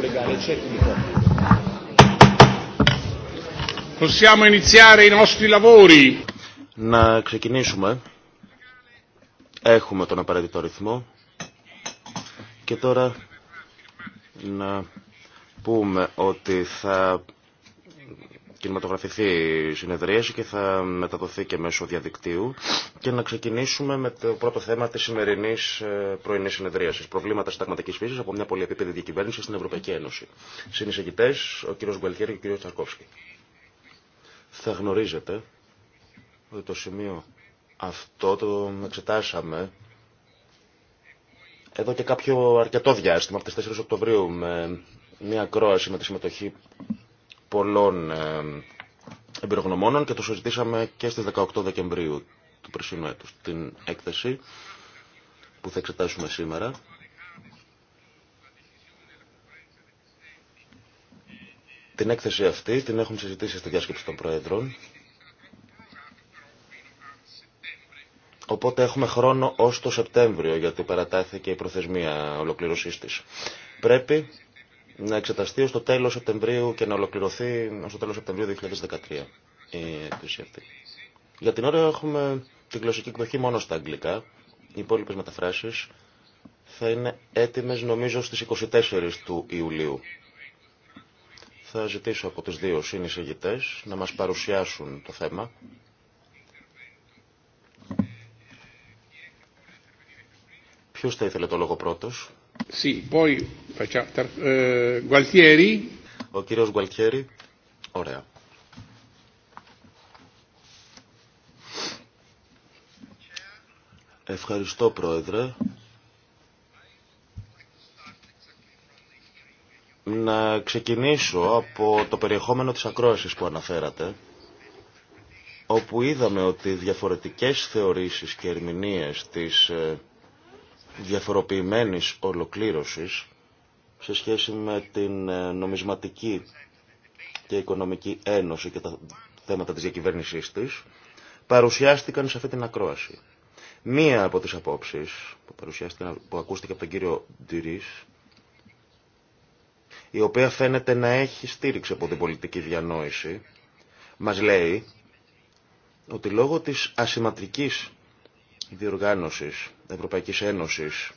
i Να ξεκινήσουμε. Έχουμε τον απαραίτητο ρυθμό. Και τώρα να πούμε ότι θα κινηματογραφηθεί η συνεδρίαση και θα μεταδοθεί και μέσω διαδικτύου και να ξεκινήσουμε με το πρώτο θέμα της σημερινής ε, πρωινής συνεδρίασης. Προβλήματα συνταγματικής φύσης από μια πολυεπίπεδη διακυβέρνηση στην Ευρωπαϊκή Ένωση. Συνεισηγητές, ο κύριος Γκουελχέρη και ο κύριος Τσαρκόφσκι. Θα γνωρίζετε ότι το σημείο αυτό το εξετάσαμε εδώ και κάποιο αρκετό διάστημα, από τις 4 Οκτωβρίου, με μια ακρόαση με τη συμμετοχή πολλών εμπειρογνωμόνων και το συζητήσαμε και στις 18 Δεκεμβρίου του περσινού έτους. Την έκθεση που θα εξετάσουμε σήμερα Την έκθεση αυτή την έχουμε συζητήσει στη διάσκεψη των Προέδρων. Οπότε έχουμε χρόνο ως το Σεπτέμβριο, γιατί παρατάθηκε η προθεσμία ολοκληρωσής της. Πρέπει να εξεταστεί ως το τέλος Σεπτεμβρίου και να ολοκληρωθεί ως το τέλος Σεπτεμβρίου 2013 η έκθεση αυτή. Για την ώρα έχουμε την γλωσσική εκδοχή μόνο στα αγγλικά. Οι υπόλοιπε μεταφράσεις θα είναι έτοιμες νομίζω στις 24 του Ιουλίου. Θα ζητήσω από τις δύο συνεισηγητές να μας παρουσιάσουν το θέμα. Ποιος θα ήθελε το λόγο πρώτος. Sì, poi eh, Gualtieri. Ο κύριος Γκουαλτιέρη. Ωραία. Ευχαριστώ Πρόεδρε. Να ξεκινήσω από το περιεχόμενο της ακρόασης που αναφέρατε, όπου είδαμε ότι διαφορετικές θεωρήσεις και ερμηνείες της ε, διαφοροποιημένης ολοκλήρωσης σε σχέση με την ε, νομισματική και οικονομική ένωση και τα θέματα της διακυβέρνησής της, παρουσιάστηκαν σε αυτή την ακρόαση. Μία από τις απόψεις που, παρουσιάστηκαν, που ακούστηκε από τον κύριο Ντυρίς, η οποία φαίνεται να έχει στήριξη από την πολιτική διανόηση, μας λέει ότι λόγω της ασυμματρικής διοργάνωσης Ευρωπαϊκής Ένωσης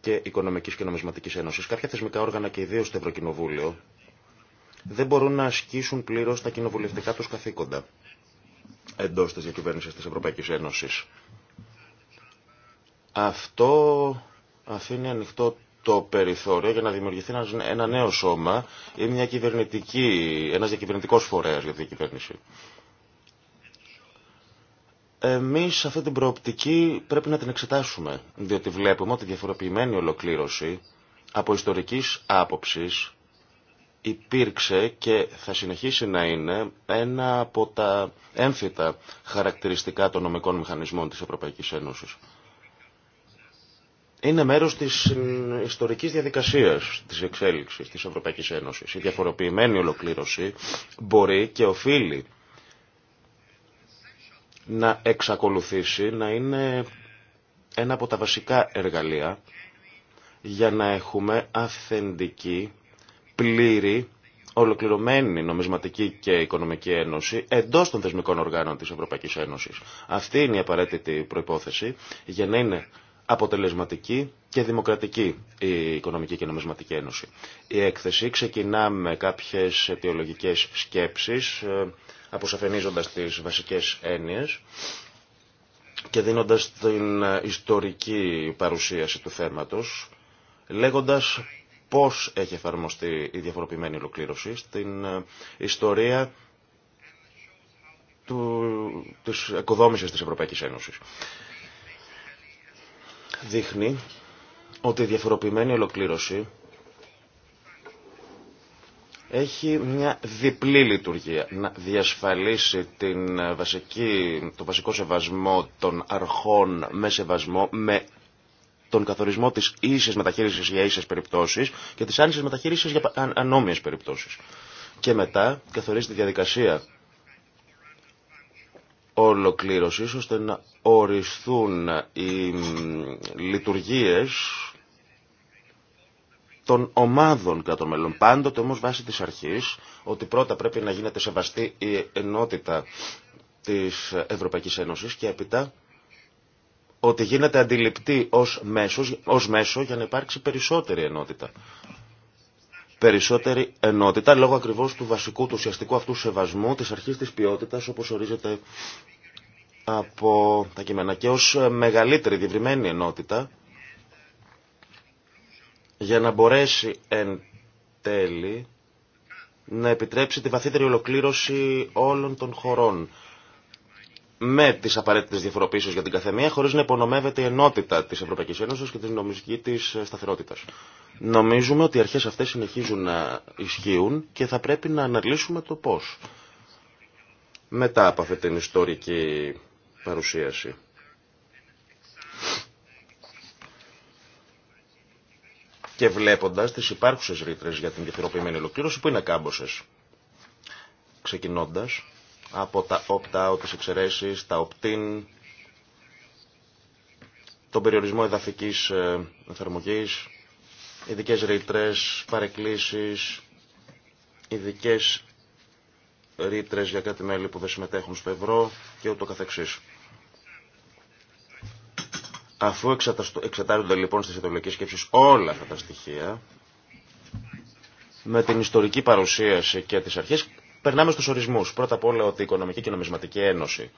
και Οικονομικής και Νομισματικής Ένωσης, κάποια θεσμικά όργανα και ιδίως το Ευρωκοινοβούλιο, δεν μπορούν να ασκήσουν πλήρως τα κοινοβουλευτικά τους καθήκοντα εντός της διακυβέρνησης της Ευρωπαϊκής Ένωσης. Αυτό αφήνει ανοιχτό το περιθώριο για να δημιουργηθεί ένα, νέο σώμα ή μια κυβερνητική, ένας διακυβερνητικός φορέας για τη διακυβέρνηση. Εμείς αυτή την προοπτική πρέπει να την εξετάσουμε, διότι βλέπουμε ότι διαφοροποιημένη ολοκλήρωση από ιστορικής άποψης υπήρξε και θα συνεχίσει να είναι ένα από τα έμφυτα χαρακτηριστικά των νομικών μηχανισμών της Ευρωπαϊκής Ένωσης. Είναι μέρος της ιστορικής διαδικασίας της εξέλιξης της Ευρωπαϊκής Ένωσης. Η διαφοροποιημένη ολοκλήρωση μπορεί και οφείλει να εξακολουθήσει να είναι ένα από τα βασικά εργαλεία για να έχουμε αυθεντική, πλήρη, ολοκληρωμένη νομισματική και οικονομική ένωση εντός των θεσμικών οργάνων της Ευρωπαϊκής Ένωσης. Αυτή είναι η απαραίτητη προϋπόθεση για να είναι αποτελεσματική και δημοκρατική η Οικονομική και Νομισματική Ένωση. Η έκθεση ξεκινά με κάποιες αιτιολογικές σκέψεις ε, αποσαφενίζοντας τις βασικές έννοιες και δίνοντας την ιστορική παρουσίαση του θέματος, λέγοντας πώς έχει εφαρμοστεί η διαφοροποιημένη ολοκλήρωση στην ε, ιστορία του, της οικοδόμησης της Ευρωπαϊκής Ένωσης. Δείχνει ότι η διαφοροποιημένη ολοκλήρωση έχει μια διπλή λειτουργία. Να διασφαλίσει την ε, βασική, το βασικό σεβασμό των αρχών με σεβασμό, με τον καθορισμό της ίσης μεταχείρισης για ίσες περιπτώσεις και της άνισης μεταχείρισης για ανώμιες περιπτώσεις. Και μετά καθορίζει τη διαδικασία ολοκλήρωσης ώστε να οριστούν οι λειτουργίες των ομάδων το μελών. Πάντοτε όμως βάσει της αρχής ότι πρώτα πρέπει να γίνεται σεβαστή η ενότητα της Ευρωπαϊκής Ένωσης και έπειτα ότι γίνεται αντιληπτή ως, μέσος, ως μέσο για να υπάρξει περισσότερη ενότητα. Περισσότερη ενότητα λόγω ακριβώς του βασικού, του ουσιαστικού αυτού σεβασμού της αρχής της ποιότητας όπως ορίζεται από τα κείμενα και ως μεγαλύτερη διευρυμένη ενότητα για να μπορέσει εν τέλει να επιτρέψει τη βαθύτερη ολοκλήρωση όλων των χωρών με τις απαραίτητες διαφοροποίησεις για την καθεμία χωρίς να υπονομεύεται η ενότητα της Ευρωπαϊκής Ένωσης και της νομιστική της σταθερότητας. Νομίζουμε ότι οι αρχές αυτές συνεχίζουν να ισχύουν και θα πρέπει να αναλύσουμε το πώς μετά από αυτή την ιστορική παρουσίαση. και βλέποντα τις υπάρχουσες ρήτρε για την γεφυροποιημένη ολοκλήρωση που είναι κάμποσε Ξεκινώντας από τα opt-out, τι εξαιρεσει, τα opt-in, τον περιορισμό εδαφικής ε, εφαρμογή, ειδικέ ρήτρε, παρεκκλήσει, ειδικέ ρήτρε για κάτι μέλη που δεν συμμετέχουν στο ευρώ και ούτω καθεξής. Αφού εξετάζονται λοιπόν στις ιδεολογικές σκέψεις όλα αυτά τα στοιχεία, με την ιστορική παρουσίαση και τις αρχές, περνάμε στους ορισμούς. Πρώτα απ' όλα ότι η Οικονομική και Νομισματική Ένωση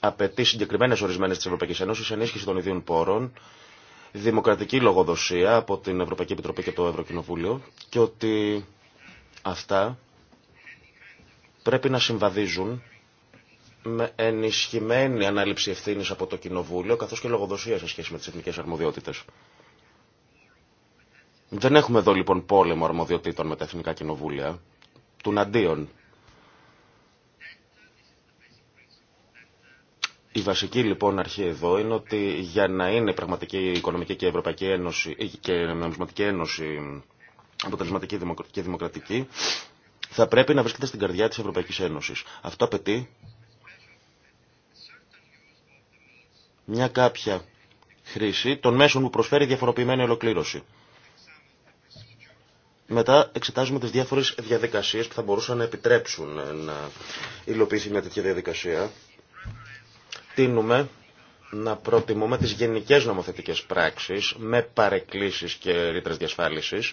απαιτεί συγκεκριμένε ορισμένες τη Ευρωπαϊκής Ένωσης ενίσχυση των ιδίων πόρων, δημοκρατική λογοδοσία από την Ευρωπαϊκή Επιτροπή και το Ευρωκοινοβούλιο και ότι αυτά πρέπει να συμβαδίζουν με ενισχυμένη ανάληψη ευθύνη από το Κοινοβούλιο, καθώ και λογοδοσία σε σχέση με τι εθνικέ αρμοδιότητε. Δεν έχουμε εδώ λοιπόν πόλεμο αρμοδιοτήτων με τα εθνικά κοινοβούλια. Του αντίον. Η βασική λοιπόν αρχή εδώ είναι ότι για να είναι πραγματική η οικονομική και η Ευρωπαϊκή Ένωση και η νομισματική ένωση αποτελεσματική και δημοκρατική θα πρέπει να βρίσκεται στην καρδιά της Ευρωπαϊκής Ένωσης. Αυτό απαιτεί μια κάποια χρήση των μέσων που προσφέρει διαφοροποιημένη ολοκλήρωση. Μετά εξετάζουμε τις διάφορες διαδικασίες που θα μπορούσαν να επιτρέψουν να υλοποιήσει μια τέτοια διαδικασία. Τίνουμε να προτιμούμε τις γενικές νομοθετικές πράξεις με παρεκκλήσεις και ρήτρες διασφάλισης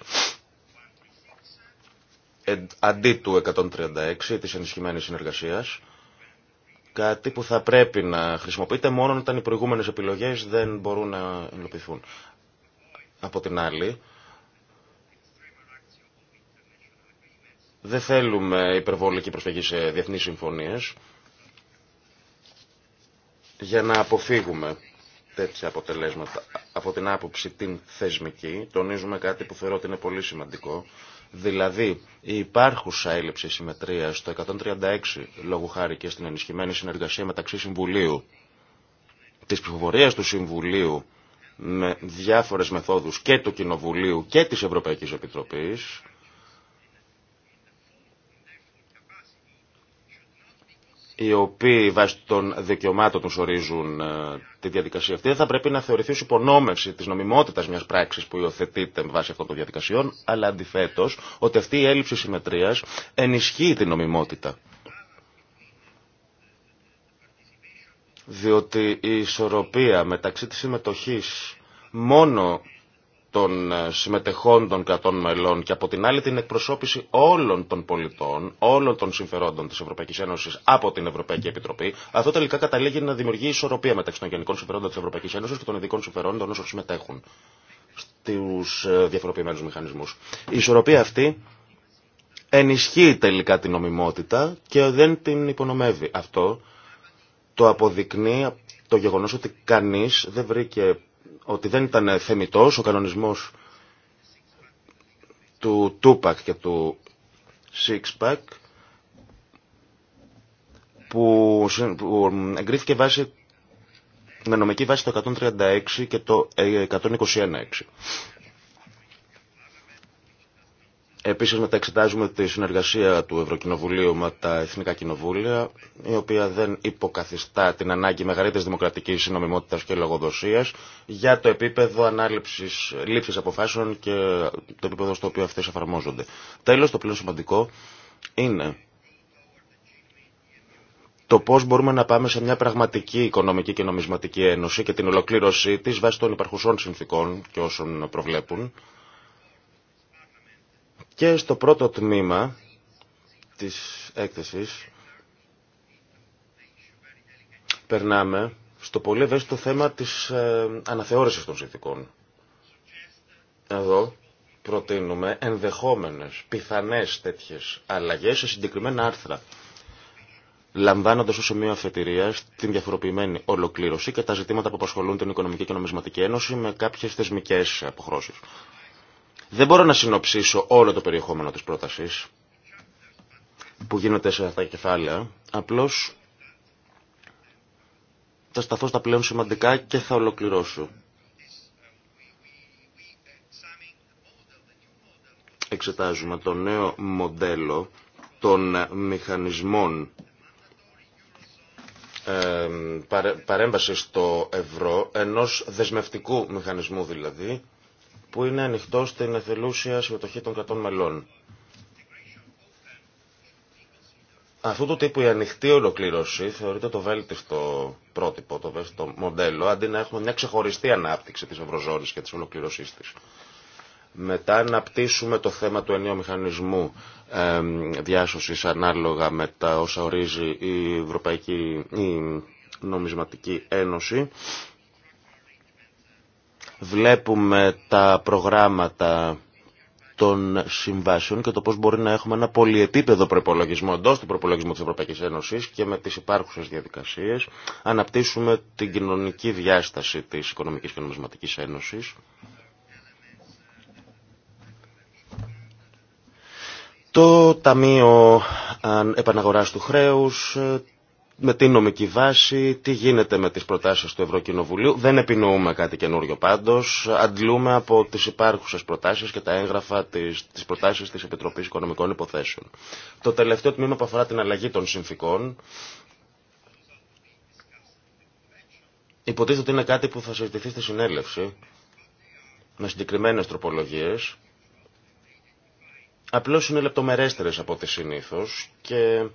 ε, αντί του 136 της ενισχυμένης συνεργασίας κάτι που θα πρέπει να χρησιμοποιείται μόνο όταν οι προηγούμενες επιλογές δεν μπορούν να υλοποιηθούν. Από την άλλη, δεν θέλουμε υπερβολική προσφυγή σε διεθνείς συμφωνίες για να αποφύγουμε τέτοια αποτελέσματα. Από την άποψη την θεσμική, τονίζουμε κάτι που θεωρώ ότι είναι πολύ σημαντικό, Δηλαδή, η υπάρχουσα έλλειψη συμμετρία στο 136 λόγου χάρη και στην ενισχυμένη συνεργασία μεταξύ Συμβουλίου, της ψηφοφορία του Συμβουλίου με διάφορε μεθόδους και του Κοινοβουλίου και της Ευρωπαϊκή Επιτροπή. οι οποίοι βάσει των δικαιωμάτων τους ορίζουν ε, τη διαδικασία αυτή, θα πρέπει να θεωρηθεί ω υπονόμευση της νομιμότητας μιας πράξης που υιοθετείται βάσει αυτών των διαδικασιών, αλλά αντιθέτω, ότι αυτή η έλλειψη συμμετρίας ενισχύει την νομιμότητα. Διότι η ισορροπία μεταξύ της συμμετοχή μόνο των ε, συμμετεχών των κρατών μελών και από την άλλη την εκπροσώπηση όλων των πολιτών, όλων των συμφερόντων της Ευρωπαϊκής Ένωσης από την Ευρωπαϊκή Επιτροπή, αυτό τελικά καταλήγει να δημιουργεί ισορροπία μεταξύ των γενικών συμφερόντων της Ευρωπαϊκής Ένωσης και των ειδικών συμφερόντων όσων συμμετέχουν στους ε, διαφοροποιημένους μηχανισμούς. Η ισορροπία αυτή ενισχύει τελικά την νομιμότητα και δεν την υπονομεύει. Αυτό το αποδεικνύει το γεγονός ότι κανείς δεν βρήκε ότι δεν ήταν θεμητός ο κανονισμός του 2 και του 6 που, που εγκρίθηκε βάση, με νομική βάση το 136 και το 121.6%. Ε, Επίσης μεταξετάζουμε τη συνεργασία του Ευρωκοινοβουλίου με τα Εθνικά Κοινοβούλια, η οποία δεν υποκαθιστά την ανάγκη μεγαλύτερης δημοκρατικής συνομιμότητας και λογοδοσίας για το επίπεδο ανάληψης, λήψης αποφάσεων και το επίπεδο στο οποίο αυτές εφαρμόζονται. Τέλος, το πλέον σημαντικό είναι το πώς μπορούμε να πάμε σε μια πραγματική οικονομική και νομισματική ένωση και την ολοκλήρωσή της βάσει των υπαρχουσών συνθήκων και όσων προβλέπουν και στο πρώτο τμήμα της έκθεσης περνάμε στο πολύ ευαίσθητο θέμα της ε, αναθεώρησης των συνθηκών. Εδώ προτείνουμε ενδεχόμενες, πιθανές τέτοιες αλλαγές σε συγκεκριμένα άρθρα λαμβάνοντας ως σημείο αφετηρίας την διαφοροποιημένη ολοκλήρωση και τα ζητήματα που απασχολούν την Οικονομική και Νομισματική Ένωση με κάποιες θεσμικές αποχρώσεις. Δεν μπορώ να συνοψίσω όλο το περιεχόμενο της πρότασης που γίνεται σε αυτά τα κεφάλαια. Απλώς θα σταθώ στα πλέον σημαντικά και θα ολοκληρώσω. Εξετάζουμε το νέο μοντέλο των μηχανισμών παρέμβασης στο ευρώ, ενός δεσμευτικού μηχανισμού δηλαδή, που είναι ανοιχτό στην εθελούσια συμμετοχή των κρατών μελών. Αυτού του τύπου η ανοιχτή ολοκλήρωση θεωρείται το βέλτιστο πρότυπο, το βέλτιστο μοντέλο, αντί να έχουμε μια ξεχωριστή ανάπτυξη της Ευρωζώνης και της ολοκλήρωσής της. Μετά να πτήσουμε το θέμα του ενίου μηχανισμού ε, διάσωσης ανάλογα με τα όσα ορίζει η, Ευρωπαϊκή, Νομισματική Ένωση βλέπουμε τα προγράμματα των συμβάσεων και το πώς μπορεί να έχουμε ένα πολυεπίπεδο προπολογισμό εντό του προπολογισμού της Ευρωπαϊκής Ένωσης και με τις υπάρχουσες διαδικασίες αναπτύσσουμε την κοινωνική διάσταση της Οικονομικής και Νομισματικής Ένωσης. Το Ταμείο Επαναγοράς του Χρέους, με την νομική βάση, τι γίνεται με τις προτάσεις του Ευρωκοινοβουλίου. Δεν επινοούμε κάτι καινούριο πάντως. Αντλούμε από τις υπάρχουσες προτάσεις και τα έγγραφα της, τις προτάσεις της Επιτροπής Οικονομικών Υποθέσεων. Το τελευταίο τμήμα που αφορά την αλλαγή των συνθήκων υποτίθεται ότι είναι κάτι που θα συζητηθεί στη συνέλευση με συγκεκριμένε τροπολογίες. Απλώς είναι λεπτομερέστερες από ό,τι συνήθως και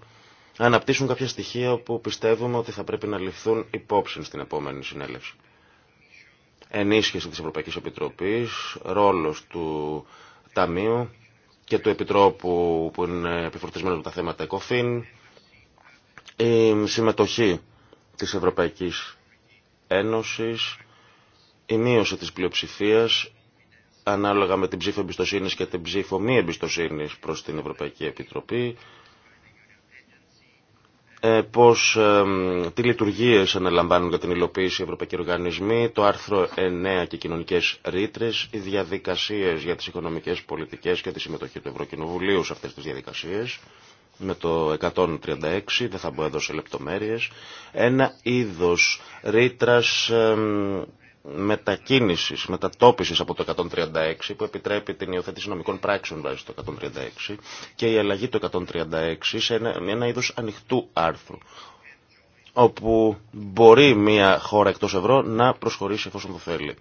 αναπτύσσουν κάποια στοιχεία που πιστεύουμε ότι θα πρέπει να ληφθούν υπόψη στην επόμενη συνέλευση. Ενίσχυση της Ευρωπαϊκής Επιτροπής, ρόλος του Ταμείου και του Επιτρόπου που είναι επιφορτισμένο με τα θέματα ΕΚΟΦΗΝ, η συμμετοχή της Ευρωπαϊκής Ένωσης, η μείωση της πλειοψηφίας ανάλογα με την ψήφο εμπιστοσύνη και την ψήφο μη εμπιστοσύνη προς την Ευρωπαϊκή Επιτροπή, ε, πώς τι λειτουργίες αναλαμβάνουν για την υλοποίηση οι ευρωπαϊκοί οργανισμοί, το άρθρο 9 και κοινωνικές ρήτρε, οι διαδικασίες για τις οικονομικές πολιτικές και τη συμμετοχή του Ευρωκοινοβουλίου σε αυτές τις διαδικασίες, με το 136, δεν θα μπω εδώ σε λεπτομέρειες, ένα είδος ρήτρας Μετακίνηση, μετατόπιση από το 136 που επιτρέπει την υιοθέτηση νομικών πράξεων βάσει το 136 και η αλλαγή του 136 σε ένα, ένα είδος ανοιχτού άρθρου όπου μπορεί μια χώρα εκτός ευρώ να προσχωρήσει εφόσον το θέλει.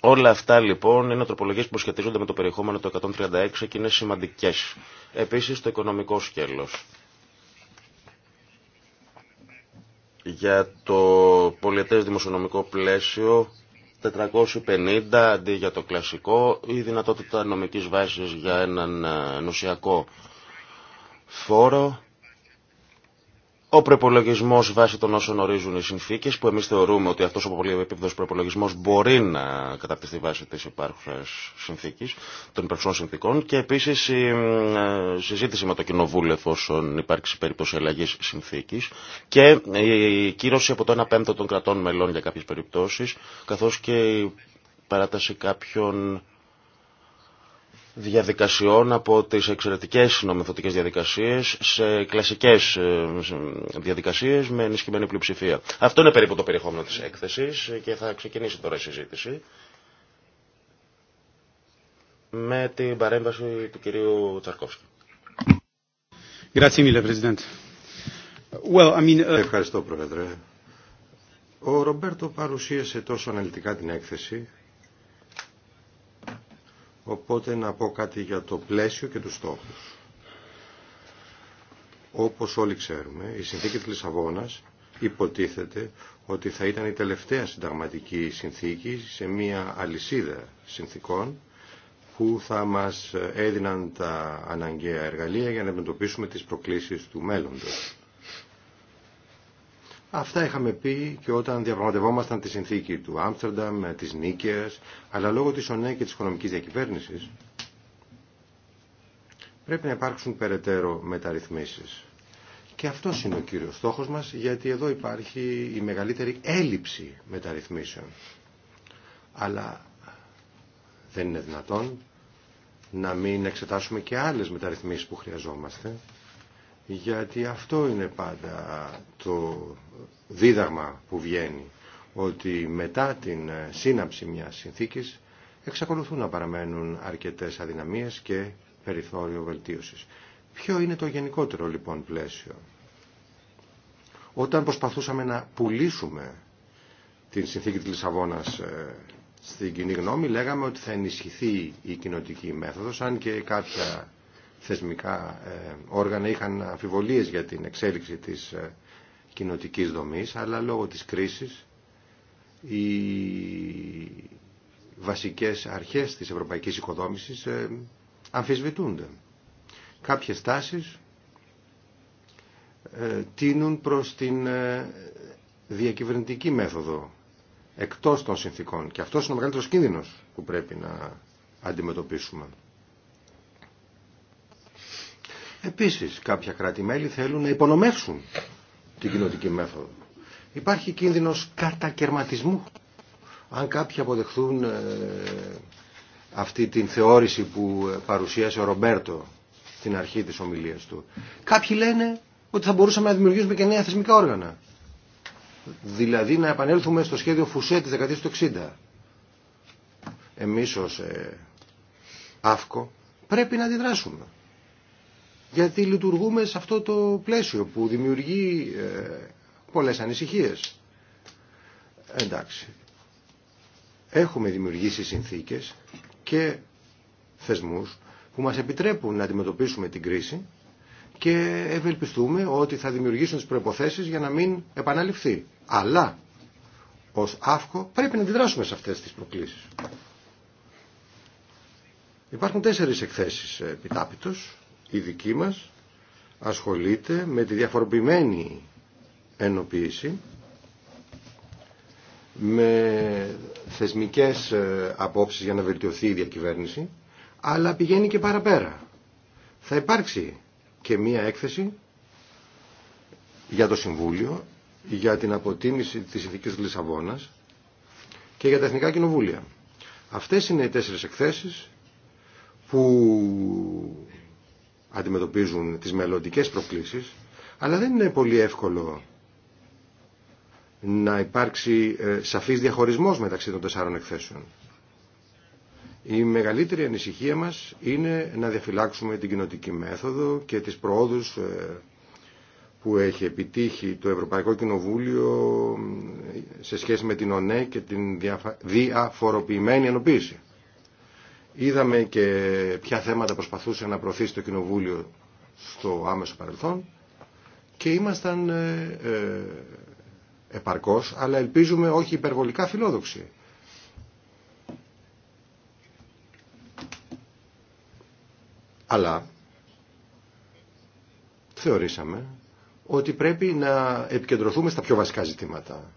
Όλα αυτά λοιπόν είναι τροπολογίες που σχετίζονται με το περιεχόμενο του 136 και είναι σημαντικές. Επίσης το οικονομικό σκέλος. για το πολιτές δημοσιονομικό πλαίσιο 450 αντί για το κλασικό ή δυνατότητα νομικής βάσης για έναν ε, νοσιακό φόρο ο προπολογισμό βάσει των όσων ορίζουν οι συνθήκε, που εμεί θεωρούμε ότι αυτό ο επίπεδο προπολογισμό μπορεί να καταρτιστεί βάσει τη υπάρχουσα συνθήκη, των υπερξών συνθήκων, και επίση η ε, συζήτηση με το Κοινοβούλιο, εφόσον υπάρξει περίπτωση αλλαγή συνθήκη, και η κύρωση από το 1 πέμπτο των κρατών μελών για κάποιε περιπτώσει, καθώ και η παράταση κάποιων διαδικασιών από τις εξαιρετικές νομοθετικές διαδικασίες σε κλασικές ε, διαδικασίες με ενισχυμένη πλειοψηφία. Αυτό είναι περίπου το περιεχόμενο της έκθεσης και θα ξεκινήσει τώρα η συζήτηση με την παρέμβαση του κυρίου Τσαρκόφσκη. Uh, Ευχαριστώ, Πρόεδρε. Ο Ρομπέρτο παρουσίασε τόσο αναλυτικά την έκθεση Οπότε να πω κάτι για το πλαίσιο και τους στόχους. Όπως όλοι ξέρουμε, η συνθήκη της Λισαβόνας υποτίθεται ότι θα ήταν η τελευταία συνταγματική συνθήκη σε μια αλυσίδα συνθήκων που θα μας έδιναν τα αναγκαία εργαλεία για να αντιμετωπίσουμε τις προκλήσεις του μέλλοντος. Αυτά είχαμε πει και όταν διαπραγματευόμασταν τη συνθήκη του Άμστερνταμ, τη Νίκαια, αλλά λόγω τη ΩΝΕ και τη οικονομική διακυβέρνηση πρέπει να υπάρξουν περαιτέρω μεταρρυθμίσει. Και αυτό είναι ο κύριο στόχο μα, γιατί εδώ υπάρχει η μεγαλύτερη έλλειψη μεταρρυθμίσεων. Αλλά δεν είναι δυνατόν να μην εξετάσουμε και άλλες μεταρρυθμίσεις που χρειαζόμαστε γιατί αυτό είναι πάντα το δίδαγμα που βγαίνει ότι μετά την ε, σύναψη μιας συνθήκης εξακολουθούν να παραμένουν αρκετές αδυναμίες και περιθώριο βελτίωσης. Ποιο είναι το γενικότερο λοιπόν πλαίσιο. Όταν προσπαθούσαμε να πουλήσουμε την συνθήκη της Λισαβόνας ε, στην κοινή γνώμη λέγαμε ότι θα ενισχυθεί η κοινοτική μέθοδος αν και κάποια θεσμικά ε, όργανα είχαν αμφιβολίες για την εξέλιξη της ε, κοινοτικής δομής, αλλά λόγω της κρίσης οι βασικές αρχές της ευρωπαϊκής οικοδόμησης ε, αμφισβητούνται. Κάποιες τάσεις τίνουν προς την διακυβερνητική μέθοδο εκτός των συνθήκων. Και αυτός είναι ο μεγαλύτερος κίνδυνος που πρέπει να αντιμετωπίσουμε. Επίσης, κάποια κράτη-μέλη θέλουν να υπονομεύσουν την κοινωτική μέθοδο. Υπάρχει κίνδυνος κατακαιρματισμού. Αν κάποιοι αποδεχθούν ε, αυτή την θεώρηση που ε, παρουσίασε ο Ρομπέρτο στην αρχή της ομιλίας του. Κάποιοι λένε ότι θα μπορούσαμε να δημιουργήσουμε και νέα θεσμικά όργανα. Δηλαδή να επανέλθουμε στο σχέδιο Φουσέ της δεκαετίας του 60. Εμείς ως ε, ΑΦΚΟ πρέπει να αντιδράσουμε γιατί λειτουργούμε σε αυτό το πλαίσιο που δημιουργεί ε, πολλές ανησυχίες. Εντάξει, έχουμε δημιουργήσει συνθήκες και θεσμούς που μας επιτρέπουν να αντιμετωπίσουμε την κρίση και ευελπιστούμε ότι θα δημιουργήσουν τις προϋποθέσεις για να μην επαναληφθεί. Αλλά ως ΑΦΚΟ πρέπει να αντιδράσουμε σε αυτές τις προκλήσεις. Υπάρχουν τέσσερις εκθέσεις ε, επιτάπητος η δική μας ασχολείται με τη διαφοροποιημένη ενοποίηση με θεσμικές ε, απόψεις για να βελτιωθεί η διακυβέρνηση αλλά πηγαίνει και παραπέρα. Θα υπάρξει και μία έκθεση για το Συμβούλιο για την αποτίμηση της συνθήκης της Λισαβόνας και για τα Εθνικά Κοινοβούλια. Αυτές είναι οι τέσσερις εκθέσεις που αντιμετωπίζουν τις μελλοντικές προκλήσεις, αλλά δεν είναι πολύ εύκολο να υπάρξει ε, σαφής διαχωρισμός μεταξύ των τεσσάρων εκθέσεων. Η μεγαλύτερη ανησυχία μας είναι να διαφυλάξουμε την κοινοτική μέθοδο και τις προόδους ε, που έχει επιτύχει το Ευρωπαϊκό Κοινοβούλιο ε, σε σχέση με την ΟΝΕ και την διαφοροποιημένη ενοποίηση. Είδαμε και ποια θέματα προσπαθούσε να προωθήσει το Κοινοβούλιο στο άμεσο παρελθόν και ήμασταν ε, ε αλλά ελπίζουμε όχι υπερβολικά φιλόδοξοι. Αλλά θεωρήσαμε ότι πρέπει να επικεντρωθούμε στα πιο βασικά ζητήματα.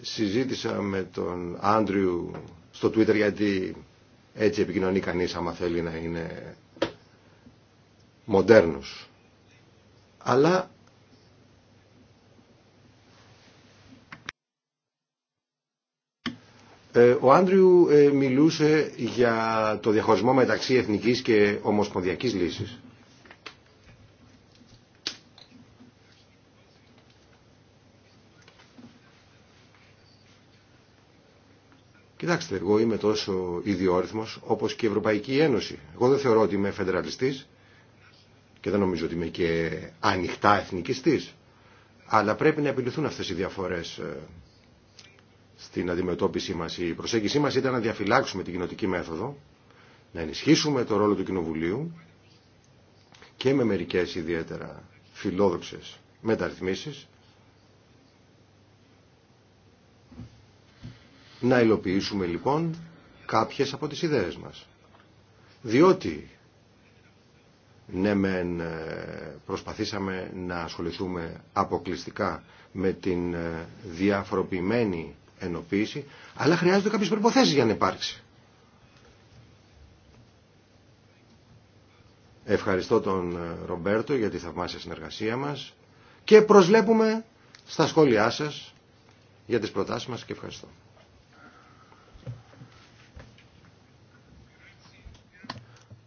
Συζήτησα με τον Άντριου στο Twitter γιατί έτσι επικοινωνεί κανείς άμα θέλει να είναι μοντέρνος. Αλλά ε, ο Άντριου ε, μιλούσε για το διαχωρισμό μεταξύ εθνικής και ομοσπονδιακής λύσης. Κοιτάξτε, εγώ είμαι τόσο ιδιόρυθμος όπως και η Ευρωπαϊκή Ένωση. Εγώ δεν θεωρώ ότι είμαι φεντραλιστής και δεν νομίζω ότι είμαι και ανοιχτά εθνικιστής. Αλλά πρέπει να επιληθούν αυτές οι διαφορές ε, στην αντιμετώπιση μας. Η προσέγγισή μας ήταν να διαφυλάξουμε την κοινοτική μέθοδο, να ενισχύσουμε το ρόλο του Κοινοβουλίου και με μερικές ιδιαίτερα φιλόδοξες μεταρρυθμίσεις Να υλοποιήσουμε λοιπόν κάποιες από τις ιδέες μας. Διότι, ναι μεν ε, προσπαθήσαμε να ασχοληθούμε αποκλειστικά με την ε, διαφοροποιημένη ενοποίηση, αλλά χρειάζονται κάποιες προϋποθέσεις για να υπάρξει. Ευχαριστώ τον ε, Ρομπέρτο για τη θαυμάσια συνεργασία μας και προσλέπουμε στα σχόλιά σας για τις προτάσεις μας και ευχαριστώ.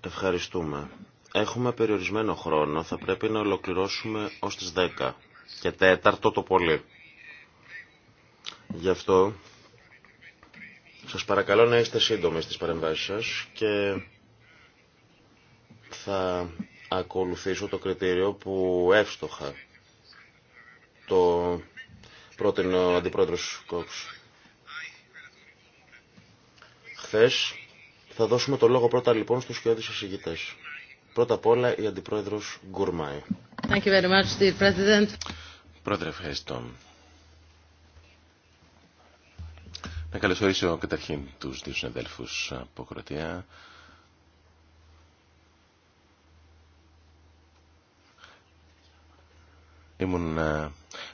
Ευχαριστούμε. Έχουμε περιορισμένο χρόνο, θα πρέπει να ολοκληρώσουμε ως τις 10 και τέταρτο το πολύ. Γι' αυτό σας παρακαλώ να είστε σύντομοι στις παρεμβάσεις σας και θα ακολουθήσω το κριτήριο που εύστοχα το πρότεινε ο Αντιπρόεδρος Κόξ. Χθες θα δώσουμε το λόγο πρώτα λοιπόν στους χειώδεις εισηγητές. Πρώτα απ' όλα η Αντιπρόεδρος Γκουρμάη. Thank you very much, dear Πρόεδρε, ευχαριστώ. Να καλωσορίσω καταρχήν τους δύο συναδέλφους από Κροατία. Ήμουν ε,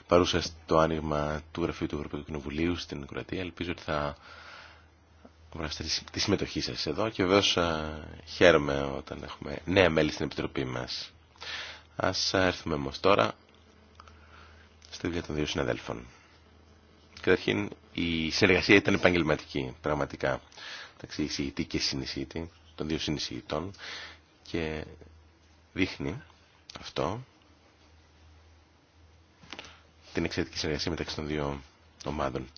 παρούσα στο άνοιγμα του Γραφείου του Ευρωπαϊκού Κοινοβουλίου στην Κροατία. Ελπίζω ότι θα βράσετε τη συμμετοχή σας εδώ και βεβαίως ε, χαίρομαι όταν έχουμε νέα μέλη στην Επιτροπή μας. Ας ε, έρθουμε όμω τώρα στη δουλειά των δύο συναδέλφων. Καταρχήν η συνεργασία ήταν επαγγελματική πραγματικά μεταξύ εισηγητή και συνεισηγητή των δύο συνεισηγητών και δείχνει αυτό την εξαιρετική συνεργασία μεταξύ των δύο ομάδων.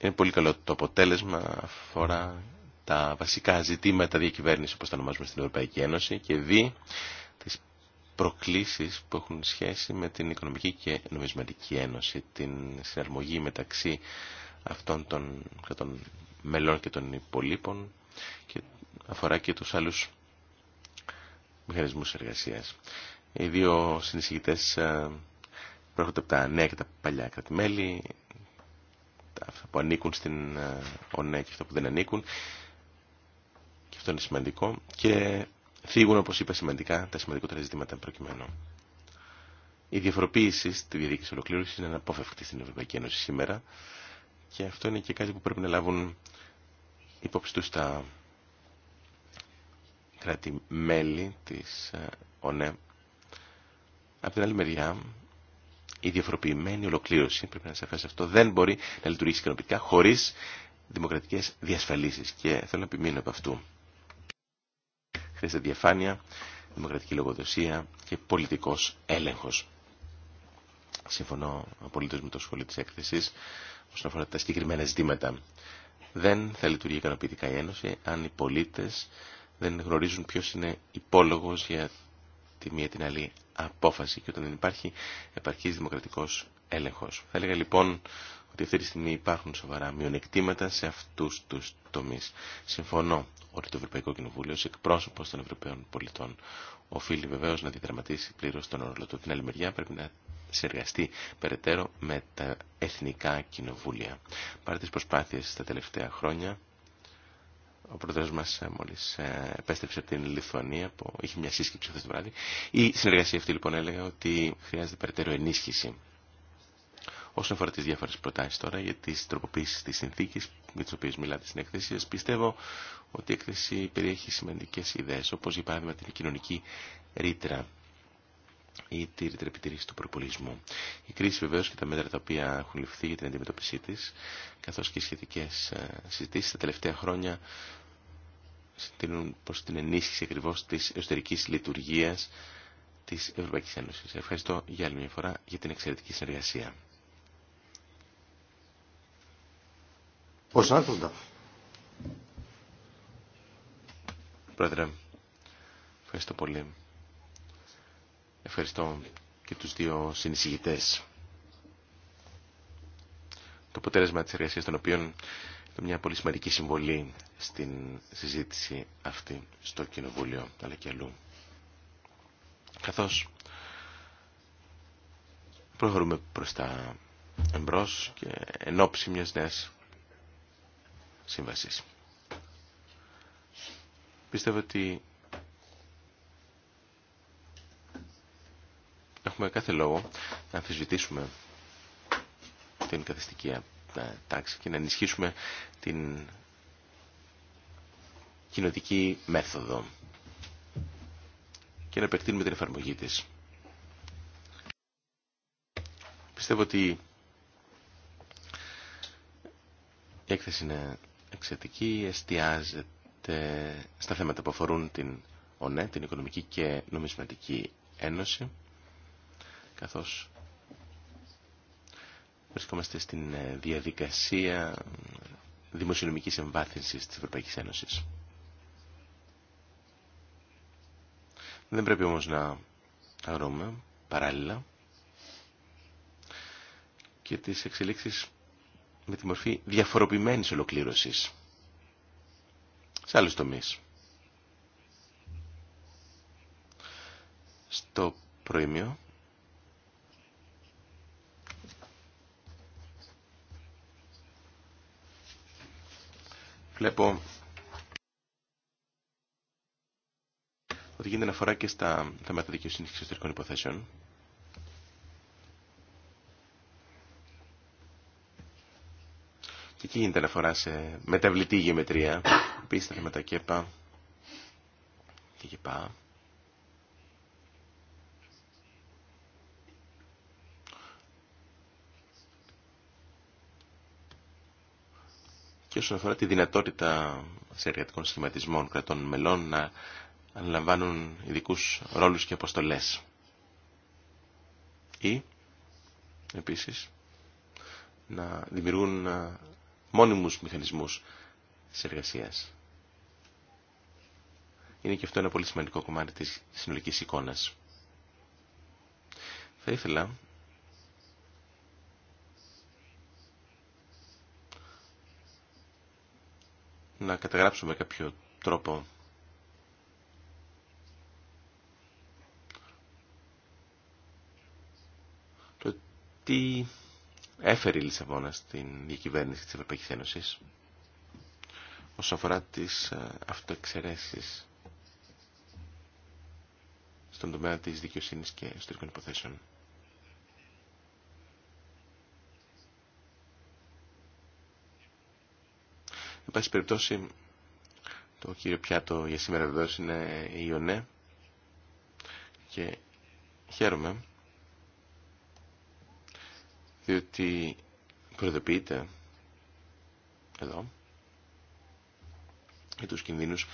Είναι πολύ καλό το αποτέλεσμα, αφορά τα βασικά ζητήματα διακυβέρνηση όπως τα ονομάζουμε στην Ευρωπαϊκή Ένωση και δι τις προκλήσεις που έχουν σχέση με την Οικονομική και Νομισματική Ένωση, την συναρμογή μεταξύ αυτών των, των μελών και των υπολείπων και αφορά και τους άλλους μηχανισμούς εργασίας. Οι δύο συνεισηγητές ε, προέρχονται από τα νέα και τα παλιά κρατημέλη, αυτά που ανήκουν στην ε, ΟΝΕ και αυτά που δεν ανήκουν. Και αυτό είναι σημαντικό. Και θίγουν, όπως είπα, σημαντικά τα σημαντικότερα ζητήματα προκειμένου. Η διαφοροποίηση στη διαδίκηση ολοκλήρωση είναι αναπόφευκτη στην Ευρωπαϊκή Ένωση σήμερα και αυτό είναι και κάτι που πρέπει να λάβουν υπόψη τους τα κράτη-μέλη της ε, ΟΝΕ. Από την άλλη μεριά, η διαφοροποιημένη ολοκλήρωση, πρέπει να σε σε αυτό, δεν μπορεί να λειτουργήσει ικανοποιητικά χωρί δημοκρατικέ διασφαλίσει. και θέλω να επιμείνω από αυτού. Χρειάζεται διαφάνεια, δημοκρατική λογοδοσία και πολιτικός έλεγχος. Συμφωνώ απολύτω με το σχολείο τη έκθεση, όσον αφορά τα συγκεκριμένα ζητήματα. Δεν θα λειτουργεί ικανοποιητικά η Ένωση αν οι πολίτε δεν γνωρίζουν ποιο είναι υπόλογο. για τη μία την άλλη απόφαση και όταν δεν υπάρχει επαρκής δημοκρατικός έλεγχος. Θα έλεγα λοιπόν ότι αυτή τη στιγμή υπάρχουν σοβαρά μειονεκτήματα σε αυτούς τους τομείς. Συμφωνώ ότι το Ευρωπαϊκό Κοινοβούλιο ως εκπρόσωπος των Ευρωπαίων πολιτών οφείλει βεβαίως να διδραματίσει πλήρως τον όρο. του. Την άλλη μεριά πρέπει να συνεργαστεί περαιτέρω με τα εθνικά κοινοβούλια. Παρά τις προσπάθειες στα τελευταία χρόνια ο πρόεδρος μας ε, μόλις ε, επέστρεψε από την Λιθουανία που είχε μια σύσκεψη αυτή το βράδυ. Η συνεργασία αυτή λοιπόν έλεγα ότι χρειάζεται περαιτέρω ενίσχυση. Όσον αφορά τις διάφορες προτάσεις τώρα για τις τροποποίησεις της συνθήκης με τις οποίες μιλάτε στην εκθέση πιστεύω ότι η εκθέση περιέχει σημαντικές ιδέες, όπως για παράδειγμα την κοινωνική ρήτρα ή τη ρητρεπιτήρηση του προπολισμού. Η κρίση βεβαίω και τα μέτρα τα οποία έχουν ληφθεί για την αντιμετώπιση τη, καθώ και οι σχετικέ ε, συζητήσει τα τελευταία χρόνια συντείνουν προ την ενίσχυση ακριβώ τη εσωτερική λειτουργία τη Ευρωπαϊκή Ένωση. Ευχαριστώ για άλλη μια φορά για την εξαιρετική συνεργασία. Πώς Πρόεδρε, ευχαριστώ πολύ. Ευχαριστώ και τους δύο συνεισηγητές. Το αποτέλεσμα της εργασίας των οποίων είναι μια πολύ σημαντική συμβολή στην συζήτηση αυτή στο Κοινοβούλιο αλλά και αλλού. Καθώς προχωρούμε προς τα εμπρός και εν ώψη μιας νέας σύμβασης. Πιστεύω ότι έχουμε κάθε λόγο να αμφισβητήσουμε την καθιστική ε, τάξη και να ενισχύσουμε την κοινοτική μέθοδο και να επεκτείνουμε την εφαρμογή της. Πιστεύω ότι η έκθεση είναι εξαιρετική, εστιάζεται στα θέματα που αφορούν την ΟΝΕ, την Οικονομική και Νομισματική Ένωση καθώς βρισκόμαστε στην ε, διαδικασία ε, δημοσιονομικής εμβάθυνσης της Ευρωπαϊκής Ένωσης. Δεν πρέπει όμως να αγρώμε παράλληλα και τις εξελίξεις με τη μορφή διαφοροποιημένης ολοκλήρωσης σε άλλους τομείς. Στο προημείο Βλέπω ότι γίνεται αναφορά και στα θέματα δικαιοσύνη και εξωτερικών υποθέσεων. Και εκεί γίνεται αναφορά σε μεταβλητή γεωμετρία, επίση τα θέματα ΚΕΠΑ και ΚΕΠΑ. και όσον αφορά τη δυνατότητα σε εργατικών σχηματισμών κρατών μελών να αναλαμβάνουν ειδικού ρόλους και αποστολές. Ή, επίσης, να δημιουργούν ε, μόνιμους μηχανισμούς συνεργασίας. Είναι και αυτό ένα πολύ σημαντικό κομμάτι της συνολικής εικόνας. Θα ήθελα να καταγράψουμε κάποιο τρόπο το τι έφερε η Λισαβόνα στην διακυβέρνηση της Ευρωπαϊκής Ένωσης όσον αφορά τις ε, αυτοεξαιρέσεις στον τομέα της δικαιοσύνης και ιστορικών υποθέσεων. Εν πάση περιπτώσει, το κύριο πιάτο για σήμερα βεβαίω είναι η Ιωνέ και χαίρομαι διότι προειδοποιείται εδώ για τους κινδύνους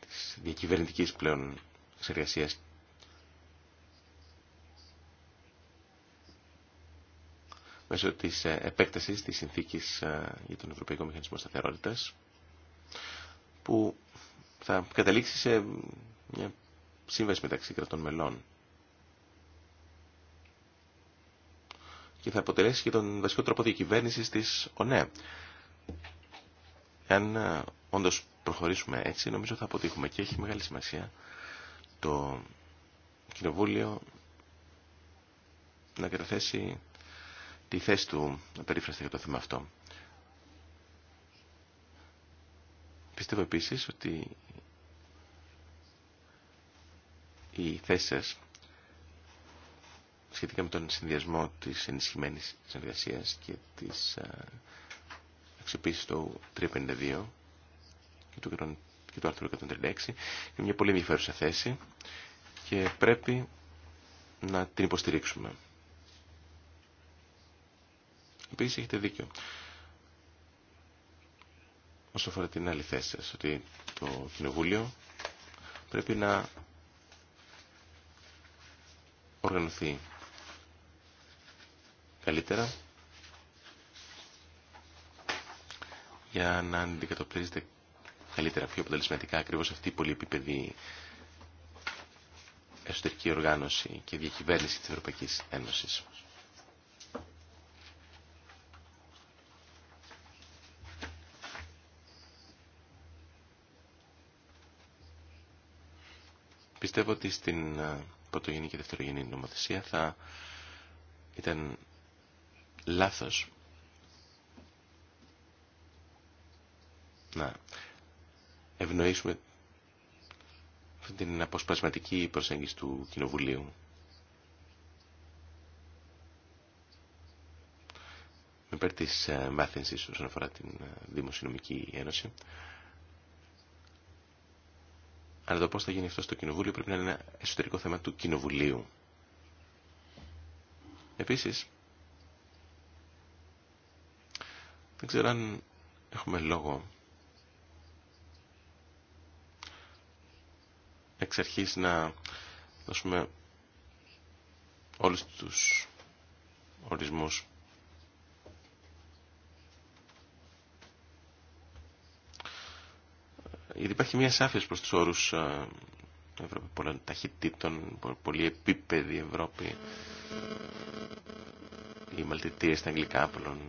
της διακυβερνητικής πλέον εξεργασίας μέσω της ε, επέκτασης της συνθήκης ε, για τον Ευρωπαϊκό Μηχανισμό Σταθερότητας που θα καταλήξει σε μια σύμβαση μεταξύ κρατών μελών και θα αποτελέσει και τον βασικό τρόπο διακυβέρνησης της ΟΝΕ. Εάν ε, όντως προχωρήσουμε έτσι, νομίζω θα αποτύχουμε και έχει μεγάλη σημασία το Κοινοβούλιο να καταθέσει τη θέση του περίφραστα για το θέμα αυτό. Πιστεύω επίσης ότι οι θέσει σχετικά με τον συνδυασμό της ενισχυμένης συνεργασίας και της ε, αξιοποίησης του 352 και του, και του άρθρου 136 είναι μια πολύ ενδιαφέρουσα θέση και πρέπει να την υποστηρίξουμε. Επίσης έχετε δίκιο. Όσο αφορά την άλλη θέση σας, ότι το Κοινοβούλιο πρέπει να οργανωθεί καλύτερα για να αντικατοπτρίζεται καλύτερα, πιο αποτελεσματικά ακριβώς αυτή η πολυεπίπεδη εσωτερική οργάνωση και διακυβέρνηση της Ευρωπαϊκής Ένωσης. πιστεύω ότι στην ε, πρωτογενή και δευτερογενή νομοθεσία θα ήταν λάθος να ευνοήσουμε την αποσπασματική προσέγγιση του Κοινοβουλίου. Με πέρα της ε, μάθησης όσον αφορά την ε, Δημοσιονομική Ένωση, αλλά το πώ θα γίνει αυτό στο Κοινοβούλιο πρέπει να είναι ένα εσωτερικό θέμα του Κοινοβουλίου. Επίση, δεν ξέρω αν έχουμε λόγο εξ αρχή να δώσουμε όλου του ορισμού. γιατί υπάρχει μια σάφεια προς τους όρους ε, Ευρώπη πολλών ταχυτήτων, επίπεδοι Ευρώπη, οι μαλτιτήρε στα αγγλικά πολλών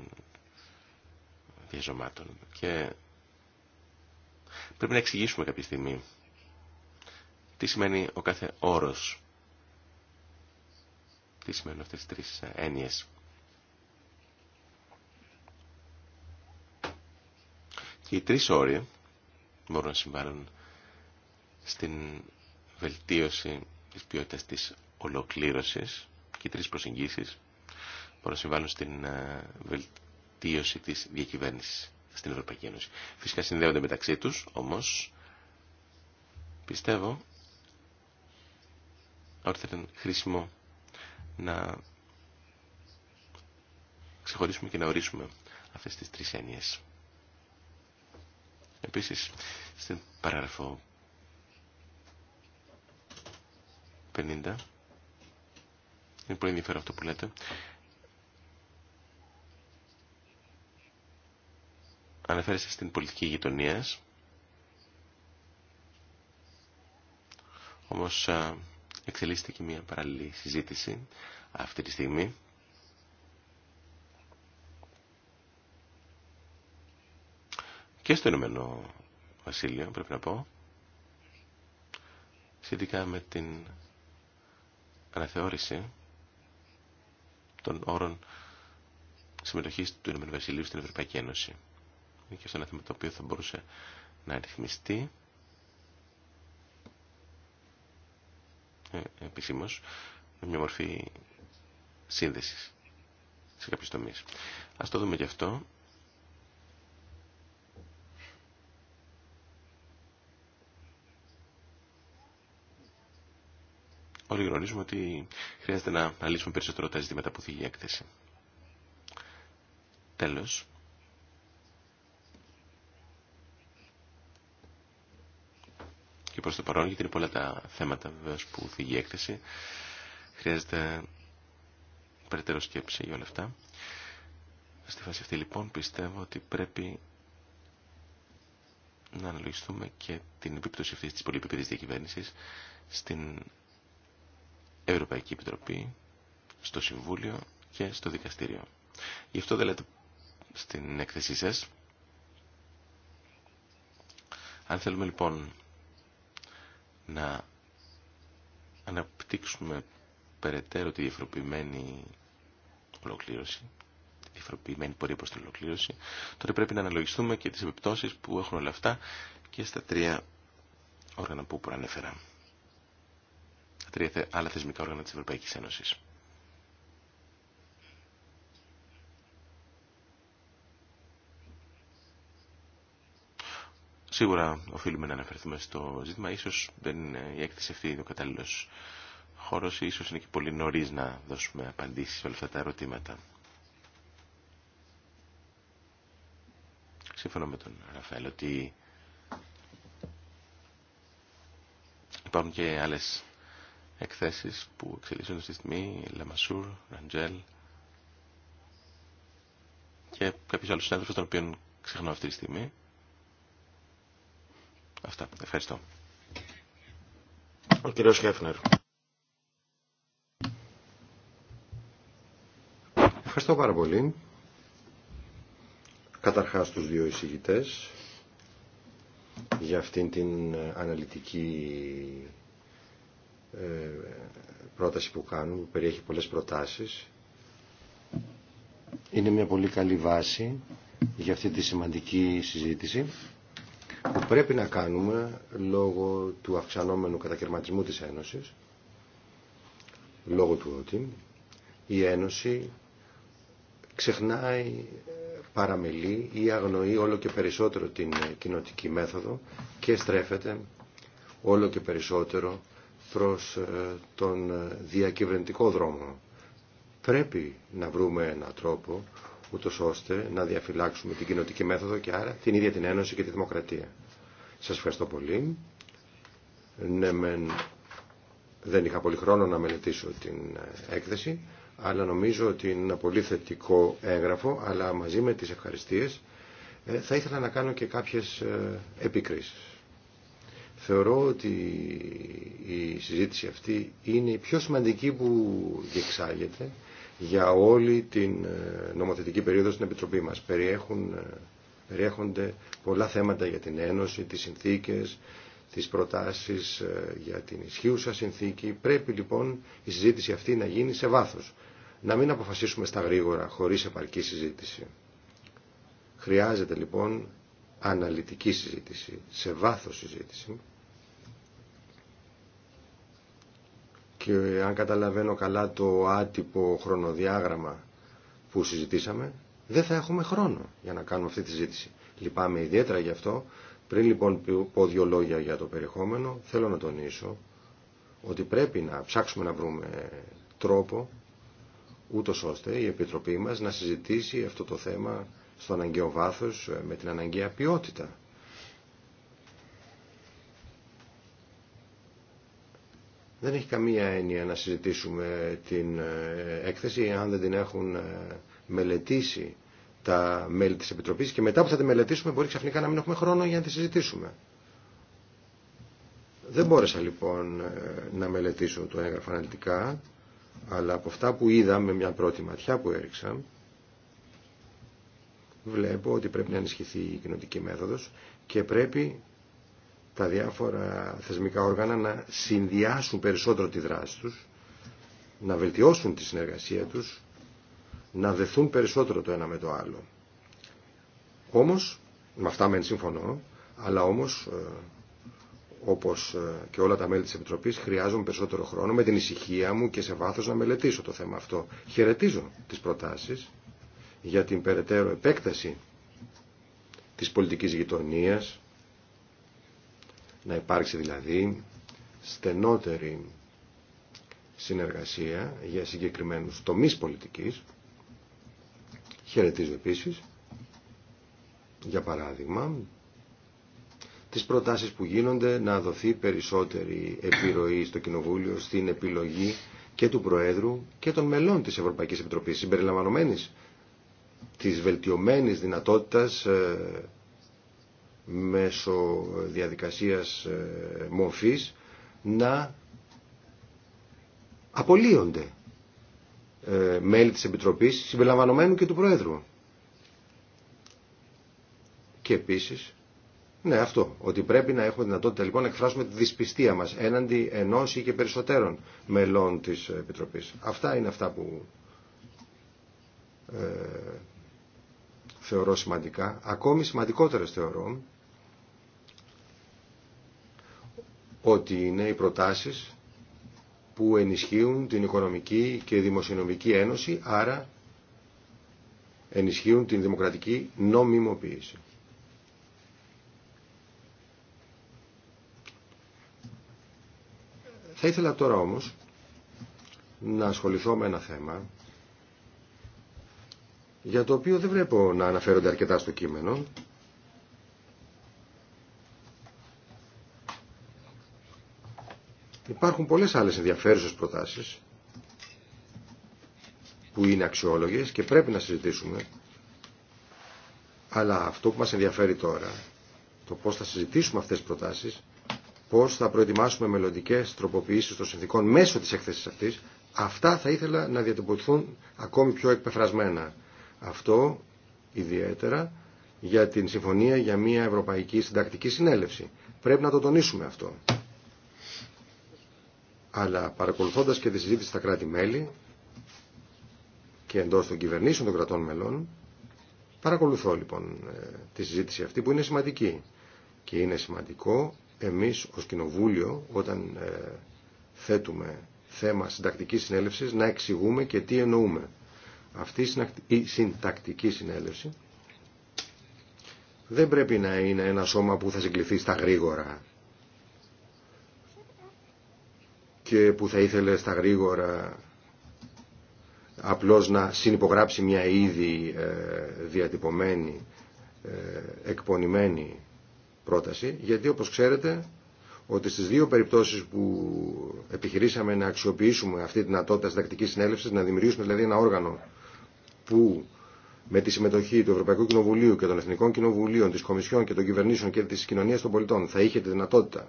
διαζωμάτων. Και πρέπει να εξηγήσουμε κάποια στιγμή τι σημαίνει ο κάθε όρος. Τι σημαίνουν αυτέ τι τρει ε, έννοιε. Και οι τρεις όροι μπορούν να συμβάλλουν στην βελτίωση της ποιότητας της ολοκλήρωσης και οι τρεις προσεγγίσεις μπορούν να συμβάλλουν στην ε, βελτίωση της διακυβέρνησης στην Ευρωπαϊκή Ένωση. Φυσικά συνδέονται μεταξύ τους, όμως πιστεύω ότι θα ήταν χρήσιμο να ξεχωρίσουμε και να ορίσουμε αυτές τις τρεις έννοιες. Επίσης, στην παράγραφο 50, είναι πολύ ενδιαφέρον αυτό που λέτε, αναφέρεστε στην πολιτική γειτονία. Όμως εξελίσσεται και μια παράλληλη συζήτηση αυτή τη στιγμή και στο Ηνωμένο Βασίλειο, πρέπει να πω, σχετικά με την αναθεώρηση των όρων συμμετοχή του Ηνωμένου Βασιλείου στην Ευρωπαϊκή Ένωση. Είναι και αυτό ένα θέμα το οποίο θα μπορούσε να αριθμιστεί επισήμω επισήμως με μια μορφή σύνδεση σε κάποιε τομεί. Α το δούμε γι' αυτό όλοι γνωρίζουμε ότι χρειάζεται να λύσουμε περισσότερο τα ζητήματα που θίγει η έκθεση. Τέλος. Και προς το παρόν, γιατί είναι πολλά τα θέματα βεβαίως που θίγει η έκθεση, χρειάζεται περαιτέρω σκέψη για όλα αυτά. Στη φάση αυτή λοιπόν πιστεύω ότι πρέπει να αναλογιστούμε και την επίπτωση αυτής της πολυεπίπεδης διακυβέρνησης στην Ευρωπαϊκή Επιτροπή, στο Συμβούλιο και στο Δικαστήριο. Γι' αυτό δεν λέτε στην έκθεσή σας. Αν θέλουμε λοιπόν να αναπτύξουμε περαιτέρω τη διαφοροποιημένη ολοκλήρωση, τη διαφοροποιημένη πορεία προς την ολοκλήρωση, τότε πρέπει να αναλογιστούμε και τις επιπτώσεις που έχουν όλα αυτά και στα τρία όργανα που προανέφερα στα τρία άλλα θεσμικά όργανα της Ευρωπαϊκής Ένωσης. Σίγουρα οφείλουμε να αναφερθούμε στο ζήτημα. Ίσως δεν είναι η έκθεση αυτή ο κατάλληλο χώρος. Ίσως είναι και πολύ νωρί να δώσουμε απαντήσεις σε όλα αυτά τα ερωτήματα. Σύμφωνα με τον Ραφαέλ ότι υπάρχουν και άλλες εκθέσεις που εξελίσσονται στη στιγμή, Λαμασούρ, Ραντζέλ και κάποιους άλλους συνάδελφους των οποίων ξεχνώ αυτή τη στιγμή. Αυτά. Ευχαριστώ. Ο κύριος Χέφνερ. Ευχαριστώ πάρα πολύ. Καταρχάς τους δύο εισηγητές για αυτήν την ε, αναλυτική ε, πρόταση που κάνουν, που περιέχει πολλές προτάσεις. Είναι μια πολύ καλή βάση για αυτή τη σημαντική συζήτηση που πρέπει να κάνουμε λόγω του αυξανόμενου κατακαιρματισμού της Ένωσης, λόγω του ότι η Ένωση ξεχνάει παραμελεί ή αγνοεί όλο και περισσότερο την κοινοτική μέθοδο και στρέφεται όλο και περισσότερο προς ε, τον ε, διακυβερνητικό δρόμο. Πρέπει να βρούμε έναν τρόπο ούτως ώστε να διαφυλάξουμε την κοινωτική μέθοδο και άρα την ίδια την Ένωση και τη Δημοκρατία. Σας ευχαριστώ πολύ. Ναι, μεν, δεν είχα πολύ χρόνο να μελετήσω την ε, έκθεση, αλλά νομίζω ότι είναι ένα πολύ θετικό έγγραφο, αλλά μαζί με τις ευχαριστίες θα ήθελα να κάνω και κάποιες επικρίσεις. Θεωρώ ότι η συζήτηση αυτή είναι η πιο σημαντική που διεξάγεται για όλη την ε, νομοθετική περίοδο στην Επιτροπή μας. Περιέχουν, ε, περιέχονται πολλά θέματα για την Ένωση, τις συνθήκες, τις προτάσεις ε, για την ισχύουσα συνθήκη. Πρέπει λοιπόν η συζήτηση αυτή να γίνει σε βάθος. Να μην αποφασίσουμε στα γρήγορα, χωρίς επαρκή συζήτηση. Χρειάζεται λοιπόν αναλυτική συζήτηση, σε βάθος συζήτηση και αν καταλαβαίνω καλά το άτυπο χρονοδιάγραμμα που συζητήσαμε, δεν θα έχουμε χρόνο για να κάνουμε αυτή τη συζήτηση. Λυπάμαι ιδιαίτερα γι' αυτό. Πριν λοιπόν πω δύο λόγια για το περιεχόμενο, θέλω να τονίσω ότι πρέπει να ψάξουμε να βρούμε τρόπο ούτω ώστε η Επιτροπή μας να συζητήσει αυτό το θέμα στον αναγκαίο βάθος ε, με την αναγκαία ποιότητα. Δεν έχει καμία έννοια να συζητήσουμε την ε, έκθεση αν δεν την έχουν ε, μελετήσει τα μέλη της Επιτροπής και μετά που θα τη μελετήσουμε μπορεί ξαφνικά να μην έχουμε χρόνο για να τη συζητήσουμε. Δεν μπόρεσα λοιπόν ε, να μελετήσω το έγγραφο αναλυτικά, αλλά από αυτά που είδα με μια πρώτη ματιά που έριξα, βλέπω ότι πρέπει να ενισχυθεί η κοινωτική μέθοδος και πρέπει τα διάφορα θεσμικά όργανα να συνδυάσουν περισσότερο τη δράση τους, να βελτιώσουν τη συνεργασία τους, να δεθούν περισσότερο το ένα με το άλλο. Όμως, με αυτά μεν συμφωνώ, αλλά όμως, ε, όπως ε, και όλα τα μέλη της Επιτροπής, χρειάζομαι περισσότερο χρόνο με την ησυχία μου και σε βάθος να μελετήσω το θέμα αυτό. Χαιρετίζω τις προτάσεις για την περαιτέρω επέκταση της πολιτικής γειτονίας, να υπάρξει δηλαδή στενότερη συνεργασία για συγκεκριμένους τομείς πολιτικής. Χαιρετίζω επίσης, για παράδειγμα, τις προτάσεις που γίνονται να δοθεί περισσότερη επιρροή στο Κοινοβούλιο στην επιλογή και του Προέδρου και των μελών της Ευρωπαϊκής Επιτροπής, συμπεριλαμβανομένης της βελτιωμένης δυνατότητας ε, μέσω διαδικασίας ε, μορφής να απολύονται ε, μέλη της Επιτροπής συμπεριλαμβανομένου και του Προέδρου. Και επίσης, ναι αυτό, ότι πρέπει να έχουμε δυνατότητα λοιπόν να εκφράσουμε τη δυσπιστία μας έναντι ενός ή και περισσότερων μελών της Επιτροπής. Αυτά είναι αυτά που ε, θεωρώ σημαντικά. Ακόμη σημαντικότερες θεωρώ ότι είναι οι προτάσεις που ενισχύουν την Οικονομική και Δημοσιονομική Ένωση, άρα ενισχύουν την δημοκρατική νομιμοποίηση. Θα ήθελα τώρα όμως να ασχοληθώ με ένα θέμα για το οποίο δεν βλέπω να αναφέρονται αρκετά στο κείμενο Υπάρχουν πολλές άλλες ενδιαφέρουσες προτάσεις που είναι αξιόλογες και πρέπει να συζητήσουμε. Αλλά αυτό που μας ενδιαφέρει τώρα, το πώς θα συζητήσουμε αυτές τις προτάσεις, πώς θα προετοιμάσουμε μελλοντικέ τροποποιήσεις των συνθήκων μέσω της έκθεσης αυτής, αυτά θα ήθελα να διατυπωθούν ακόμη πιο εκπεφρασμένα. Αυτό ιδιαίτερα για την συμφωνία για μια Ευρωπαϊκή Συντακτική Συνέλευση. Πρέπει να το τονίσουμε αυτό. Αλλά παρακολουθώντας και τη συζήτηση στα κράτη-μέλη και εντός των κυβερνήσεων των κρατών μελών, παρακολουθώ λοιπόν ε, τη συζήτηση αυτή που είναι σημαντική. Και είναι σημαντικό εμείς ως Κοινοβούλιο όταν ε, θέτουμε θέμα συντακτικής συνέλευσης να εξηγούμε και τι εννοούμε. Αυτή η συντακτική συνέλευση δεν πρέπει να είναι ένα σώμα που θα συγκληθεί στα γρήγορα και που θα ήθελε στα γρήγορα απλώς να συνυπογράψει μια ήδη ε, διατυπωμένη, ε, εκπονημένη πρόταση, γιατί όπως ξέρετε ότι στις δύο περιπτώσεις που επιχειρήσαμε να αξιοποιήσουμε αυτή τη δυνατότητα συντακτικής συνέλευση να δημιουργήσουμε δηλαδή ένα όργανο που με τη συμμετοχή του Ευρωπαϊκού Κοινοβουλίου και των Εθνικών Κοινοβουλίων, της Κομισιόν και των Κυβερνήσεων και της Κοινωνίας των Πολιτών θα είχε τη δυνατότητα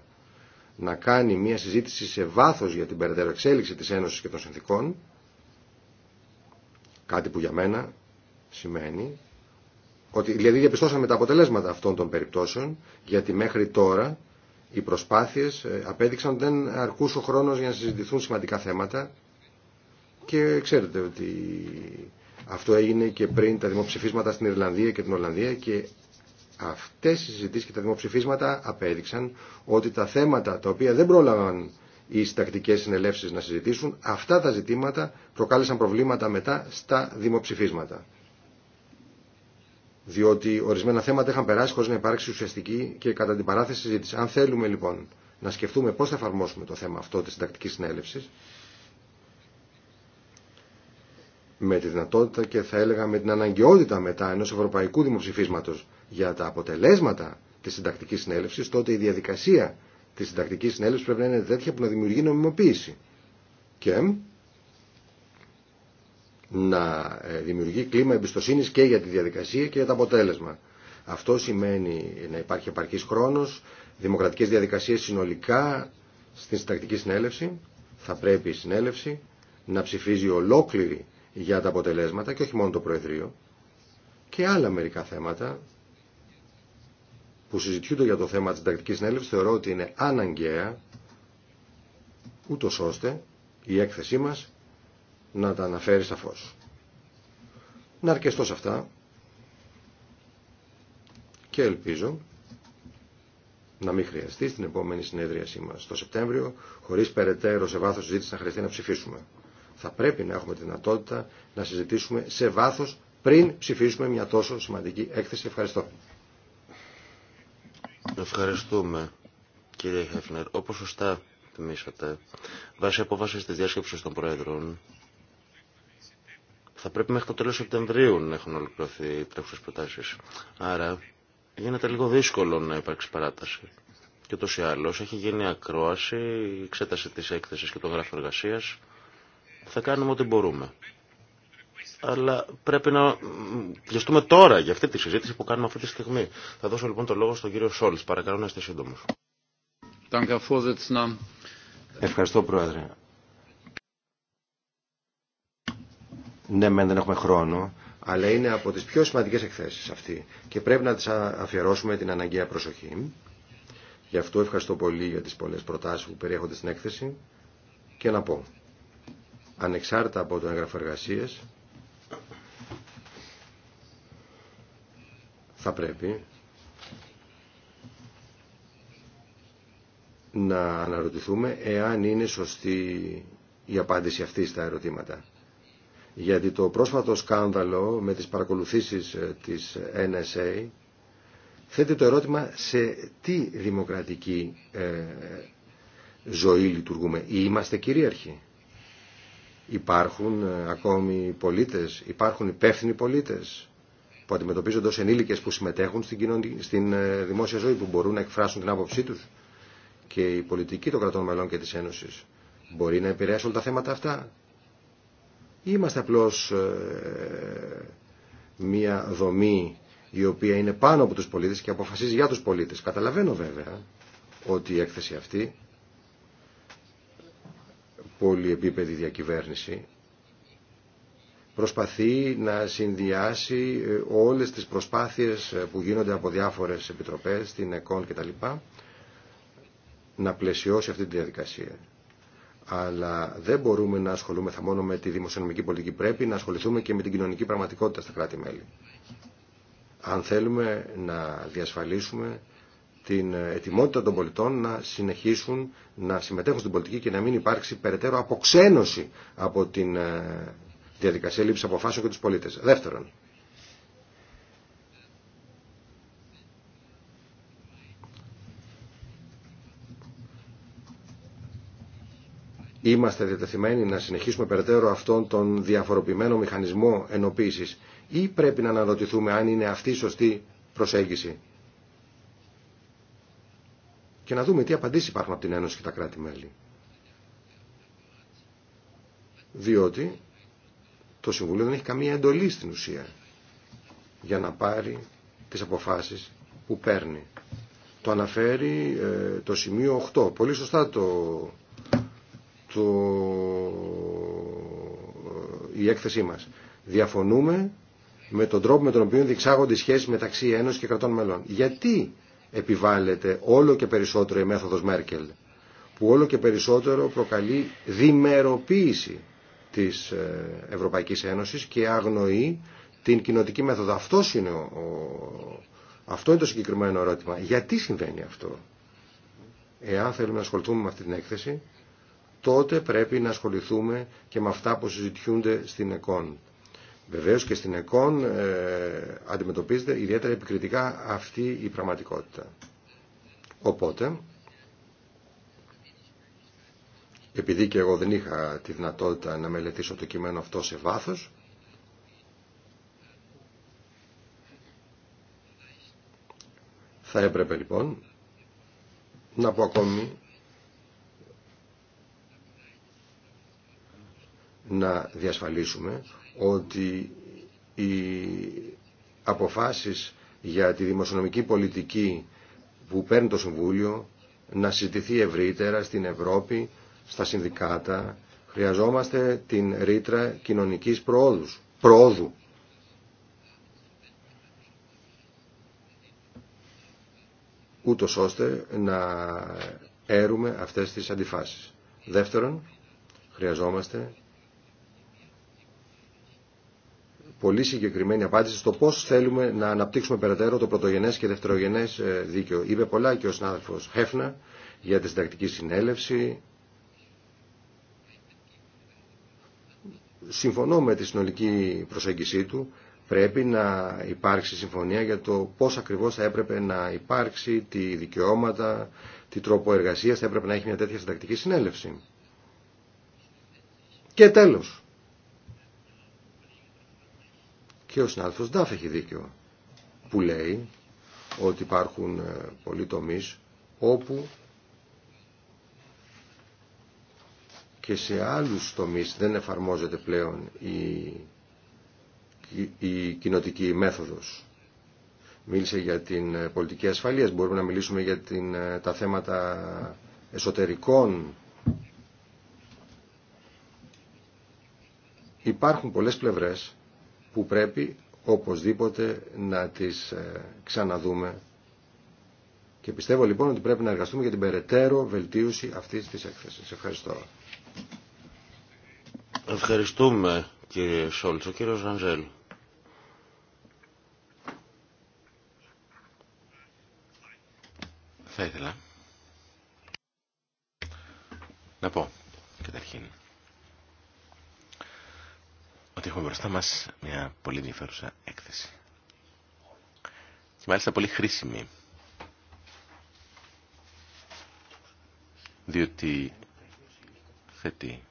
να κάνει μια συζήτηση σε βάθος για την περαιτέρω εξέλιξη της Ένωσης και των συνθήκων, κάτι που για μένα σημαίνει ότι δηλαδή διαπιστώσαμε τα αποτελέσματα αυτών των περιπτώσεων, γιατί μέχρι τώρα οι προσπάθειες ε, απέδειξαν ότι δεν αρκούσε ο χρόνος για να συζητηθούν σημαντικά θέματα και ξέρετε ότι αυτό έγινε και πριν τα δημοψηφίσματα στην Ιρλανδία και την Ολλανδία και Αυτές οι συζητήσεις και τα δημοψηφίσματα απέδειξαν ότι τα θέματα τα οποία δεν πρόλαβαν οι συντακτικέ συνελεύσεις να συζητήσουν, αυτά τα ζητήματα προκάλεσαν προβλήματα μετά στα δημοψηφίσματα. Διότι ορισμένα θέματα είχαν περάσει χωρί να υπάρξει ουσιαστική και κατά την παράθεση συζήτηση. Αν θέλουμε λοιπόν να σκεφτούμε πώ θα εφαρμόσουμε το θέμα αυτό τη συντακτική συνέλευση, με τη δυνατότητα και θα έλεγα με την αναγκαιότητα μετά ενό ευρωπαϊκού δημοψηφίσματο για τα αποτελέσματα της συντακτικής συνέλευσης, τότε η διαδικασία της συντακτικής συνέλευσης πρέπει να είναι τέτοια που να δημιουργεί νομιμοποίηση και να ε, δημιουργεί κλίμα εμπιστοσύνης και για τη διαδικασία και για το αποτέλεσμα. Αυτό σημαίνει να υπάρχει επαρκής χρόνος, δημοκρατικές διαδικασίες συνολικά στην συντακτική συνέλευση. Θα πρέπει η συνέλευση να ψηφίζει ολόκληρη για τα αποτελέσματα και όχι μόνο το Προεδρείο και άλλα μερικά θέματα που συζητιούνται για το θέμα της συντακτικής συνέλευσης θεωρώ ότι είναι αναγκαία ούτω ώστε η έκθεσή μας να τα αναφέρει σαφώ. Να αρκεστώ σε αυτά και ελπίζω να μην χρειαστεί στην επόμενη συνέδριασή μας το Σεπτέμβριο χωρίς περαιτέρω σε βάθος συζήτηση να χρειαστεί να ψηφίσουμε. Θα πρέπει να έχουμε τη δυνατότητα να συζητήσουμε σε βάθος πριν ψηφίσουμε μια τόσο σημαντική έκθεση. Ευχαριστώ. Ευχαριστούμε κύριε Χέφνερ. Όπως σωστά θυμήσατε, βάσει απόφαση της διάσκεψης των Προέδρων, θα πρέπει μέχρι το τέλος Σεπτεμβρίου να έχουν ολοκληρωθεί οι τρέχουσες προτάσεις. Άρα γίνεται λίγο δύσκολο να υπάρξει παράταση. Και ούτως ή άλλως έχει γίνει ακρόαση, εξέταση της έκθεσης και των γράφων Θα κάνουμε ό,τι μπορούμε αλλά πρέπει να πιεστούμε τώρα για αυτή τη συζήτηση που κάνουμε αυτή τη στιγμή. Θα δώσω λοιπόν το λόγο στον κύριο Σόλτ. Παρακαλώ να είστε σύντομο. Ευχαριστώ, Πρόεδρε. Ναι, μεν δεν έχουμε χρόνο, αλλά είναι από τι πιο σημαντικέ εκθέσει. αυτή και πρέπει να τι αφιερώσουμε την αναγκαία προσοχή. Γι' αυτό ευχαριστώ πολύ για τι πολλέ προτάσει που περιέχονται στην έκθεση και να πω, ανεξάρτητα από το έγγραφο εργασίες... θα πρέπει να αναρωτηθούμε εάν είναι σωστή η απάντηση αυτή στα ερωτήματα. Γιατί το πρόσφατο σκάνδαλο με τις παρακολουθήσεις ε, της NSA θέτει το ερώτημα σε τι δημοκρατική ε, ζωή λειτουργούμε. Ή είμαστε κυρίαρχοι. Υπάρχουν ε, ακόμη πολίτες, υπάρχουν υπεύθυνοι πολίτες που αντιμετωπίζονται ω ενήλικες που συμμετέχουν στην, στην ε, δημόσια ζωή, που μπορούν να εκφράσουν την άποψή τους. Και η πολιτική των κρατών μελών και τη Ένωση μπορεί να επηρεάσει όλα τα θέματα αυτά. Ή είμαστε απλώς ε, μία δομή η ειμαστε απλώ είναι πάνω από τους πολίτες και αποφασίζει για τους πολίτες. Καταλαβαίνω βέβαια ότι η έκθεση αυτή πολυεπίπεδη διακυβέρνηση προσπαθεί να συνδυάσει ε, όλες τις προσπάθειες ε, που γίνονται από διάφορες επιτροπές, την ΕΚΟΝ κτλ. να πλαισιώσει αυτή τη διαδικασία. Αλλά δεν μπορούμε να ασχολούμεθα μόνο με τη δημοσιονομική πολιτική. Πρέπει να ασχοληθούμε και με την κοινωνική πραγματικότητα στα κράτη-μέλη. Αν θέλουμε να διασφαλίσουμε την ε, ετοιμότητα των πολιτών να συνεχίσουν να συμμετέχουν στην πολιτική και να μην υπάρξει περαιτέρω αποξένωση από την διαδικασία λήψη αποφάσεων και του πολίτε. Δεύτερον, είμαστε διατεθειμένοι να συνεχίσουμε περαιτέρω αυτόν τον διαφοροποιημένο μηχανισμό ενοποίησης ή πρέπει να αναρωτηθούμε αν είναι αυτή η σωστή προσέγγιση και να δούμε τι απαντήσει υπάρχουν από την Ένωση και τα κράτη-μέλη. Διότι το Συμβούλιο δεν έχει καμία εντολή στην ουσία για να πάρει τις αποφάσεις που παίρνει. Το αναφέρει ε, το σημείο 8. Πολύ σωστά το, το, ε, η έκθεσή μας. Διαφωνούμε με τον τρόπο με τον οποίο διεξάγονται οι σχέσεις μεταξύ Ένωση και κρατών μελών. Γιατί επιβάλλεται όλο και περισσότερο η μέθοδος Μέρκελ που όλο και περισσότερο προκαλεί διμεροποίηση της ε, Ευρωπαϊκής Ένωσης και αγνοεί την κοινοτική μέθοδο. είναι ο... Αυτό είναι το συγκεκριμένο ερώτημα. Γιατί συμβαίνει αυτό. Εάν θέλουμε να ασχοληθούμε με αυτή την έκθεση, τότε πρέπει να ασχοληθούμε και με αυτά που συζητιούνται στην ΕΚΟΝ. Βεβαίως και στην ΕΚΟΝ ε, αντιμετωπίζεται ιδιαίτερα επικριτικά αυτή η πραγματικότητα. Οπότε, επειδή και εγώ δεν είχα τη δυνατότητα να μελετήσω το κείμενο αυτό σε βάθος, θα έπρεπε λοιπόν να πω ακόμη να διασφαλίσουμε ότι οι αποφάσεις για τη δημοσιονομική πολιτική που παίρνει το Συμβούλιο να συζητηθεί ευρύτερα στην Ευρώπη στα συνδικάτα. Χρειαζόμαστε την ρήτρα κοινωνικής προόδους, προόδου. ούτως ώστε να έρουμε αυτές τις αντιφάσεις. Δεύτερον, χρειαζόμαστε πολύ συγκεκριμένη απάντηση στο πώς θέλουμε να αναπτύξουμε περαιτέρω το πρωτογενές και δευτερογενές ε, δίκαιο. Είπε πολλά και ο συνάδελφος Χέφνα για τη συντακτική συνέλευση, συμφωνώ με τη συνολική προσέγγιση του. Πρέπει να υπάρξει συμφωνία για το πώς ακριβώς θα έπρεπε να υπάρξει, τι δικαιώματα, τι τρόπο εργασίας θα έπρεπε να έχει μια τέτοια συντακτική συνέλευση. Και τέλος. Και ο συνάδελφος Ντάφ έχει δίκιο που λέει ότι υπάρχουν ε, πολλοί τομείς όπου και σε άλλους τομείς δεν εφαρμόζεται πλέον η, η κοινοτική μέθοδος. Μίλησε για την ε, πολιτική ασφαλείας, μπορούμε να μιλήσουμε για ε, τα θέματα εσωτερικών. Υπάρχουν πολλές πλευρές που πρέπει οπωσδήποτε να τις ε, ξαναδούμε και πιστεύω λοιπόν ότι πρέπει να εργαστούμε για την περαιτέρω βελτίωση αυτής της έκθεσης. Ευχαριστώ. Ευχαριστούμε κύριε Σόλτς. Ο κύριος Θα ήθελα να πω καταρχήν ότι έχουμε μπροστά μας μια πολύ ενδιαφέρουσα έκθεση. Και μάλιστα πολύ χρήσιμη. Διότι θέτει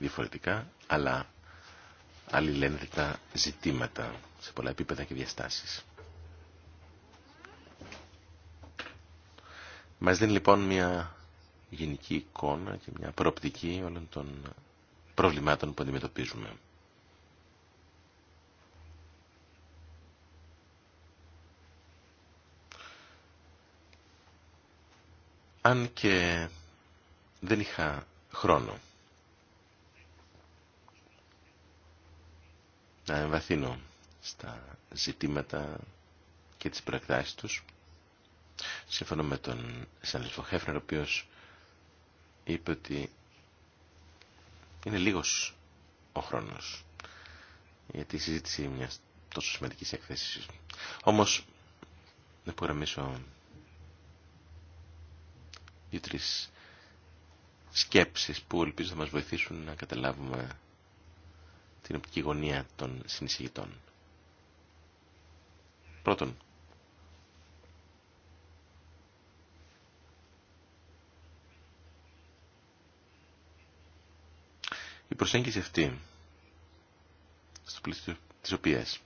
διαφορετικά αλλά αλληλένδετα ζητήματα σε πολλά επίπεδα και διαστάσεις. Μας δίνει λοιπόν μια γενική εικόνα και μια προοπτική όλων των προβλημάτων που αντιμετωπίζουμε. Αν και δεν είχα χρόνο να εμβαθύνω στα ζητήματα και τις πρακτάσεις τους. Σύμφωνα με τον συνάδελφο Χέφνερ, ο οποίος είπε ότι είναι λίγος ο χρόνος για τη συζήτηση μιας τόσο σημαντικής εκθέσης. Όμως, να υπογραμμίσω δύο-τρεις σκέψεις που ελπίζω να μας βοηθήσουν να καταλάβουμε την οπτική γωνία των συνεισηγητών. Πρώτον, η προσέγγιση αυτή, στο πλήθος της οποίας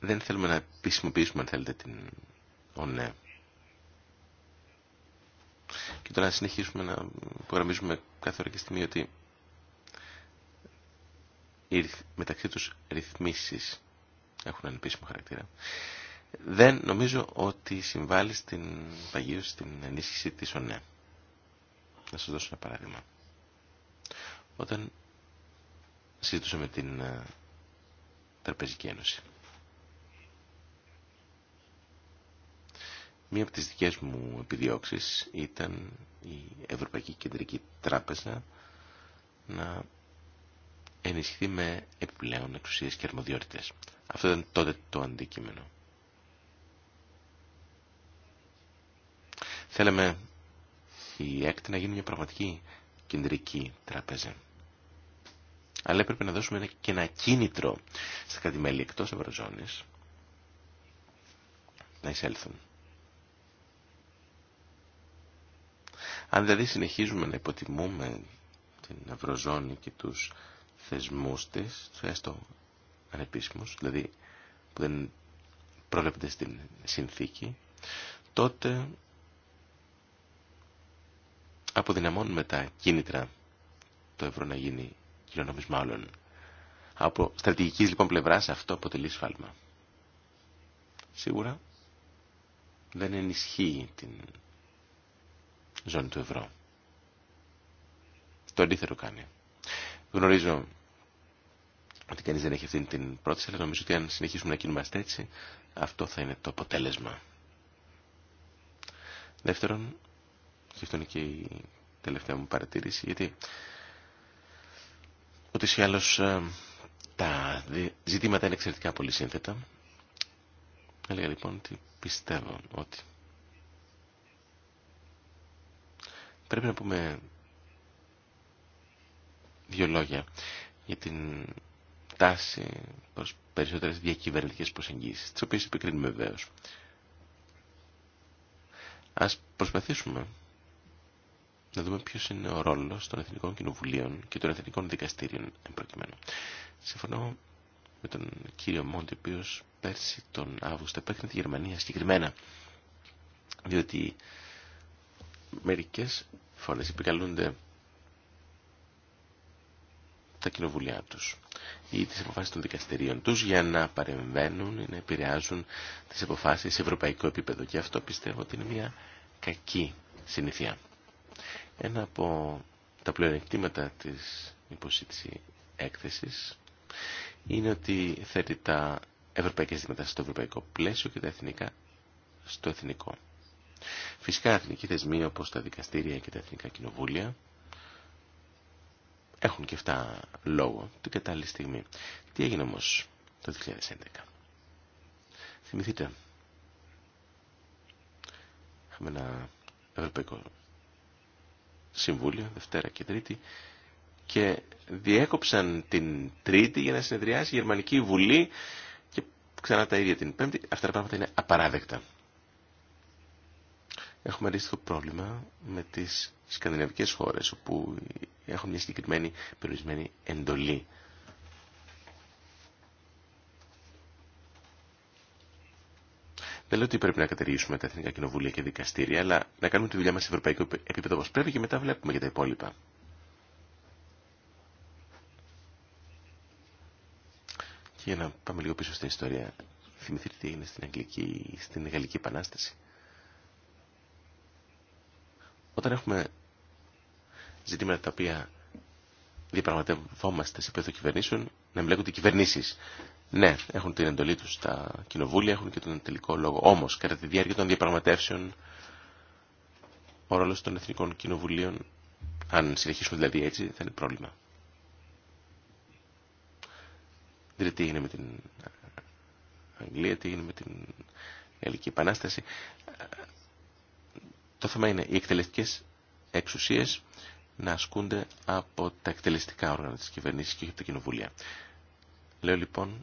δεν θέλουμε να επισημοποιήσουμε, αν θέλετε, την ΩΝΕ. Ναι. Και τώρα να συνεχίσουμε να υπογραμμίζουμε κάθε ώρα και στιγμή ότι μεταξύ τους ρυθμίσεις έχουν ανεπίσημο χαρακτήρα, δεν νομίζω ότι συμβάλλει στην παγίωση, στην ενίσχυση της ΟΝΕ. Να σας δώσω ένα παράδειγμα. Όταν συζητούσαμε με την ε, Τραπεζική Ένωση, μία από τις δικές μου επιδιώξεις ήταν η Ευρωπαϊκή Κεντρική Τράπεζα να ενισχυθεί με επιπλέον εξουσίες και αρμοδιότητες. Αυτό ήταν τότε το αντικείμενο. Θέλαμε η Έκτη να γίνει μια πραγματική κεντρική τράπεζα. Αλλά έπρεπε να δώσουμε και ένα κίνητρο στα κρατημέλη εκτός Ευρωζώνης να εισέλθουν. Αν δηλαδή συνεχίζουμε να υποτιμούμε την Ευρωζώνη και τους θεσμούς της, έστω ανεπίσημους, δηλαδή που δεν προβλέπεται στην συνθήκη, τότε αποδυναμώνουμε τα κίνητρα το ευρώ να γίνει κοινωνομισμά όλων. Από στρατηγικής λοιπόν πλευράς αυτό αποτελεί σφάλμα. Σίγουρα δεν ενισχύει την ζώνη του ευρώ. Το αντίθετο κάνει. Γνωρίζω ότι κανείς δεν έχει αυτή την πρώτη αλλά νομίζω ότι αν συνεχίσουμε να κινούμαστε έτσι, αυτό θα είναι το αποτέλεσμα. Δεύτερον, και αυτό είναι και η τελευταία μου παρατήρηση, γιατί ότι ή άλλως ε, τα ζητήματα είναι εξαιρετικά πολύ σύνθετα. Έλεγα λοιπόν ότι πιστεύω ότι πρέπει να πούμε δύο λόγια για την τάση προς περισσότερες διακυβερνητικές προσεγγίσεις, τις οποίες επικρίνουμε βεβαίω. Ας προσπαθήσουμε να δούμε ποιος είναι ο ρόλος των Εθνικών Κοινοβουλίων και των Εθνικών Δικαστήριων προκειμένου. Συμφωνώ με τον κύριο Μόντι, ο οποίο πέρσι τον Αύγουστο επέκρινε τη Γερμανία συγκεκριμένα, διότι μερικές φορέ επικαλούνται τα κοινοβουλιά τους ή τις αποφάσεις των δικαστηρίων τους για να παρεμβαίνουν ή να επηρεάζουν τις αποφάσεις σε ευρωπαϊκό επίπεδο. Και αυτό πιστεύω ότι είναι μια κακή συνήθεια. Ένα από τα πλεονεκτήματα της υποσύτηση έκθεσης είναι ότι θέτει τα ευρωπαϊκές ζητήματα στο ευρωπαϊκό πλαίσιο και τα εθνικά στο εθνικό. Φυσικά εθνικοί θεσμοί όπως τα δικαστήρια και τα εθνικά κοινοβούλια έχουν και αυτά λόγο την κατάλληλη στιγμή. Τι έγινε όμως το 2011. Θυμηθείτε. έχουμε ένα Ευρωπαϊκό Συμβούλιο, Δευτέρα και Τρίτη, και διέκοψαν την Τρίτη για να συνεδριάσει η Γερμανική Βουλή και ξανά τα ίδια την Πέμπτη. Αυτά τα πράγματα είναι απαράδεκτα. Έχουμε αντίστοιχο πρόβλημα με τις σκανδιναβικές χώρες, όπου Έχω μια συγκεκριμένη περιορισμένη εντολή. Δεν λέω ότι πρέπει να κατεργήσουμε τα εθνικά κοινοβούλια και δικαστήρια, αλλά να κάνουμε τη δουλειά μα σε ευρωπαϊκό επίπεδο όπω πρέπει και μετά βλέπουμε για τα υπόλοιπα. Και για να πάμε λίγο πίσω στην ιστορία, θυμηθείτε τι έγινε στην Αγγλική, στην Γαλλική Επανάσταση. Όταν έχουμε ζητήματα τα οποία διαπραγματευόμαστε σε επίπεδο κυβερνήσεων να εμπλέκονται κυβερνήσει. Ναι, έχουν την εντολή του στα κοινοβούλια, έχουν και τον τελικό λόγο. Όμω, κατά τη διάρκεια των διαπραγματεύσεων, ο ρόλο των εθνικών κοινοβουλίων, αν συνεχίσουμε δηλαδή έτσι, θα είναι πρόβλημα. Δηλαδή, τι έγινε με την Αγγλία, τι έγινε με την Ελληνική Επανάσταση. Το θέμα είναι οι εκτελεστικέ εξουσίε να ασκούνται από τα εκτελεστικά όργανα της κυβερνήσης και από τα κοινοβούλια. Λέω λοιπόν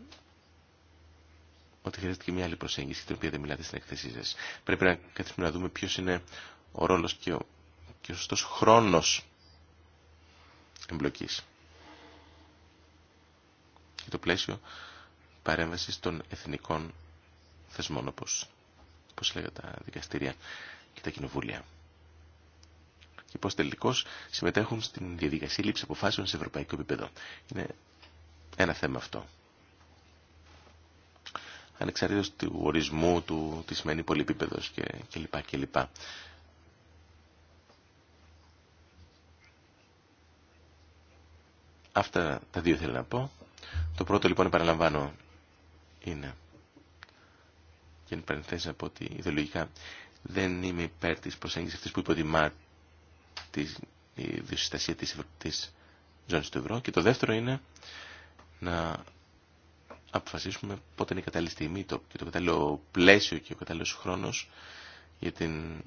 ότι χρειάζεται και μια άλλη προσέγγιση την οποία δεν μιλάτε στην εκθεσή σα, Πρέπει να καθίσουμε να δούμε ποιο είναι ο ρόλος και ο, και ο σωστός χρόνος εμπλοκής. Και το πλαίσιο παρέμβαση των εθνικών θεσμών όπω τα δικαστήρια και τα κοινοβούλια και πώς τελικώς συμμετέχουν στην διαδικασία λήψη αποφάσεων σε ευρωπαϊκό επίπεδο. Είναι ένα θέμα αυτό. Ανεξαρτήτως του ορισμού του, τι σημαίνει πολυεπίπεδος και, και Αυτά τα δύο θέλω να πω. Το πρώτο λοιπόν επαναλαμβάνω είναι και εν παρενθέσει από πω ότι ιδεολογικά δεν είμαι υπέρ τη προσέγγιση αυτή που υποδημάται η δυσυστασία της, της ζώνης του ευρώ και το δεύτερο είναι να αποφασίσουμε πότε είναι η κατάλληλη στιγμή το, και το κατάλληλο πλαίσιο και ο κατάλληλος χρόνος για την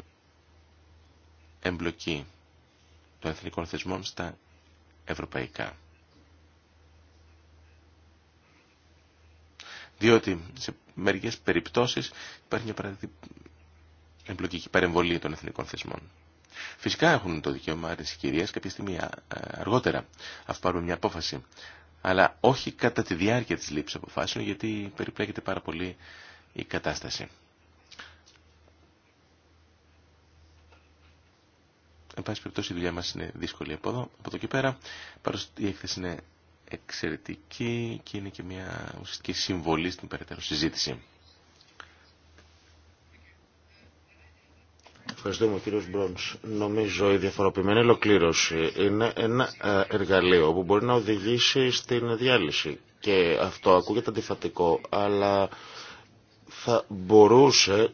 εμπλοκή των εθνικών θεσμών στα ευρωπαϊκά. Διότι σε μερικές περιπτώσεις υπάρχει μια παραδείγμα εμπλοκική παρεμβολή των εθνικών θεσμών. Φυσικά έχουν το δικαίωμα τη κυρία κάποια στιγμή αργότερα, αφού πάρουμε μια απόφαση. Αλλά όχι κατά τη διάρκεια της λήψη αποφάσεων, γιατί περιπλέκεται πάρα πολύ η κατάσταση. Εν πάση περιπτώσει η δουλειά μας είναι δύσκολη από εδώ. Από εδώ και πέρα η έκθεση είναι εξαιρετική και είναι και μια ουσιαστική συμβολή στην περαιτέρω συζήτηση. Ευχαριστούμε, κύριο Μπρόντ. Νομίζω η διαφοροποιημένη ολοκλήρωση είναι ένα ε, εργαλείο που μπορεί να οδηγήσει στην διάλυση. Και αυτό ακούγεται αντιφατικό, αλλά θα μπορούσε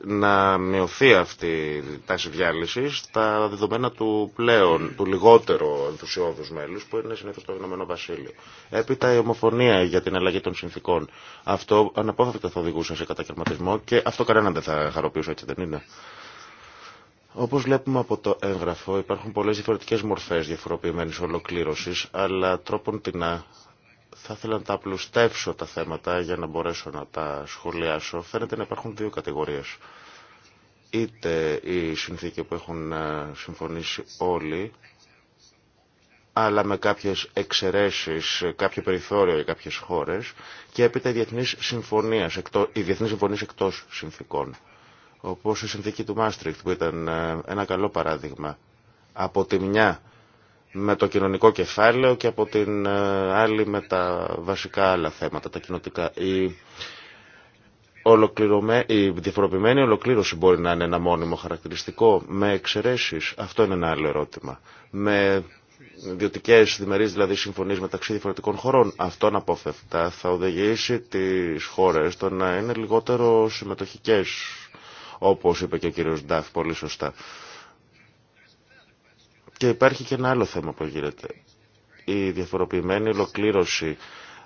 να μειωθεί αυτή η τάση διάλυση στα δεδομένα του πλέον, του λιγότερο ενθουσιώδους μέλους που είναι συνήθως το Ηνωμένο Βασίλειο. Έπειτα η ομοφωνία για την αλλαγή των συνθήκων. Αυτό αναπόφευκτα θα οδηγούσε σε κατακαιρματισμό και αυτό κανέναν δεν θα χαροποιούσε έτσι δεν είναι. Όπω βλέπουμε από το έγγραφο, υπάρχουν πολλέ διαφορετικέ μορφέ διαφοροποιημένη ολοκλήρωση, αλλά τρόπον την θα ήθελα να τα απλουστεύσω τα θέματα για να μπορέσω να τα σχολιάσω. Φαίνεται να υπάρχουν δύο κατηγορίες. Είτε οι συνθήκη που έχουν ε, συμφωνήσει όλοι, αλλά με κάποιες εξαιρέσεις, κάποιο περιθώριο για κάποιες χώρες και έπειτα οι διεθνείς συμφωνίες, οι εκτός συνθήκων. Όπως η συνθήκη του Μάστριχτ που ήταν ε, ένα καλό παράδειγμα. Από τη μια με το κοινωνικό κεφάλαιο και από την ε, άλλη με τα βασικά άλλα θέματα, τα κοινωτικά. Η, ολοκληρωμέ... η διαφοροποιημένη ολοκλήρωση μπορεί να είναι ένα μόνιμο χαρακτηριστικό, με εξαιρέσει. Αυτό είναι ένα άλλο ερώτημα. Με ιδιωτικέ διμερεί δηλαδή συμφωνίε μεταξύ διαφορετικών χωρών. Αυτό αναπόφευκτα θα οδηγήσει τι χώρε στο να είναι λιγότερο συμμετοχικέ, όπως είπε και ο κύριο Νταφ πολύ σωστά. Και υπάρχει και ένα άλλο θέμα που γίνεται. Η διαφοροποιημένη ολοκλήρωση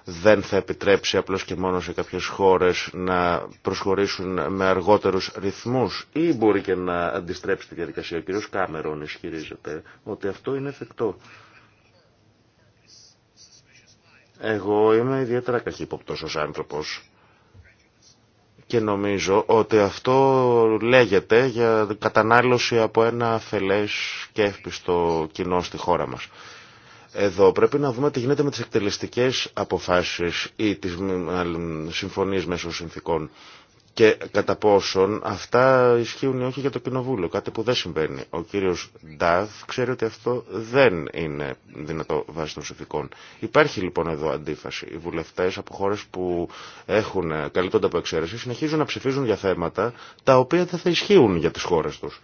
δεν θα επιτρέψει απλώς και μόνο σε κάποιες χώρες να προσχωρήσουν με αργότερους ρυθμούς ή μπορεί και να αντιστρέψει τη διαδικασία. Ο κ. Κάμερον ισχυρίζεται ότι αυτό είναι εφικτό. Εγώ είμαι ιδιαίτερα καχύποπτος ως άνθρωπος και νομίζω ότι αυτό λέγεται για κατανάλωση από ένα αφελές και εύπιστο κοινό στη χώρα μας. Εδώ πρέπει να δούμε τι γίνεται με τις εκτελεστικές αποφάσεις ή τις συμφωνίες μέσω συνθήκων και κατά πόσον αυτά ισχύουν όχι για το κοινοβούλιο, κάτι που δεν συμβαίνει. Ο κύριος Νταβ ξέρει ότι αυτό δεν είναι δυνατό βάσει των συνθηκών. Υπάρχει λοιπόν εδώ αντίφαση. Οι βουλευτές από χώρες που έχουν καλύπτονται από εξαίρεση συνεχίζουν να ψηφίζουν για θέματα τα οποία δεν θα ισχύουν για τις χώρες τους,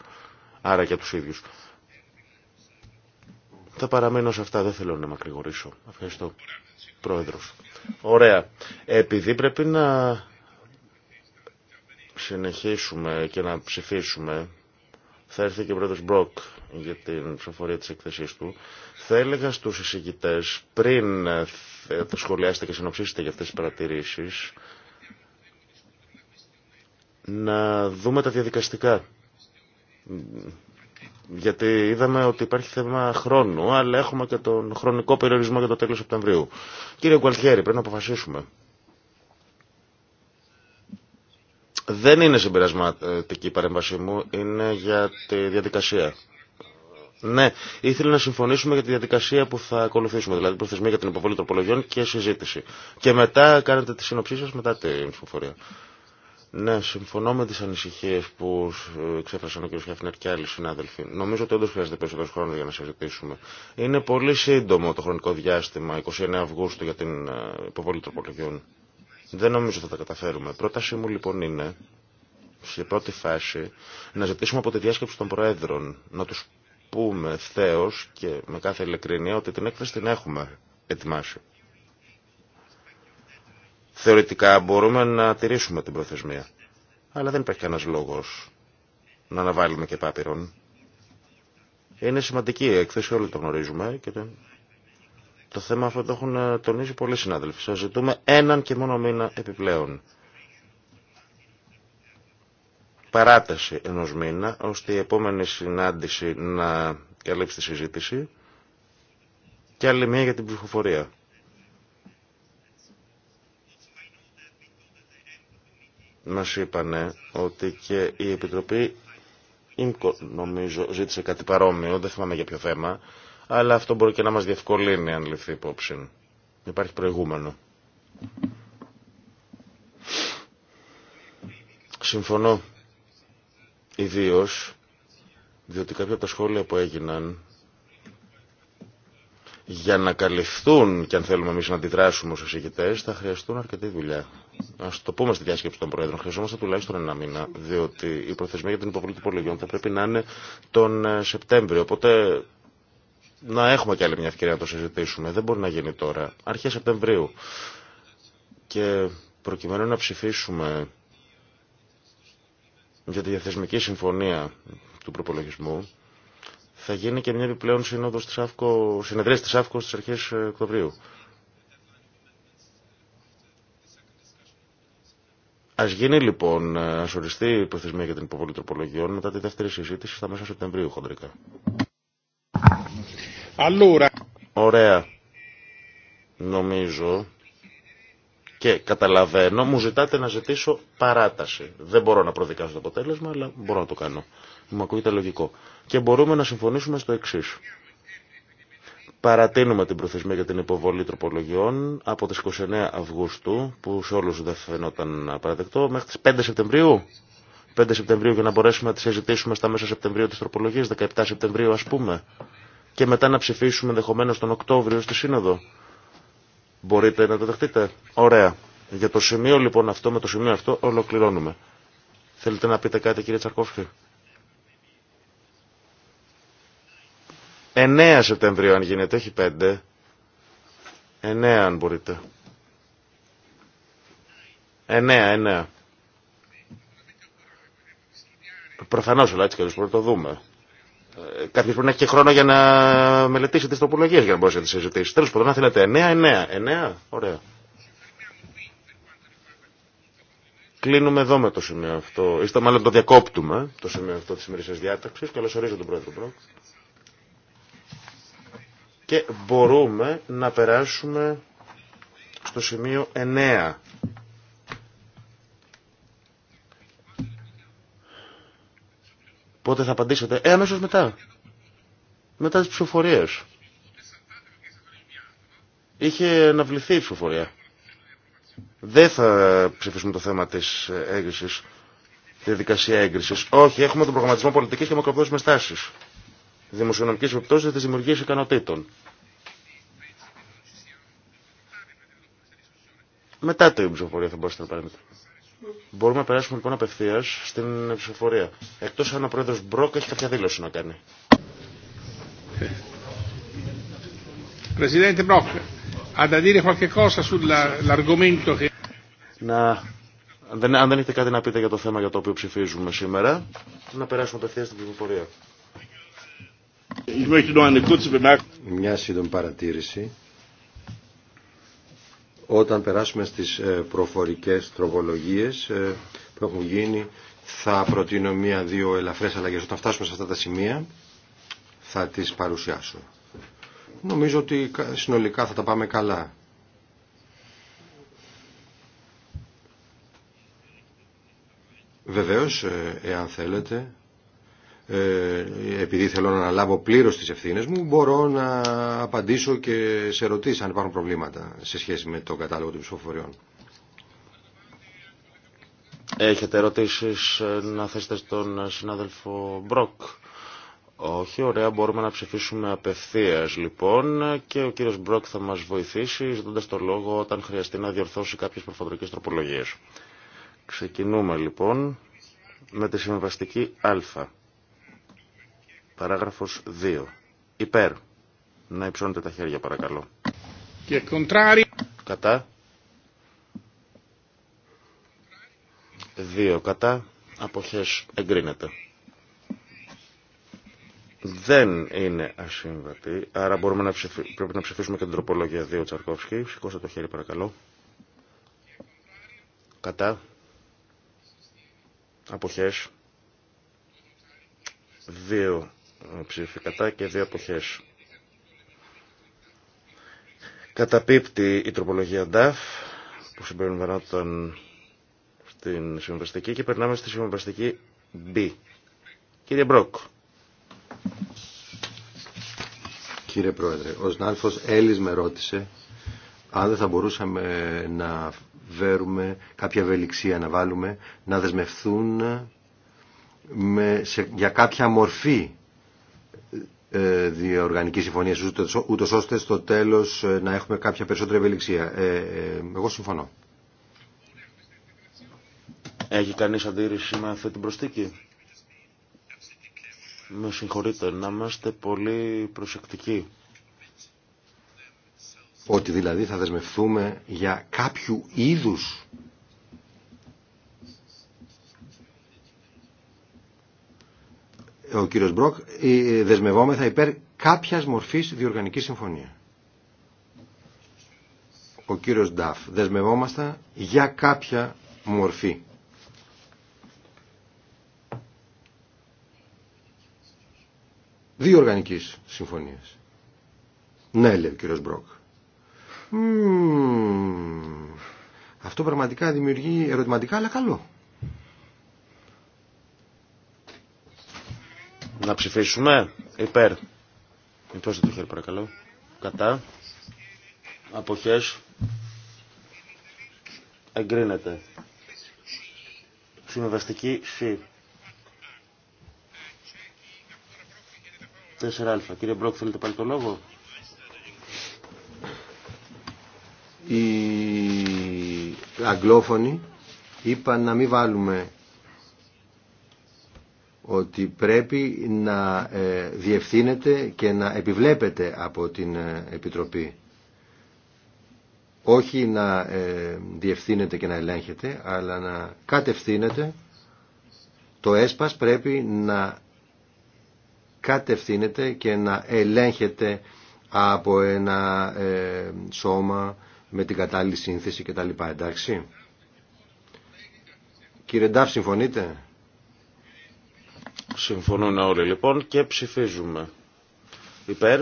άρα για τους ίδιους. Θα παραμείνω σε αυτά, δεν θέλω να μακρηγορήσω. Ευχαριστώ, Πρόεδρος. Ωραία. Επειδή πρέπει να συνεχίσουμε και να ψηφίσουμε, θα έρθει και ο πρόεδρος Μπροκ για την ψηφορία της εκθεσής του, θα έλεγα στους εισηγητές, πριν θα ε, σχολιάσετε και συνοψίσετε για αυτές τις παρατηρήσεις, να δούμε τα διαδικαστικά. Γιατί είδαμε ότι υπάρχει θέμα χρόνου, αλλά έχουμε και τον χρονικό περιορισμό για το τέλος Σεπτεμβρίου. Κύριε Γκουαλτιέρη, πρέπει να αποφασίσουμε. Δεν είναι συμπερασματική η παρέμβασή μου, είναι για τη διαδικασία. Ναι, ήθελα να συμφωνήσουμε για τη διαδικασία που θα ακολουθήσουμε, δηλαδή προθεσμία για την υποβολή τροπολογιών και συζήτηση. Και μετά κάνετε τη σύνοψή σα μετά την ψηφοφορία. Ναι, συμφωνώ με τι ανησυχίε που εξέφρασαν ο κ. Χαφνερ και άλλοι συνάδελφοι. Νομίζω ότι όντω χρειάζεται περισσότερο χρόνο για να συζητήσουμε. Είναι πολύ σύντομο το χρονικό διάστημα, 29 Αυγούστου, για την ε, υποβολή τροπολογιών. Δεν νομίζω θα τα καταφέρουμε. Πρότασή μου λοιπόν είναι, σε πρώτη φάση, να ζητήσουμε από τη διάσκεψη των Προέδρων να τους πούμε ευθέω και με κάθε ειλικρίνεια ότι την έκθεση την έχουμε ετοιμάσει. Θεωρητικά μπορούμε να τηρήσουμε την προθεσμία. Αλλά δεν υπάρχει κανένας λόγος να αναβάλουμε και πάπυρον. Είναι σημαντική η έκθεση, όλοι το γνωρίζουμε και το θέμα αυτό το έχουν ε, τονίσει πολλοί συνάδελφοι. Σας ζητούμε έναν και μόνο μήνα επιπλέον. Παράταση ενός μήνα, ώστε η επόμενη συνάντηση να καλύψει τη συζήτηση και άλλη μία για την ψηφοφορία. Μας είπανε ότι και η Επιτροπή ΙΜΚΟ νομίζω ζήτησε κάτι παρόμοιο, δεν θυμάμαι για ποιο θέμα, αλλά αυτό μπορεί και να μας διευκολύνει αν ληφθεί υπόψη. Υπάρχει προηγούμενο. Συμφωνώ ιδίω διότι κάποια από τα σχόλια που έγιναν για να καλυφθούν και αν θέλουμε εμεί να αντιδράσουμε ως εισηγητές θα χρειαστούν αρκετή δουλειά. Ας το πούμε στη διάσκεψη των Προέδρων, χρειαζόμαστε τουλάχιστον ένα μήνα, διότι η προθεσμία για την υποβολή του υπολογιών θα πρέπει να είναι τον ε, Σεπτέμβριο. Οπότε να έχουμε και άλλη μια ευκαιρία να το συζητήσουμε. Δεν μπορεί να γίνει τώρα. Αρχέ Σεπτεμβρίου. Και προκειμένου να ψηφίσουμε για τη διαθεσμική συμφωνία του προπολογισμού, θα γίνει και μια επιπλέον ΑΦΚΟ, συνεδρία τη ΑΦΚΟ στις αρχές Οκτωβρίου. Α γίνει λοιπόν, α οριστεί η προθεσμία για την υποβολή τροπολογιών μετά τη δεύτερη συζήτηση στα μέσα Σεπτεμβρίου χοντρικά. Allora... Ωραία. Νομίζω και καταλαβαίνω, μου ζητάτε να ζητήσω παράταση. Δεν μπορώ να προδικάσω το αποτέλεσμα, αλλά μπορώ να το κάνω. Μου ακούγεται λογικό. Και μπορούμε να συμφωνήσουμε στο εξή. Παρατείνουμε την προθεσμία για την υποβολή τροπολογιών από τις 29 Αυγούστου, που σε όλους δεν φαινόταν παραδεκτό, μέχρι τις 5 Σεπτεμβρίου. 5 Σεπτεμβρίου για να μπορέσουμε να τις συζητήσουμε στα μέσα Σεπτεμβρίου της τροπολογίας, 17 Σεπτεμβρίου ας πούμε και μετά να ψηφίσουμε ενδεχομένω τον Οκτώβριο στη Σύνοδο. Μπορείτε να το δεχτείτε. Ωραία. Για το σημείο λοιπόν αυτό, με το σημείο αυτό ολοκληρώνουμε. Θέλετε να πείτε κάτι κύριε Τσαρκόφη. 9 Σεπτεμβρίου αν γίνεται, όχι 5. 9 αν μπορείτε. 9, 9. Προφανώς αλλά έτσι και να το δούμε. Ε, Κάποιο πρέπει να έχει και χρόνο για να μελετήσει τι τροπολογίε για να μπορέσει να τι συζητήσει. Τέλο πάντων, αν θέλετε 9, 9, ωραία. Κλείνουμε εδώ με το σημείο αυτό. Είστε μάλλον το διακόπτουμε το σημείο αυτό τη ημερήσια διάταξη. ορίζω τον πρόεδρο Και μπορούμε να περάσουμε στο σημείο 9 Πότε θα απαντήσετε. Ε, αμέσως μετά. Μετά τις ψηφοφορίες. Είχε αναβληθεί η ψηφοφορία. Δεν θα ψηφίσουμε το θέμα της έγκρισης, τη διαδικασία έγκρισης. Όχι, έχουμε τον προγραμματισμό πολιτικής και μακροπρόθεσμες Δημοσιονομικής Δημοσιονομική επιπτώσει της δημιουργίας ικανοτήτων. Μετά το ψηφοφορία θα μπορούσατε να παρέμβετε. Μπορούμε να περάσουμε λοιπόν απευθεία στην ψηφοφορία. Εκτό αν ο πρόεδρο Μπρόκ έχει κάποια δήλωση να κάνει. αν δεν έχετε κάτι να πείτε για το θέμα για το οποίο ψηφίζουμε σήμερα, να περάσουμε απευθεία στην ψηφοφορία. Μια σύντομη παρατήρηση όταν περάσουμε στις ε, προφορικές τροπολογίες ε, που έχουν γίνει θα προτείνω μία-δύο ελαφρές αλλαγές. Όταν φτάσουμε σε αυτά τα σημεία θα τις παρουσιάσω. Νομίζω ότι συνολικά θα τα πάμε καλά. Βεβαίως, ε, εάν θέλετε, ε, επειδή θέλω να αναλάβω πλήρως τις ευθύνε μου, μπορώ να απαντήσω και σε ερωτήσει αν υπάρχουν προβλήματα σε σχέση με το κατάλογο των ψηφοφοριών. Έχετε ερωτήσεις ε, να θέσετε στον ε, συνάδελφο Μπροκ. Όχι, ωραία, μπορούμε να ψηφίσουμε απευθεία λοιπόν και ο κύριος Μπροκ θα μας βοηθήσει ζητώντα το λόγο όταν χρειαστεί να διορθώσει κάποιε προφορικέ τροπολογίε. Ξεκινούμε λοιπόν με τη συμβαστική Α Παράγραφος 2. Υπέρ. Να υψώνετε τα χέρια παρακαλώ. Και κοντράρι. Κατά. 2. Κατά. Αποχές εγκρίνεται. Δεν είναι ασύμβατη, άρα μπορούμε να πρέπει να ψηφίσουμε και την τροπολογία 2 Τσαρκόφσκι. Σηκώστε το χέρι παρακαλώ. Κατά. Αποχές. Δύο ψήφι κατά και δύο αποχές. Καταπίπτει η τροπολογία DAF που συμπεριλαμβανόταν στην συμβαστική και περνάμε στη συμβαστική B. Κύριε Μπρόκ. Κύριε Πρόεδρε, ο Σνάλφος Έλλης με ρώτησε αν δεν θα μπορούσαμε να βέρουμε κάποια ευελιξία να βάλουμε να δεσμευθούν με, σε, για κάποια μορφή ε, διοργανική συμφωνία, ούτω ώστε στο τέλο ε, να έχουμε κάποια περισσότερη ευελιξία. Ε, εγώ συμφωνώ. Έχει κανεί αντίρρηση με αυτή την προστίκη; Με συγχωρείτε, να είμαστε πολύ προσεκτικοί. Ότι δηλαδή θα δεσμευτούμε για κάποιου είδους ο κύριος Μπροκ, ε, δεσμευόμεθα υπέρ κάποιας μορφής διοργανικής συμφωνία. Ο κύριος Νταφ, δεσμευόμαστε για κάποια μορφή. Διοργανικής συμφωνίας. Ναι, λέει ο κύριος Μπροκ. Αυτό πραγματικά δημιουργεί ερωτηματικά, αλλά καλό. Να ψηφίσουμε υπέρ. Υπέρ το χέρι παρακαλώ. Κατά. Αποχές. Εγκρίνεται. Συμβαστική ΣΥ. 4α. Κύριε Μπρόκ, θέλετε πάλι το λόγο. Οι αγγλόφωνοι είπαν να μην βάλουμε ότι πρέπει να ε, διευθύνεται και να επιβλέπεται από την ε, Επιτροπή. Όχι να ε, διευθύνεται και να ελέγχεται, αλλά να κατευθύνεται. Το ΕΣΠΑΣ πρέπει να κατευθύνεται και να ελέγχεται από ένα σώμα με την κατάλληλη σύνθεση κτλ. Εντάξει. Κύριε Ντάφ, συμφωνείτε. Συμφωνούν όλοι λοιπόν και ψηφίζουμε. Υπέρ,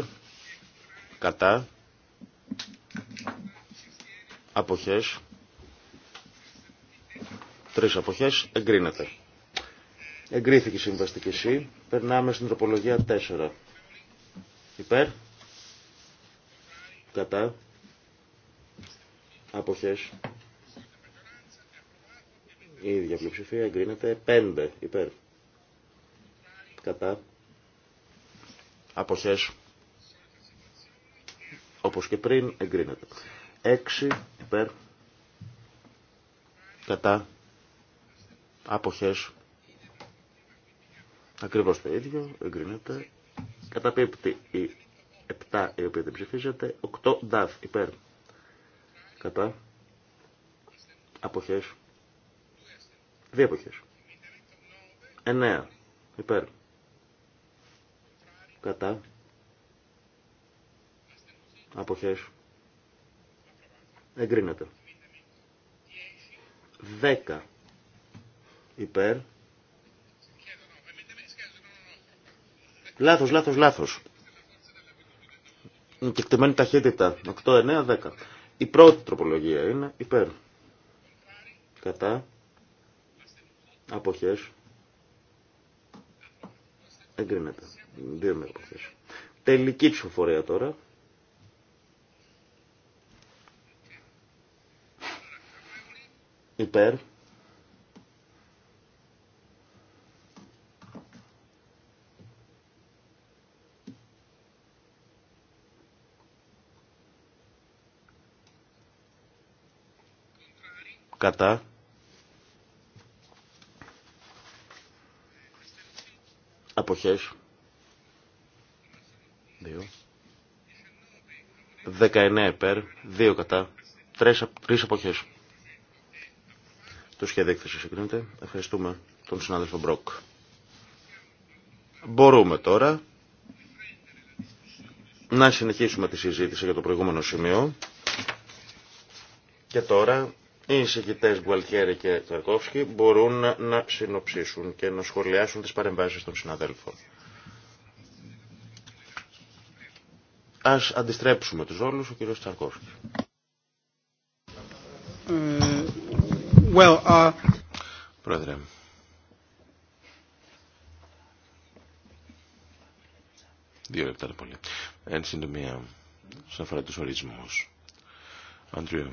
κατά, αποχές, τρεις αποχές, εγκρίνεται. Εγκρίθηκε η συμβαστική ΣΥ, περνάμε στην τροπολογία 4. Υπέρ, κατά, αποχές, η ίδια πλειοψηφία εγκρίνεται 5 υπέρ κατά αποχές όπως και πριν εγκρίνεται 6 υπέρ κατά αποχές ακριβώς το ίδιο εγκρίνεται καταπίπτει η 7 η οποία δεν ψηφίζεται 8 νταφ υπέρ κατά αποχές δύο αποχές 9 υπέρ κατά αποχές εγκρίνεται 10 υπέρ λάθος λάθος λάθος και εκτεμένη ταχύτητα 8, 9, 10 η πρώτη τροπολογία είναι υπέρ κατά αποχές εγκρίνεται Δύο μέρες υποθέσεις. Τελική ψηφοφορία τώρα. Υπέρ. Κατά. Αποχές. 19 υπέρ, 2 κατά, 3, εποχές. Το σχέδιο έκθεση συγκρίνεται. Ευχαριστούμε τον συνάδελφο Μπροκ. Μπορούμε τώρα να συνεχίσουμε τη συζήτηση για το προηγούμενο σημείο. Και τώρα οι εισηγητές Γκουαλτιέρη και Τσαρκόφσκι μπορούν να συνοψίσουν και να σχολιάσουν τις παρεμβάσεις των συναδέλφων. Ας αντιστρέψουμε τους όλους, ο κύριος Τσαρκός. Mm, well, uh... Πρόεδρε. Δύο λεπτά είναι πολύ. Εν συντομία, σχετικά αφορά τους ορισμούς. Αντρίου,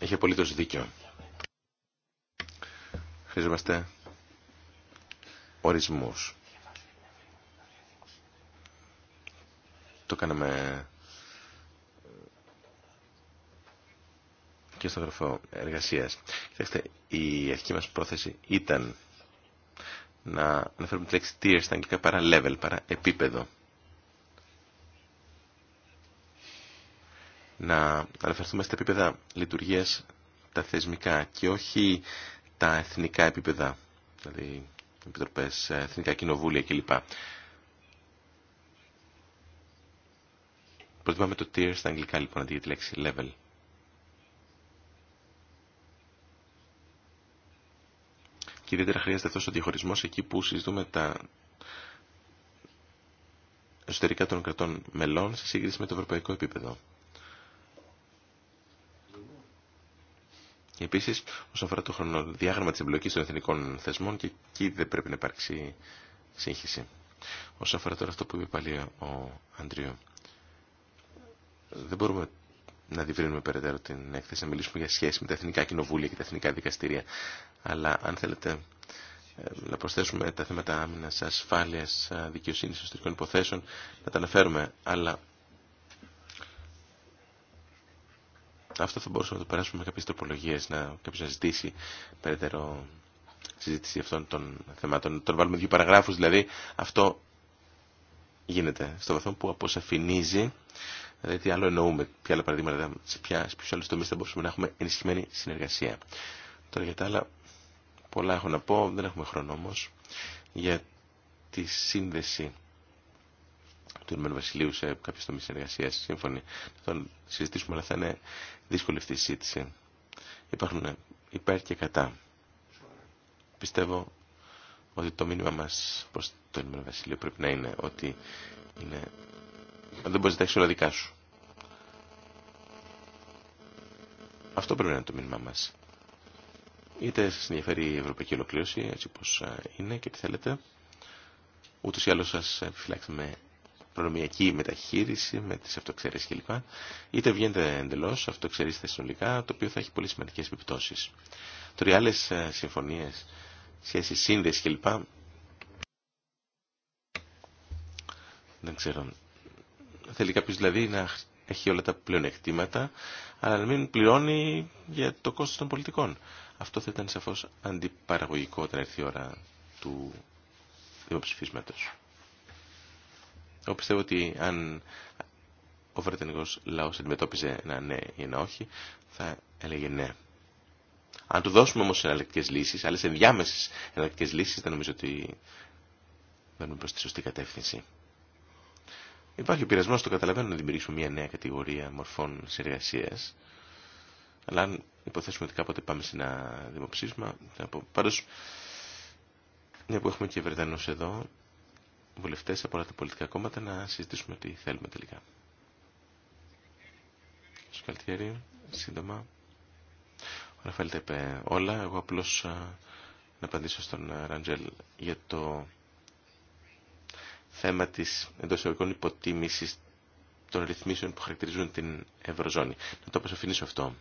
έχει απολύτως δίκιο. Χρειαζόμαστε ορισμούς. Το κάναμε ε, και στο γραφό εργασίας. Κοιτάξτε, η αρχική μας πρόθεση ήταν να αναφέρουμε τη λέξη tier στα αγγλικά παρά level, παρά επίπεδο. Να αναφερθούμε στα επίπεδα λειτουργίας τα θεσμικά και όχι τα εθνικά επίπεδα, δηλαδή επιτροπές, ε, εθνικά κοινοβούλια κλπ. Προτιμάμε το tier στα αγγλικά λοιπόν αντί για τη λέξη level. Και ιδιαίτερα χρειάζεται αυτό ο διαχωρισμό εκεί που συζητούμε τα εσωτερικά των κρατών μελών σε σύγκριση με το ευρωπαϊκό επίπεδο. Επίση, όσον αφορά το χρονοδιάγραμμα τη εμπλοκή των εθνικών θεσμών, και εκεί δεν πρέπει να υπάρξει σύγχυση. Όσον αφορά τώρα αυτό που είπε πάλι ο Αντρίου δεν μπορούμε να διευρύνουμε περαιτέρω την έκθεση, να μιλήσουμε για σχέση με τα εθνικά κοινοβούλια και τα εθνικά δικαστήρια. Αλλά αν θέλετε ε, να προσθέσουμε τα θέματα άμυνα, ασφάλεια, ε, δικαιοσύνη, ιστορικών υποθέσεων, να τα αναφέρουμε. Αλλά αυτό θα μπορούσαμε να το περάσουμε με κάποιε τροπολογίε, να κάποιο να ζητήσει περαιτέρω συζήτηση αυτών των θεμάτων. Τον βάλουμε δύο παραγράφου, δηλαδή αυτό γίνεται στο βαθμό που αποσαφηνίζει Δηλαδή τι άλλο εννοούμε, ποια άλλα παραδείγματα, σε ποιου άλλου τομεί θα μπορούσαμε να έχουμε ενισχυμένη συνεργασία. Τώρα για τα άλλα, πολλά έχω να πω, δεν έχουμε χρόνο όμω, για τη σύνδεση του Ηνωμένου Βασιλείου σε κάποιου τομεί συνεργασία. Σύμφωνοι, Θα τον συζητήσουμε, αλλά θα είναι δύσκολη αυτή η συζήτηση. Υπάρχουν υπέρ και κατά. Πιστεύω ότι το μήνυμα μας προς το Ηνωμένο Βασιλείο πρέπει να είναι ότι είναι δεν μπορεί να τα όλα δικά σου. Αυτό πρέπει να είναι το μήνυμά μα. Είτε σα ενδιαφέρει η ευρωπαϊκή ολοκλήρωση, έτσι όπω είναι και τι θέλετε, ούτω ή άλλως σας επιφυλάξαμε προνομιακή μεταχείριση με τι αυτοεξαίρεσει κλπ. Είτε βγαίνετε εντελώς, αυτοξαιρέστε συνολικά, το οποίο θα έχει πολύ σημαντικέ επιπτώσει. Τώρα οι άλλε συμφωνίες, σχέσεις σύνδεση κλπ. Δεν ξέρω θέλει κάποιο δηλαδή να έχει όλα τα πλεονεκτήματα, αλλά να μην πληρώνει για το κόστο των πολιτικών. Αυτό θα ήταν σαφώ αντιπαραγωγικό όταν έρθει η ώρα του δημοψηφίσματο. Εγώ πιστεύω ότι αν ο βρετανικό λάο αντιμετώπιζε ένα ναι ή ένα όχι, θα έλεγε ναι. Αν του δώσουμε όμω εναλλακτικέ λύσεις, άλλε ενδιάμεσε εναλλακτικέ λύσει, δεν νομίζω ότι δεν προ τη σωστή κατεύθυνση. Υπάρχει ο πειρασμό, το καταλαβαίνω, να δημιουργήσουμε μια νέα κατηγορία μορφών συνεργασία. Αλλά αν υποθέσουμε ότι κάποτε πάμε σε ένα δημοψήφισμα. Πάντω, μια που έχουμε και Βρετανού εδώ, βουλευτέ από όλα τα πολιτικά κόμματα, να συζητήσουμε τι θέλουμε τελικά. Σκαλτιέρη, σύντομα. Ο Ραφαήλ τα είπε όλα. Εγώ απλώ να απαντήσω στον Ραντζέλ για το θέμα τη εντός ευρωπαϊκών υποτίμησης των ρυθμίσεων που χαρακτηρίζουν την Ευρωζώνη. Να το αποσαφηνίσω αυτό.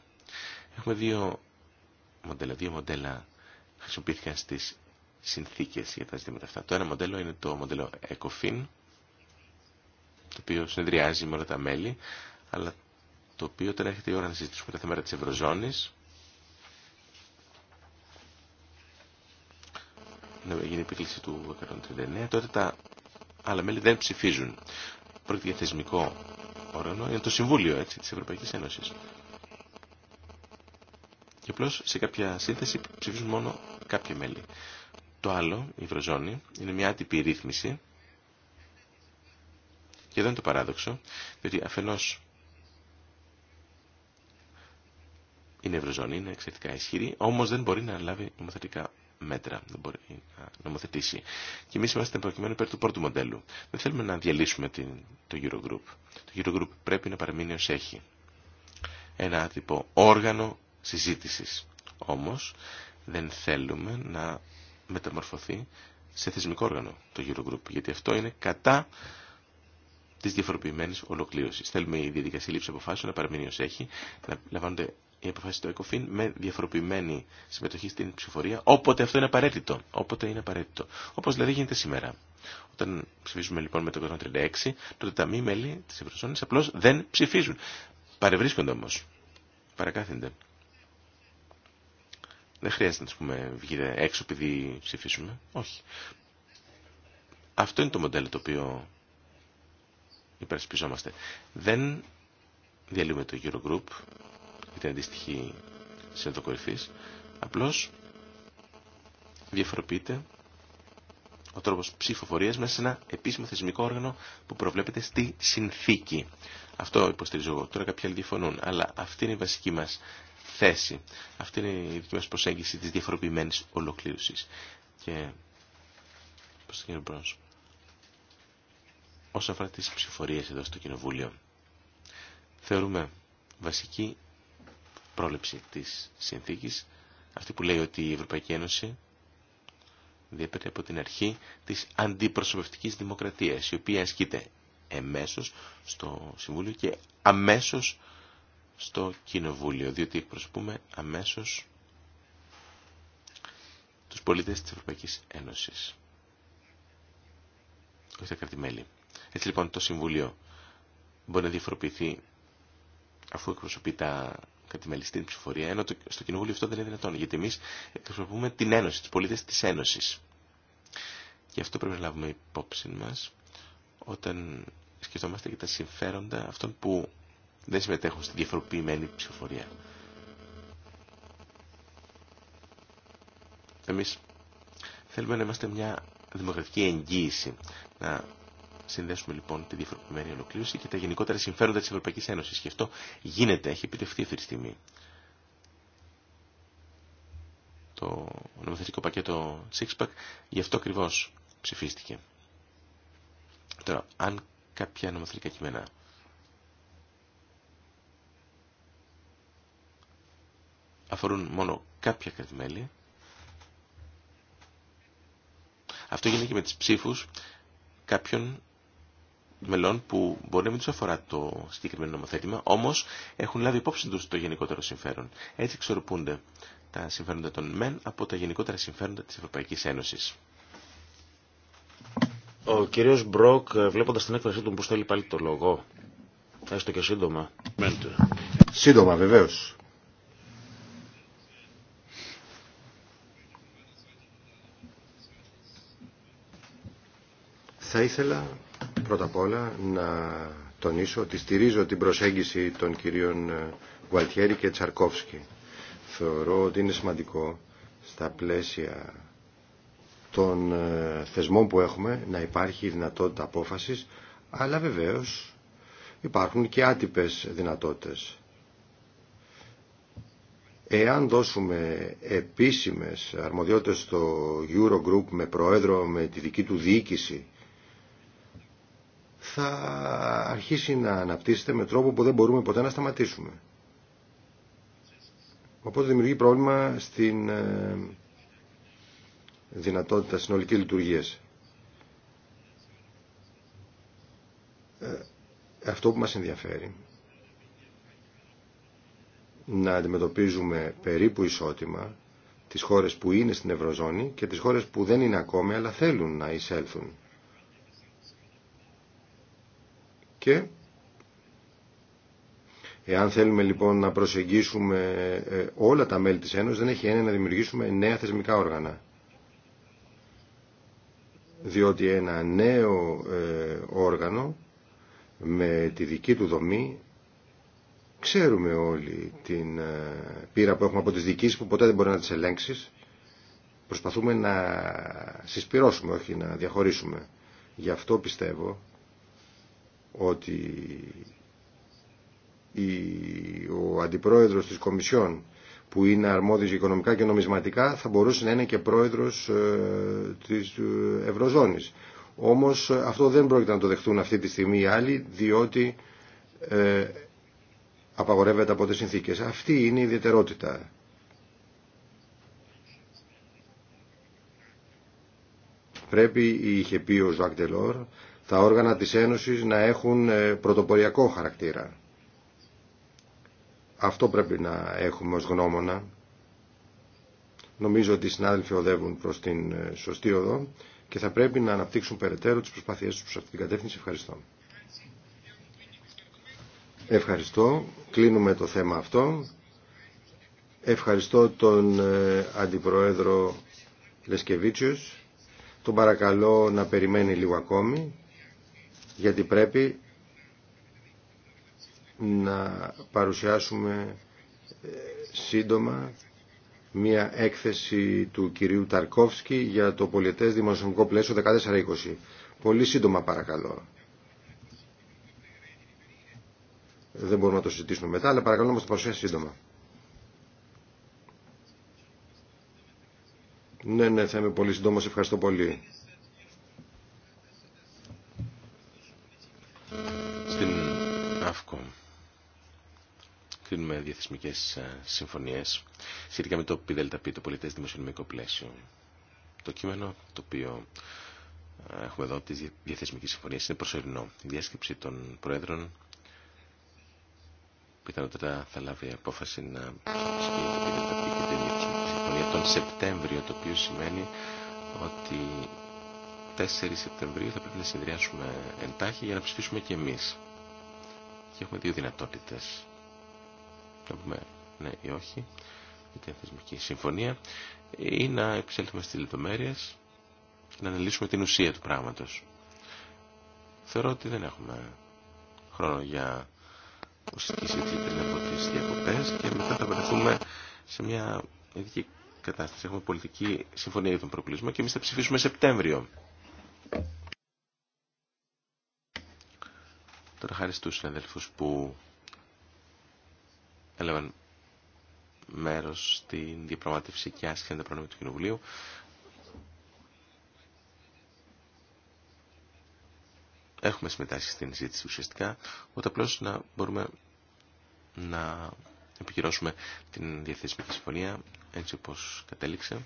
Έχουμε δύο μοντέλα. Δύο μοντέλα χρησιμοποιήθηκαν στις συνθήκες για τα ζητήματα αυτά. Το ένα μοντέλο είναι το μοντέλο ECOFIN, το οποίο συνεδριάζει με όλα τα μέλη, αλλά το οποίο όταν έρχεται η ώρα να συζητήσουμε τα θέματα της Ευρωζώνης, να γίνει η επίκληση του 139. Τότε τα άλλα μέλη δεν ψηφίζουν. Πρόκειται για θεσμικό όργανο, είναι το Συμβούλιο έτσι, της Ευρωπαϊκής Ένωσης. Και απλώ σε κάποια σύνθεση ψηφίζουν μόνο κάποια μέλη. Το άλλο, η Ευρωζώνη, είναι μια άτυπη ρύθμιση. Και εδώ είναι το παράδοξο, διότι αφενός είναι Ευρωζώνη, είναι εξαιρετικά ισχυρή, όμως δεν μπορεί να λάβει νομοθετικά μέτρα, δεν μπορεί να νομοθετήσει. Και εμεί είμαστε προκειμένου υπέρ του πρώτου μοντέλου. Δεν θέλουμε να διαλύσουμε την, το Eurogroup. Το Eurogroup πρέπει να παραμείνει ω έχει. Ένα τύπο όργανο συζήτηση. Όμω δεν θέλουμε να μεταμορφωθεί σε θεσμικό όργανο το Eurogroup. Γιατί αυτό είναι κατά τη διαφοροποιημένη ολοκλήρωση. Θέλουμε η διαδικασία λήψη αποφάσεων να παραμείνει ω έχει, να λαμβάνονται η αποφάση του ΕΚΟΦΗΝ με διαφοροποιημένη συμμετοχή στην ψηφορία, όποτε αυτό είναι απαραίτητο. Όποτε είναι απαραίτητο. Όπως δηλαδή γίνεται σήμερα. Όταν ψηφίζουμε λοιπόν με το 136, τότε τα μη μέλη της Ευρωζώνης απλώς δεν ψηφίζουν. Παρευρίσκονται όμως. Παρακάθενται. Δεν χρειάζεται να πούμε βγείτε έξω επειδή ψηφίσουμε. Όχι. Αυτό είναι το μοντέλο το οποίο υπερασπιζόμαστε. Δεν διαλύουμε το Eurogroup την αντίστοιχη σύνοδο κορυφής. Απλώς διαφοροποιείται ο τρόπος ψηφοφορίας μέσα σε ένα επίσημο θεσμικό όργανο που προβλέπεται στη συνθήκη. Αυτό υποστηρίζω εγώ. Τώρα κάποιοι άλλοι διαφωνούν, αλλά αυτή είναι η βασική μας θέση. Αυτή είναι η δική μας προσέγγιση της διαφοροποιημένης ολοκλήρωσης. Και προ τον κύριο Όσον αφορά τις ψηφορίες εδώ στο Κοινοβούλιο, θεωρούμε βασική πρόληψη της συνθήκης, αυτή που λέει ότι η Ευρωπαϊκή Ένωση διέπεται από την αρχή της αντιπροσωπευτικής δημοκρατίας, η οποία ασκείται εμέσως στο Συμβούλιο και αμέσως στο Κοινοβούλιο, διότι εκπροσωπούμε αμέσως τους πολίτες της Ευρωπαϊκής Ένωσης. Όχι τα κρατημέλη. Έτσι λοιπόν το Συμβούλιο μπορεί να διαφοροποιηθεί αφού εκπροσωπεί τα κατημελιστή την ψηφορία, ενώ στο κοινοβούλιο αυτό δεν είναι δυνατόν, γιατί εμεί εκπροσωπούμε την Ένωση, τους πολίτες της Ένωσης. Και αυτό πρέπει να λάβουμε υπόψη μας όταν σκεφτόμαστε για τα συμφέροντα αυτών που δεν συμμετέχουν στην διαφοροποιημένη ψηφοφορία. Εμεί θέλουμε να είμαστε μια δημοκρατική εγγύηση, να συνδέσουμε λοιπόν τη διαφοροποιημένη ολοκλήρωση και τα γενικότερα συμφέροντα της Ευρωπαϊκής Ένωσης. Και αυτό γίνεται, έχει επιτευχθεί αυτή τη στιγμή. Το νομοθετικό πακέτο Sixpack γι' αυτό ακριβώς ψηφίστηκε. Τώρα, αν κάποια νομοθετικά κείμενα αφορούν μόνο κάποια κρατημέλη, αυτό γίνεται και με τις ψήφους κάποιων μελών που μπορεί να μην τους αφορά το συγκεκριμένο νομοθέτημα, όμως έχουν λάβει υπόψη τους το γενικότερο συμφέρον. Έτσι εξορροπούνται τα συμφέροντα των ΜΕΝ από τα γενικότερα συμφέροντα της Ευρωπαϊκής Ένωσης. Ο κύριος Μπροκ, ε, βλέποντας την έκφρασή του, που στέλνει πάλι το λόγο, έστω και σύντομα. Σύντομα, βεβαίω. Θα ήθελα πρώτα απ' όλα να τονίσω ότι στηρίζω την προσέγγιση των κυρίων ε, Γουαλτιέρη και Τσαρκόφσκι. Θεωρώ ότι είναι σημαντικό στα πλαίσια των ε, θεσμών που έχουμε να υπάρχει η δυνατότητα απόφασης, αλλά βεβαίως υπάρχουν και άτυπες δυνατότητες. Εάν δώσουμε επίσημες αρμοδιότητες στο Eurogroup με πρόεδρο, με τη δική του διοίκηση θα αρχίσει να αναπτύσσεται με τρόπο που δεν μπορούμε ποτέ να σταματήσουμε. Οπότε δημιουργεί πρόβλημα στην ε, δυνατότητα συνολική λειτουργίας. Ε, αυτό που μας ενδιαφέρει να αντιμετωπίζουμε περίπου ισότιμα τις χώρες που είναι στην Ευρωζώνη και τις χώρες που δεν είναι ακόμη αλλά θέλουν να εισέλθουν. Και εάν θέλουμε λοιπόν να προσεγγίσουμε ε, όλα τα μέλη της Ένωσης, δεν έχει έννοια να δημιουργήσουμε νέα θεσμικά όργανα. Διότι ένα νέο ε, όργανο με τη δική του δομή ξέρουμε όλοι την ε, πείρα που έχουμε από τις δικής που ποτέ δεν μπορεί να τις ελέγξεις. Προσπαθούμε να συσπυρώσουμε, όχι να διαχωρίσουμε. Γι' αυτό πιστεύω ότι ο αντιπρόεδρος της Κομισιόν που είναι αρμόδιος οικονομικά και νομισματικά θα μπορούσε να είναι και πρόεδρος ε, της ε, Ευρωζώνης. Όμως αυτό δεν πρόκειται να το δεχτούν αυτή τη στιγμή οι άλλοι διότι ε, απαγορεύεται από τις συνθήκες. Αυτή είναι η ιδιαιτερότητα. Πρέπει, είχε πει ο τα όργανα της Ένωσης να έχουν ε, πρωτοποριακό χαρακτήρα. Αυτό πρέπει να έχουμε ως γνώμονα. Νομίζω ότι οι συνάδελφοι οδεύουν προς την ε, σωστή οδό και θα πρέπει να αναπτύξουν περαιτέρω τις προσπάθειές τους προς αυτή την κατεύθυνση. Ευχαριστώ. Ευχαριστώ. Κλείνουμε το θέμα αυτό. Ευχαριστώ τον ε, Αντιπροέδρο Λεσκεβίτσιος. Τον παρακαλώ να περιμένει λίγο ακόμη γιατί πρέπει να παρουσιάσουμε ε, σύντομα μία έκθεση του κυρίου Ταρκόφσκι για το πολιτές δημοσιονομικό πλαίσιο 14-20. Πολύ σύντομα παρακαλώ. Δεν μπορούμε να το συζητήσουμε μετά, αλλά παρακαλώ να μας το παρουσιάσει σύντομα. Ναι, ναι, θα είμαι πολύ σύντομος. Ευχαριστώ πολύ. κρίνουμε διαθεσμικές ε, συμφωνίες σχετικά με το ΠΔΠ, το πολιτές δημοσιονομικό πλαίσιο. Το κείμενο το οποίο ε, έχουμε εδώ τις διαθεσμικές συμφωνίες είναι προσωρινό. Η διάσκεψη των Προέδρων πιθανότατα θα λάβει απόφαση να προσωπήσει το ΠΔΠ τον Σεπτέμβριο, το οποίο σημαίνει ότι 4 Σεπτεμβρίου θα πρέπει να συνδυάσουμε εντάχει για να ψηφίσουμε και εμείς και έχουμε δύο δυνατότητες. Να πούμε ναι ή όχι με την θεσμική συμφωνία ή να επισέλθουμε στις λεπτομέρειες και να αναλύσουμε την ουσία του πράγματος. Θεωρώ ότι δεν έχουμε χρόνο για ουσιαστική συζήτηση πριν από τις διακοπές και μετά θα βρεθούμε σε μια ειδική κατάσταση. Έχουμε πολιτική συμφωνία για τον προκλήσμα και εμείς θα ψηφίσουμε Σεπτέμβριο. Τώρα χάρη στους συναδέλφους που έλαβαν μέρος στην διαπραγματεύση και τα προνόμια του Κοινοβουλίου. Έχουμε συμμετάσχει στην συζήτηση ουσιαστικά, οπότε απλώ να μπορούμε να επικυρώσουμε την διαθέσιμη συμφωνία έτσι όπως κατέληξε.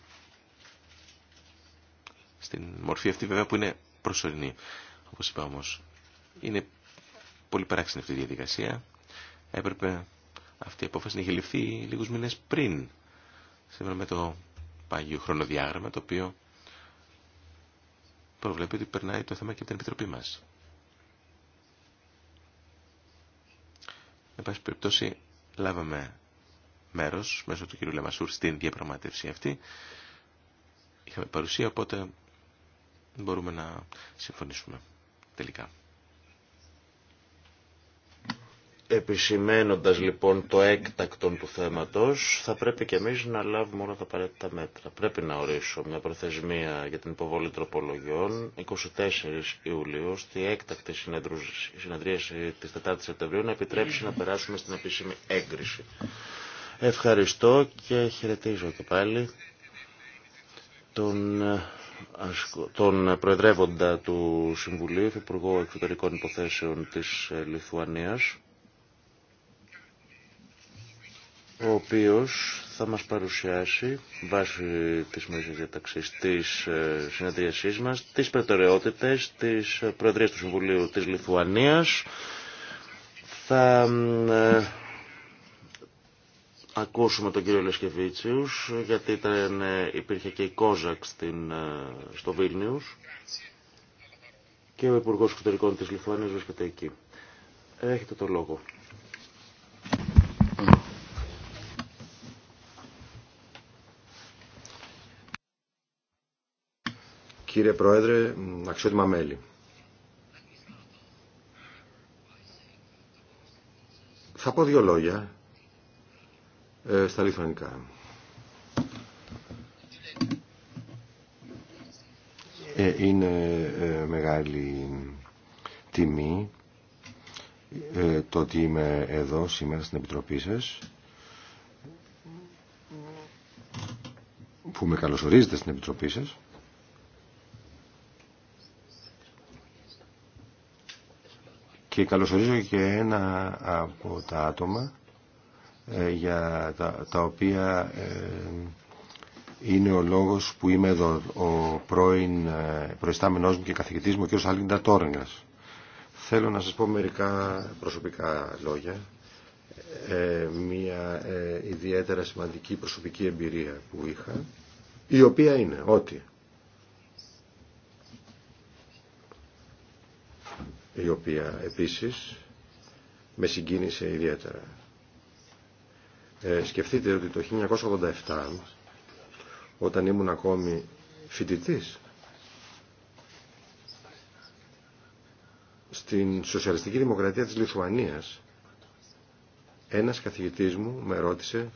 Στην μορφή αυτή βέβαια που είναι προσωρινή, όπως είπα όμως. Είναι πολύ παράξενη αυτή η διαδικασία. Έπρεπε αυτή η απόφαση να είχε ληφθεί λίγους μήνες πριν, σύμφωνα με το πάγιο χρονοδιάγραμμα, το οποίο προβλέπει ότι περνάει το θέμα και από την Επιτροπή μας. Εν πάση περιπτώσει, λάβαμε μέρος μέσω του κ. Λεμασούρ στην διαπραγματεύση αυτή. Είχαμε παρουσία, οπότε μπορούμε να συμφωνήσουμε τελικά. Επισημένοντας λοιπόν το έκτακτο του θέματος, θα πρέπει και εμείς να λάβουμε όλα τα απαραίτητα μέτρα. Πρέπει να ορίσω μια προθεσμία για την υποβολή τροπολογιών 24 Ιουλίου στη έκτακτη συνεδρίαση της 4 Σεπτεμβρίου να επιτρέψει να περάσουμε στην επίσημη έγκριση. Ευχαριστώ και χαιρετίζω και πάλι τον ε, τον προεδρεύοντα του Συμβουλίου, Υπουργό Εξωτερικών Υποθέσεων της ε, Λιθουανίας. ο οποίος θα μας παρουσιάσει βάσει της μέσης διαταξής της ε, συνεδρίασής μας τις προτεραιότητες της Προεδρίας του Συμβουλίου της Λιθουανίας. Θα ε, ακούσουμε τον κύριο Λεσκεβίτσιους γιατί ήταν, ε, υπήρχε και η Κόζακ στην, στο Βίλνιους και ο Υπουργός Εξωτερικών της Λιθουανίας βρίσκεται εκεί. Έχετε το λόγο. Κύριε Πρόεδρε, αξιότιμα μέλη. Θα πω δύο λόγια ε, στα λιθουανικά. Ε, είναι ε, μεγάλη τιμή το ότι είμαι εδώ σήμερα στην Επιτροπή σας που με καλωσορίζετε στην Επιτροπή σας και καλωσορίζω και ένα από τα άτομα ε, για τα, οποία ε, είναι ο λόγος που είμαι εδώ ο πρώην ε, προϊστάμενός μου και καθηγητής μου ο κ. Άλγιντα Τόρνγκας. Θέλω να σας πω μερικά προσωπικά λόγια. μια ιδιαίτερα σημαντική προσωπική εμπειρία που είχα η οποία είναι ότι η οποία επίσης με συγκίνησε ιδιαίτερα. Ε, σκεφτείτε ότι το 1987, όταν ήμουν ακόμη φοιτητής, στην Σοσιαλιστική Δημοκρατία της Λιθουανίας, ένας καθηγητής μου με ρώτησε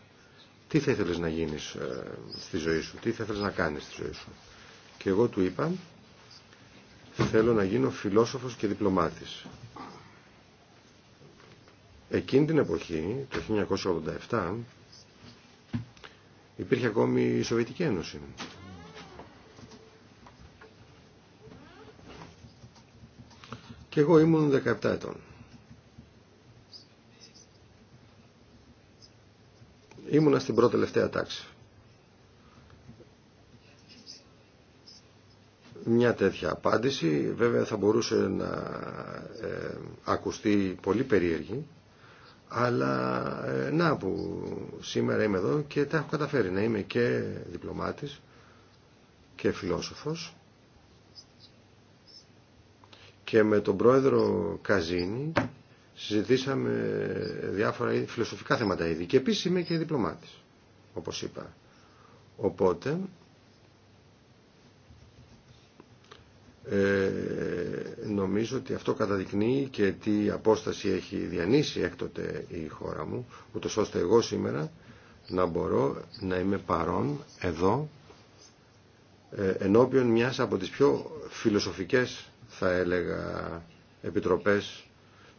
τι θα ήθελες να γίνεις ε, στη ζωή σου, τι θα ήθελες να κάνεις στη ζωή σου. Και εγώ του είπα θέλω να γίνω φιλόσοφος και διπλωμάτης. Εκείνη την εποχή, το 1987, υπήρχε ακόμη η Σοβιετική Ένωση. Και εγώ ήμουν 17 ετών. Ήμουνα στην πρώτη τελευταία τάξη. μια τέτοια απάντηση βέβαια θα μπορούσε να ε, ακουστεί πολύ περίεργη αλλά ε, να που σήμερα είμαι εδώ και τα έχω καταφέρει να είμαι και διπλωμάτης και φιλόσοφος και με τον πρόεδρο Καζίνη συζητήσαμε διάφορα φιλοσοφικά θέματα ήδη και επίσης είμαι και διπλωμάτης όπως είπα οπότε Ε, νομίζω ότι αυτό καταδεικνύει και τι απόσταση έχει διανύσει έκτοτε η χώρα μου, ούτω ώστε εγώ σήμερα να μπορώ να είμαι παρόν εδώ ε, ενώπιον μιας από τις πιο φιλοσοφικές θα έλεγα επιτροπές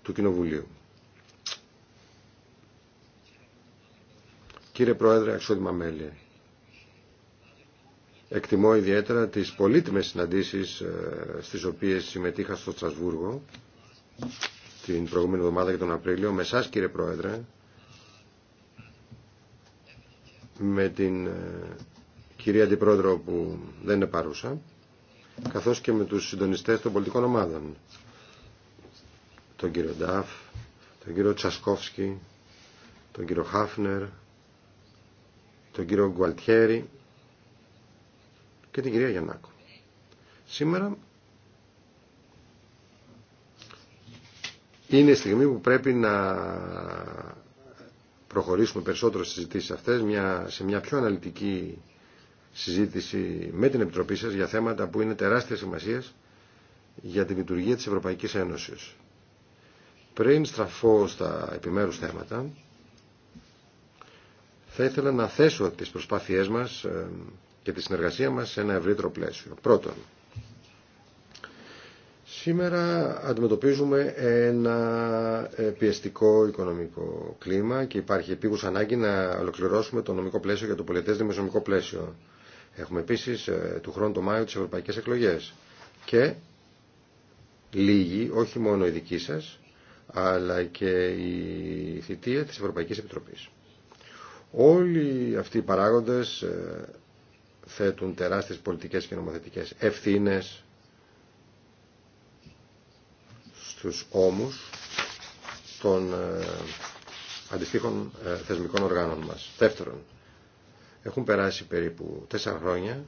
του Κοινοβουλίου. Κύριε Πρόεδρε, αξιότιμα μέλη, Εκτιμώ ιδιαίτερα τις πολύτιμες συναντήσεις ε, στις οποίες συμμετείχα στο Τσασβούργο την προηγούμενη εβδομάδα και τον Απρίλιο με εσάς κύριε Πρόεδρε με την ε, κυρία Αντιπρόεδρο που δεν είναι παρούσα καθώς και με τους συντονιστές των πολιτικών ομάδων τον κύριο Νταφ τον κύριο Τσασκόφσκι τον κύριο Χάφνερ τον κύριο Γκουαλτιέρη και την κυρία Γιαννάκο. Σήμερα είναι η στιγμή που πρέπει να προχωρήσουμε περισσότερο στις συζητήσεις αυτές μια, σε μια πιο αναλυτική συζήτηση με την Επιτροπή σας για θέματα που είναι τεράστια σημασία για τη λειτουργία της Ευρωπαϊκής Ένωσης. Πριν στραφώ στα επιμέρους θέματα, θα ήθελα να θέσω τις προσπάθειές μας ε, και τη συνεργασία μας σε ένα ευρύτερο πλαίσιο. Πρώτον, σήμερα αντιμετωπίζουμε ένα ε, πιεστικό οικονομικό κλίμα και υπάρχει επίγουσα ανάγκη να ολοκληρώσουμε το νομικό πλαίσιο ...για το πολιτές δημοσιονομικό πλαίσιο. Έχουμε επίσης ε, του χρόνου το Μάιο τις ευρωπαϊκές εκλογές και λίγοι, όχι μόνο οι δικοί σας, αλλά και η θητεία της Ευρωπαϊκής Επιτροπής. Όλοι αυτοί οι παράγοντες ε, θέτουν τεράστιες πολιτικές και νομοθετικές ευθύνες στους ώμους των ε, αντιστοίχων ε, θεσμικών οργάνων μας. Δεύτερον, έχουν περάσει περίπου τέσσερα χρόνια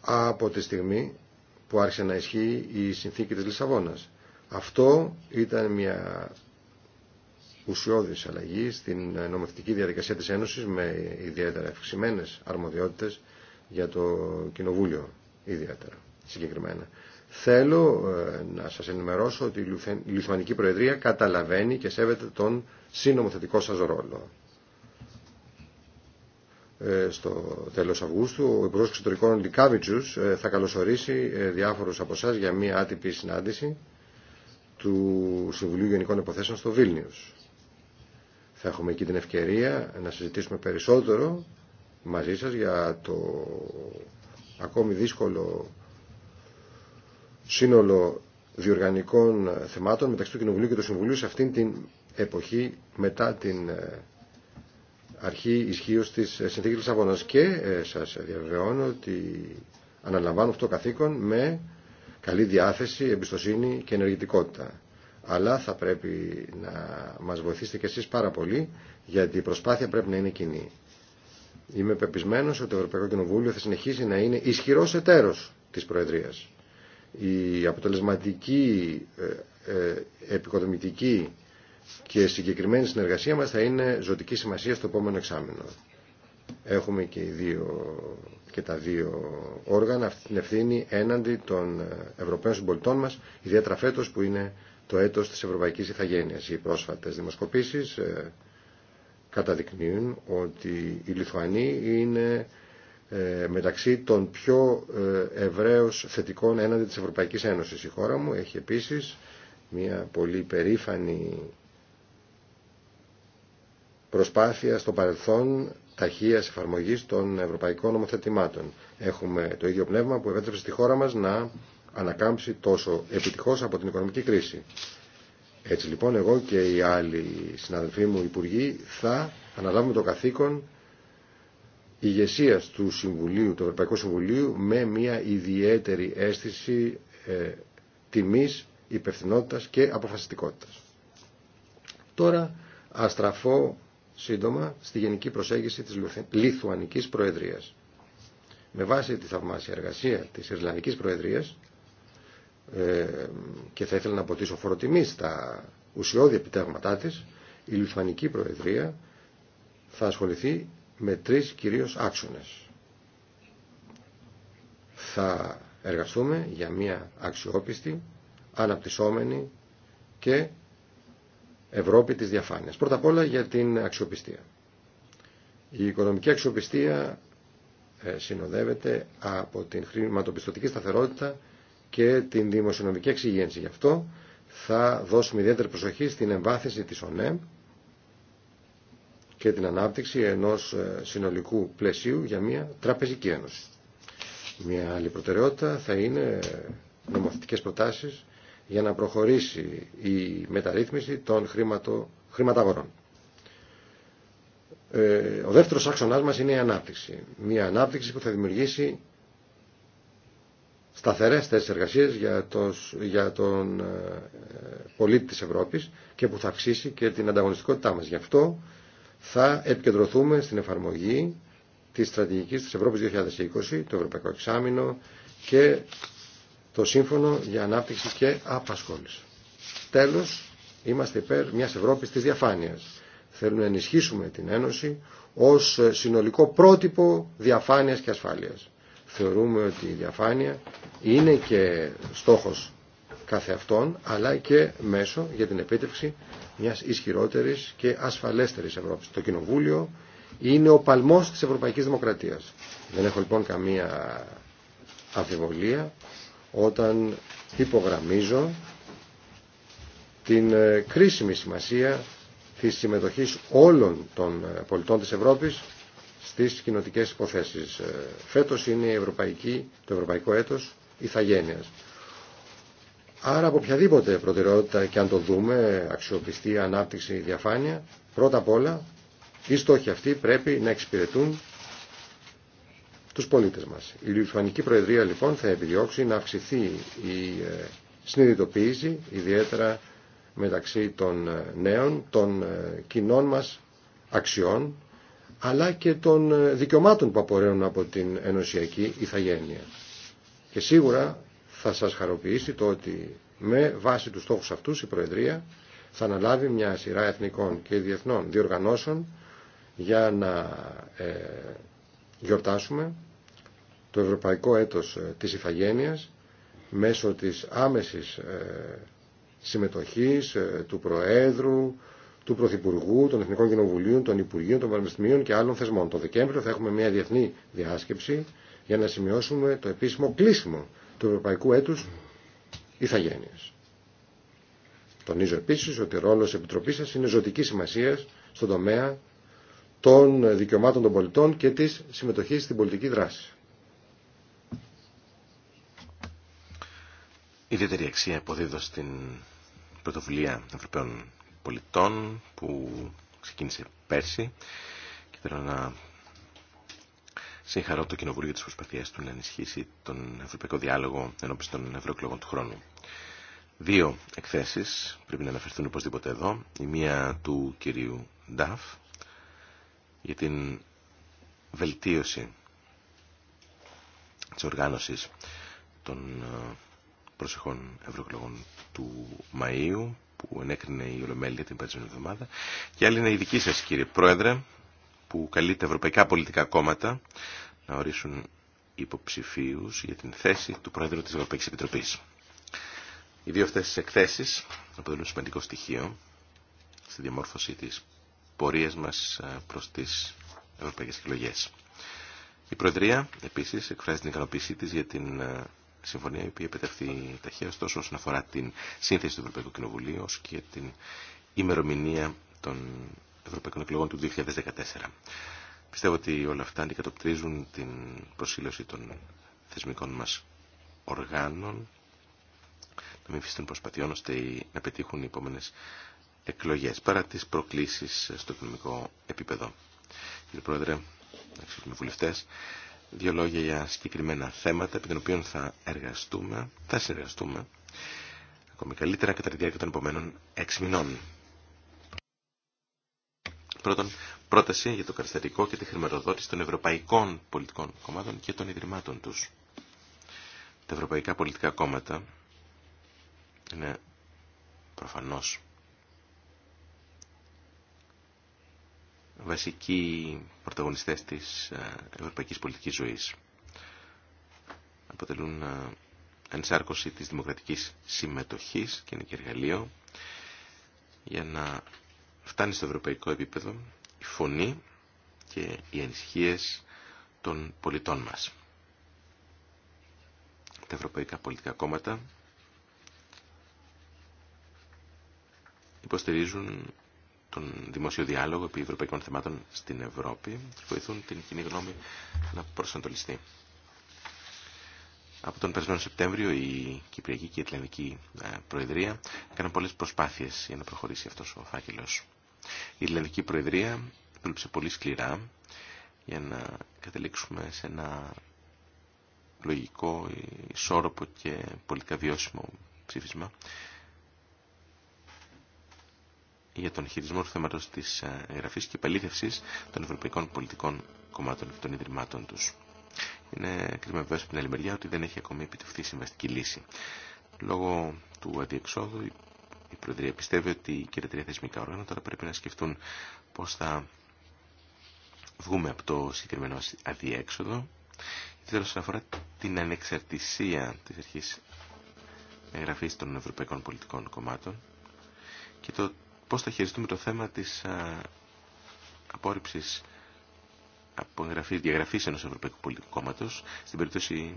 από τη στιγμή που άρχισε να ισχύει η συνθήκη της Λισαβόνας. Αυτό ήταν μια ουσιώδη αλλαγή στην νομοθετική διαδικασία τη Ένωση με ιδιαίτερα αυξημένε αρμοδιότητε για το Κοινοβούλιο ιδιαίτερα συγκεκριμένα. Θέλω ε, να σα ενημερώσω ότι η Λιθουανική Προεδρία καταλαβαίνει και σέβεται τον συνομοθετικό σα ρόλο. Ε, στο τέλο Αυγούστου ο Υπουργό Εξωτερικών ε, θα καλωσορίσει ε, διάφορου από εσά για μια άτυπη συνάντηση του Συμβουλίου Γενικών Υποθέσεων στο Βίλνιους. Θα έχουμε εκεί την ευκαιρία να συζητήσουμε περισσότερο μαζί σας για το ακόμη δύσκολο σύνολο διοργανικών θεμάτων μεταξύ του Κοινοβουλίου και του Συμβουλίου σε αυτήν την εποχή μετά την ε, αρχή ισχύω τη ε, συνθήκη Λισαβόνα. Και ε, σας σα διαβεβαιώνω ότι αναλαμβάνω αυτό το καθήκον με καλή διάθεση, εμπιστοσύνη και ενεργητικότητα αλλά θα πρέπει να μας βοηθήσετε κι εσείς πάρα πολύ, γιατί η προσπάθεια πρέπει να είναι κοινή. Είμαι πεπισμένος ότι το Ευρωπαϊκό Κοινοβούλιο θα συνεχίσει να είναι ισχυρός εταίρος της Προεδρίας. Η αποτελεσματική, ε, ε, επικοδομητική και συγκεκριμένη συνεργασία μας θα είναι ζωτική σημασία στο επόμενο εξάμεινο. Έχουμε και, οι δύο, και τα δύο όργανα αυτή την ευθύνη έναντι των Ευρωπαίων συμπολιτών μας, ιδιαίτερα φέτος που είναι το έτος της Ευρωπαϊκής Ιθαγένειας. Οι πρόσφατες δημοσκοπήσεις ε, καταδεικνύουν ότι η Λιθουανοί είναι ε, μεταξύ των πιο ε, ευρέως θετικών έναντι της Ευρωπαϊκής Ένωσης. Η χώρα μου έχει επίσης μια πολύ περήφανη προσπάθεια στο παρελθόν ταχεία εφαρμογή των ευρωπαϊκών νομοθετημάτων. Έχουμε το ίδιο πνεύμα που επέτρεψε στη χώρα μας να ανακάμψει τόσο επιτυχώς από την οικονομική κρίση. Έτσι λοιπόν εγώ και οι άλλοι συναδελφοί μου υπουργοί θα αναλάβουμε το καθήκον ηγεσία του Συμβουλίου, του Ευρωπαϊκού Συμβουλίου με μια ιδιαίτερη αίσθηση ε, τιμής, υπευθυνότητας και αποφασιστικότητας. Τώρα αστραφώ σύντομα στη γενική προσέγγιση της Λιθουανικής Προεδρίας. Με βάση τη θαυμάσια εργασία της Ιρλανδικής Προεδρίας και θα ήθελα να αποτίσω φοροτιμή στα ουσιώδη επιτεύγματά της, η Λιθουανική Προεδρία θα ασχοληθεί με τρεις κυρίως άξονες. Θα εργαστούμε για μια αξιόπιστη, αναπτυσσόμενη και Ευρώπη της διαφάνειας. Πρώτα απ' όλα για την αξιοπιστία. Η οικονομική αξιοπιστία ε, συνοδεύεται από την χρηματοπιστωτική σταθερότητα και την δημοσιονομική εξυγένση. Γι' αυτό θα δώσουμε ιδιαίτερη προσοχή στην εμβάθυνση της ΟΝΕ και την ανάπτυξη ενός ε, συνολικού πλαισίου για μια τραπεζική ένωση. Μια άλλη προτεραιότητα θα είναι νομοθετικές προτάσεις για να προχωρήσει η μεταρρύθμιση των χρήματο, χρηματαγορών. Ε, ο δεύτερος άξονας μας είναι η ανάπτυξη. Μια ανάπτυξη που θα δημιουργήσει σταθερές θέσεις εργασίας για, για τον ε, πολίτη της Ευρώπης και που θα αυξήσει και την ανταγωνιστικότητά μας. Γι' αυτό θα επικεντρωθούμε στην εφαρμογή της στρατηγικής της Ευρώπης 2020, το Ευρωπαϊκό Εξάμεινο και το Σύμφωνο για Ανάπτυξη και Απασχόληση. Τέλος, είμαστε υπέρ μιας Ευρώπης της διαφάνειας. Θέλουμε να ενισχύσουμε την Ένωση ως συνολικό πρότυπο διαφάνειας και ασφάλειας θεωρούμε ότι η διαφάνεια είναι και στόχος κάθε αλλά και μέσο για την επίτευξη μιας ισχυρότερης και ασφαλέστερης Ευρώπης. Το Κοινοβούλιο είναι ο παλμός της Ευρωπαϊκής Δημοκρατίας. Δεν έχω λοιπόν καμία αμφιβολία όταν υπογραμμίζω την ε, κρίσιμη σημασία της συμμετοχής όλων των ε, πολιτών της Ευρώπης στις κοινοτικές υποθέσεις. Ε, φέτος είναι Ευρωπαϊκή, το Ευρωπαϊκό Έτος Ιθαγένειας. Άρα από οποιαδήποτε προτεραιότητα και αν το δούμε, αξιοπιστή, ανάπτυξη, διαφάνεια, πρώτα απ' όλα οι στόχοι αυτοί πρέπει να εξυπηρετούν τους πολίτες μας. Η Λιουθουανική Προεδρία λοιπόν θα επιδιώξει να αυξηθεί η ε, συνειδητοποίηση, ιδιαίτερα μεταξύ των ε, νέων, των κοινών μας αξιών, αλλά και των ε, δικαιωμάτων που απορρέουν από την ενωσιακή ηθαγένεια. Και σίγουρα θα σας χαροποιήσει το ότι με βάση τους στόχους αυτούς η Προεδρία θα αναλάβει μια σειρά εθνικών και διεθνών διοργανώσεων για να ε, γιορτάσουμε το ευρωπαϊκό έτος ε, της Ιθαγένειας μέσω της άμεσης συμμετοχής του Προέδρου, του Πρωθυπουργού, των Εθνικών Κοινοβουλίων, των Υπουργείων, των Πανεπιστημίων και άλλων θεσμών. Το Δεκέμβριο θα έχουμε μια διεθνή διάσκεψη για να σημειώσουμε το επίσημο κλείσιμο του Ευρωπαϊκού Έτους Ιθαγένεια. Τονίζω επίσης ότι ο ρόλο τη Επιτροπής σα είναι ζωτική σημασία στον τομέα των δικαιωμάτων των πολιτών και τη συμμετοχή στην πολιτική δράση. ιδιαίτερη αξία υποδίδω στην πρωτοβουλία Ευρωπαίων πολιτών που ξεκίνησε πέρσι και θέλω να συγχαρώ το Κοινοβούλιο για τις του να ενισχύσει τον Ευρωπαϊκό Διάλογο ενώπιση των ευρωεκλογών του χρόνου. Δύο εκθέσεις πρέπει να αναφερθούν οπωσδήποτε εδώ. Η μία του κυρίου Νταφ για την βελτίωση της οργάνωσης των ε, προσεχών ευρωεκλογών του Μαΐου που ενέκρινε η Ολομέλεια την περσμένη εβδομάδα και άλλη είναι η δική σας κύριε Πρόεδρε που καλεί τα ευρωπαϊκά πολιτικά κόμματα να ορίσουν υποψηφίους για την θέση του Πρόεδρου της Ευρωπαϊκής Επιτροπής. Οι δύο αυτές τις εκθέσεις αποτελούν σημαντικό στοιχείο στη διαμόρφωση της πορείας μας ε, προς τις ευρωπαϊκές εκλογές. Η Προεδρία επίσης εκφράζει την ικανοποίησή της για την ε, συμφωνία η οποία επιτευχθεί ταχεία, τόσο όσον αφορά την σύνθεση του Ευρωπαϊκού Κοινοβουλίου ως και την ημερομηνία των Ευρωπαϊκών Εκλογών του 2014. Πιστεύω ότι όλα αυτά αντικατοπτρίζουν την προσήλωση των θεσμικών μας οργάνων να μην φύσουν προσπαθειών ώστε να πετύχουν οι επόμενες εκλογές παρά τις προκλήσεις στο οικονομικό επίπεδο. Κύριε Πρόεδρε, αξιότιμοι βουλευτές, δύο λόγια για συγκεκριμένα θέματα επί των οποίων θα εργαστούμε, θα συνεργαστούμε ακόμη καλύτερα κατά τη διάρκεια των επόμενων έξι μηνών. Πρώτον, πρόταση για το καταστατικό και τη χρηματοδότηση των ευρωπαϊκών πολιτικών κομμάτων και των ιδρυμάτων τους. Τα ευρωπαϊκά πολιτικά κόμματα είναι προφανώς βασικοί πρωταγωνιστές της ε, ευρωπαϊκής πολιτικής ζωής. Αποτελούν ε, ενσάρκωση της δημοκρατικής συμμετοχής και είναι και εργαλείο για να φτάνει στο ευρωπαϊκό επίπεδο η φωνή και οι ανησυχίε των πολιτών μας. Τα ευρωπαϊκά πολιτικά κόμματα υποστηρίζουν τον δημόσιο διάλογο επί ευρωπαϊκών θεμάτων στην Ευρώπη βοηθούν την κοινή γνώμη να προσανατολιστεί. Από τον περσμένο Σεπτέμβριο η Κυπριακή και η Ατλαντική ε, Προεδρία έκαναν πολλές προσπάθειες για να προχωρήσει αυτός ο φάκελος. Η Ιρλανδική Προεδρία δούλεψε πολύ σκληρά για να καταλήξουμε σε ένα λογικό, ισόρροπο και πολιτικά βιώσιμο ψήφισμα για τον χειρισμό του θέματο τη ε, εγγραφή και επαλήθευση των ευρωπαϊκών πολιτικών κομμάτων και των ιδρυμάτων του, Είναι κρίμα βεβαίω από την άλλη μεριά ότι δεν έχει ακόμη επιτευχθεί συμβαστική λύση. Λόγω του αντιεξόδου η Προεδρία πιστεύει ότι και τα τρία θεσμικά όργανα τώρα πρέπει να σκεφτούν πώ θα βγούμε από το συγκεκριμένο αδιέξοδο. Τέλο, όσον αφορά την ανεξαρτησία τη αρχή εγγραφή των ευρωπαϊκών πολιτικών κομμάτων και το πώς θα χειριστούμε το θέμα της α, απόρριψης απογραφής, διαγραφής ενός Ευρωπαϊκού Πολιτικού Κόμματος στην περίπτωση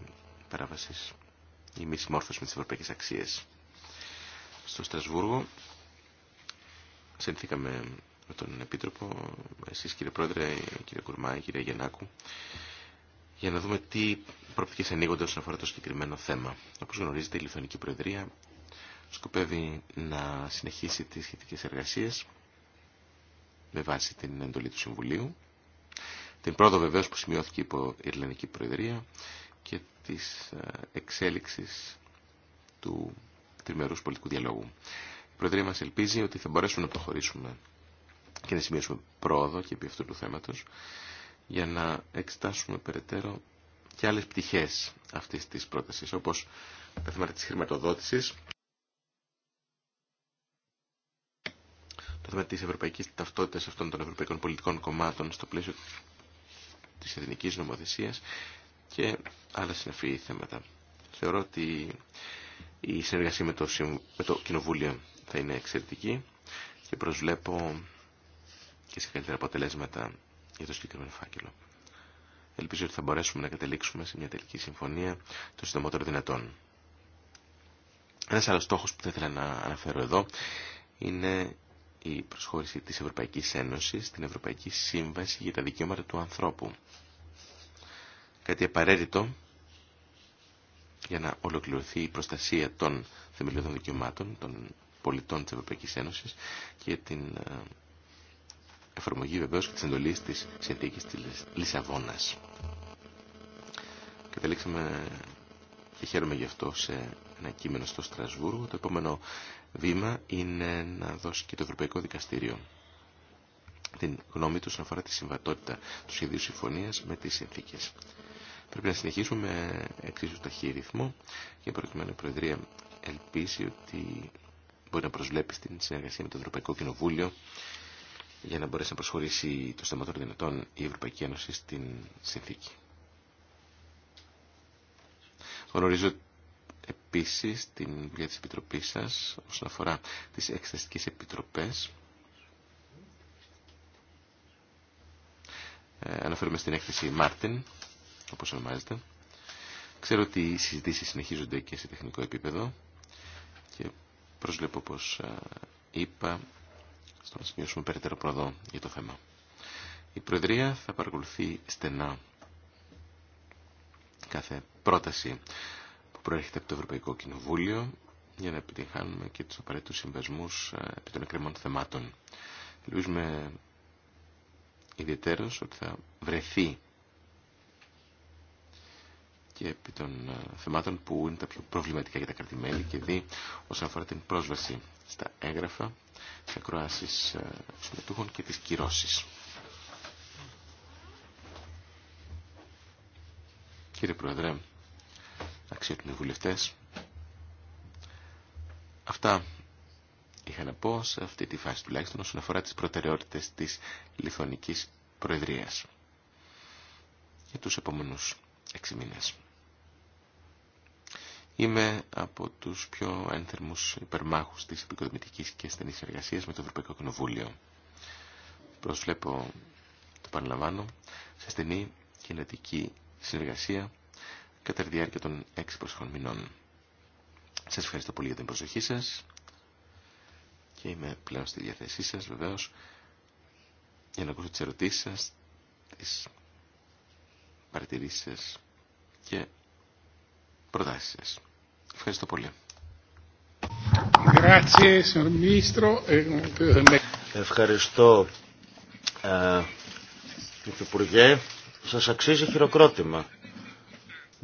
παράβασης ή μη συμμόρφωση με τις ευρωπαϊκές αξίες. Στο Στρασβούργο συνθήκαμε με τον Επίτροπο, εσείς κύριε Πρόεδρε, κύριε Κουρμά, κύριε Γεννάκου, για να δούμε τι προοπτικές ανοίγονται όσον αφορά το συγκεκριμένο θέμα. Όπως γνωρίζετε, η Λιθωνική Προεδρία σκοπεύει να συνεχίσει τις σχετικές εργασίες με βάση την εντολή του Συμβουλίου, την πρόοδο βεβαίως που σημειώθηκε υπό η Ελληνική Προεδρία και τις ε, εξέλιξης του τριμερούς πολιτικού διαλόγου. Η Προεδρία μας ελπίζει ότι θα μπορέσουμε να προχωρήσουμε και να σημειώσουμε πρόοδο και επί αυτού του θέματος για να εξετάσουμε περαιτέρω και άλλες πτυχές αυτής της πρότασης όπως τα θέματα της χρηματοδότησης το θέμα τη ευρωπαϊκή ταυτότητα αυτών των ευρωπαϊκών πολιτικών κομμάτων στο πλαίσιο τη Εθνική νομοθεσία και άλλα συναφή θέματα. Θεωρώ ότι η συνεργασία με το, με Κοινοβούλιο θα είναι εξαιρετική και προσβλέπω και σε καλύτερα αποτελέσματα για το συγκεκριμένο φάκελο. Ελπίζω ότι θα μπορέσουμε να καταλήξουμε σε μια τελική συμφωνία το συντομότερο δυνατόν. Ένα άλλο στόχο που θα ήθελα να αναφέρω εδώ είναι η προσχώρηση της Ευρωπαϊκής Ένωσης στην Ευρωπαϊκή Σύμβαση για τα Δικαιώματα του Ανθρώπου. Κάτι απαραίτητο για να ολοκληρωθεί η προστασία των θεμελιωδών δικαιωμάτων των πολιτών της Ευρωπαϊκής Ένωσης και την ε, εφαρμογή βεβαίως και της εντολής της συνθήκης της Λισαβόνας. Καταλήξαμε και χαίρομαι γι' αυτό σε ένα κείμενο στο Στρασβούργο. Το επόμενο βήμα είναι να δώσει και το Ευρωπαϊκό Δικαστήριο την γνώμη του όσον αφορά τη συμβατότητα του σχεδίου συμφωνία με τι συνθήκε. Πρέπει να συνεχίσουμε με εξίσου ταχύ ρυθμό και προκειμένου η Προεδρία ελπίζει ότι μπορεί να προσβλέπει στην συνεργασία με το Ευρωπαϊκό Κοινοβούλιο για να μπορέσει να προσχωρήσει το των δυνατών η Ευρωπαϊκή Ένωση στην συνθήκη. Γνωρίζω επίσης την δουλειά Επιτροπής σας όσον αφορά τις εξεταστικές επιτροπές. Ε, αναφέρομαι στην έκθεση Μάρτιν, όπως ονομάζεται. Ξέρω ότι οι συζητήσεις συνεχίζονται και σε τεχνικό επίπεδο και προσβλέπω όπω ε, είπα στο να σημειώσουμε περαιτέρω προδό για το θέμα. Η Προεδρία θα παρακολουθεί στενά κάθε πρόταση προέρχεται από το Ευρωπαϊκό Κοινοβούλιο για να επιτυχάνουμε και τους απαραίτητους συμβασμούς ε, επί των εκκρεμών θεμάτων. Ελπίζουμε ιδιαίτερως ότι θα βρεθεί και επί των ε, θεμάτων που είναι τα πιο προβληματικά για τα κρατημέλη και δει όσον αφορά την πρόσβαση στα έγγραφα, τι ακροάσεις ε, συμμετούχων και τις κυρώσεις. Κύριε Πρόεδρε, αξιότιμοι βουλευτές. Αυτά είχα να πω σε αυτή τη φάση τουλάχιστον όσον αφορά τις προτεραιότητες της Λιθωνικής Προεδρίας για τους επόμενους έξι μήνες. Είμαι από τους πιο ένθερμους υπερμάχους της επικοδομητικής και στενής εργασίας με το Ευρωπαϊκό Κοινοβούλιο. Προσβλέπω, το παραλαμβάνω, σε στενή και συνεργασία κατά τη διάρκεια των έξι προσεχών μηνών. Σας ευχαριστώ πολύ για την προσοχή σας και είμαι πλέον στη διαθέσή σας βεβαίως για να ακούσω τις ερωτήσεις σας, τις παρατηρήσεις σας και προτάσεις σας. Ευχαριστώ πολύ. Ευχαριστώ, ε, Υπουργέ. Σας αξίζει χειροκρότημα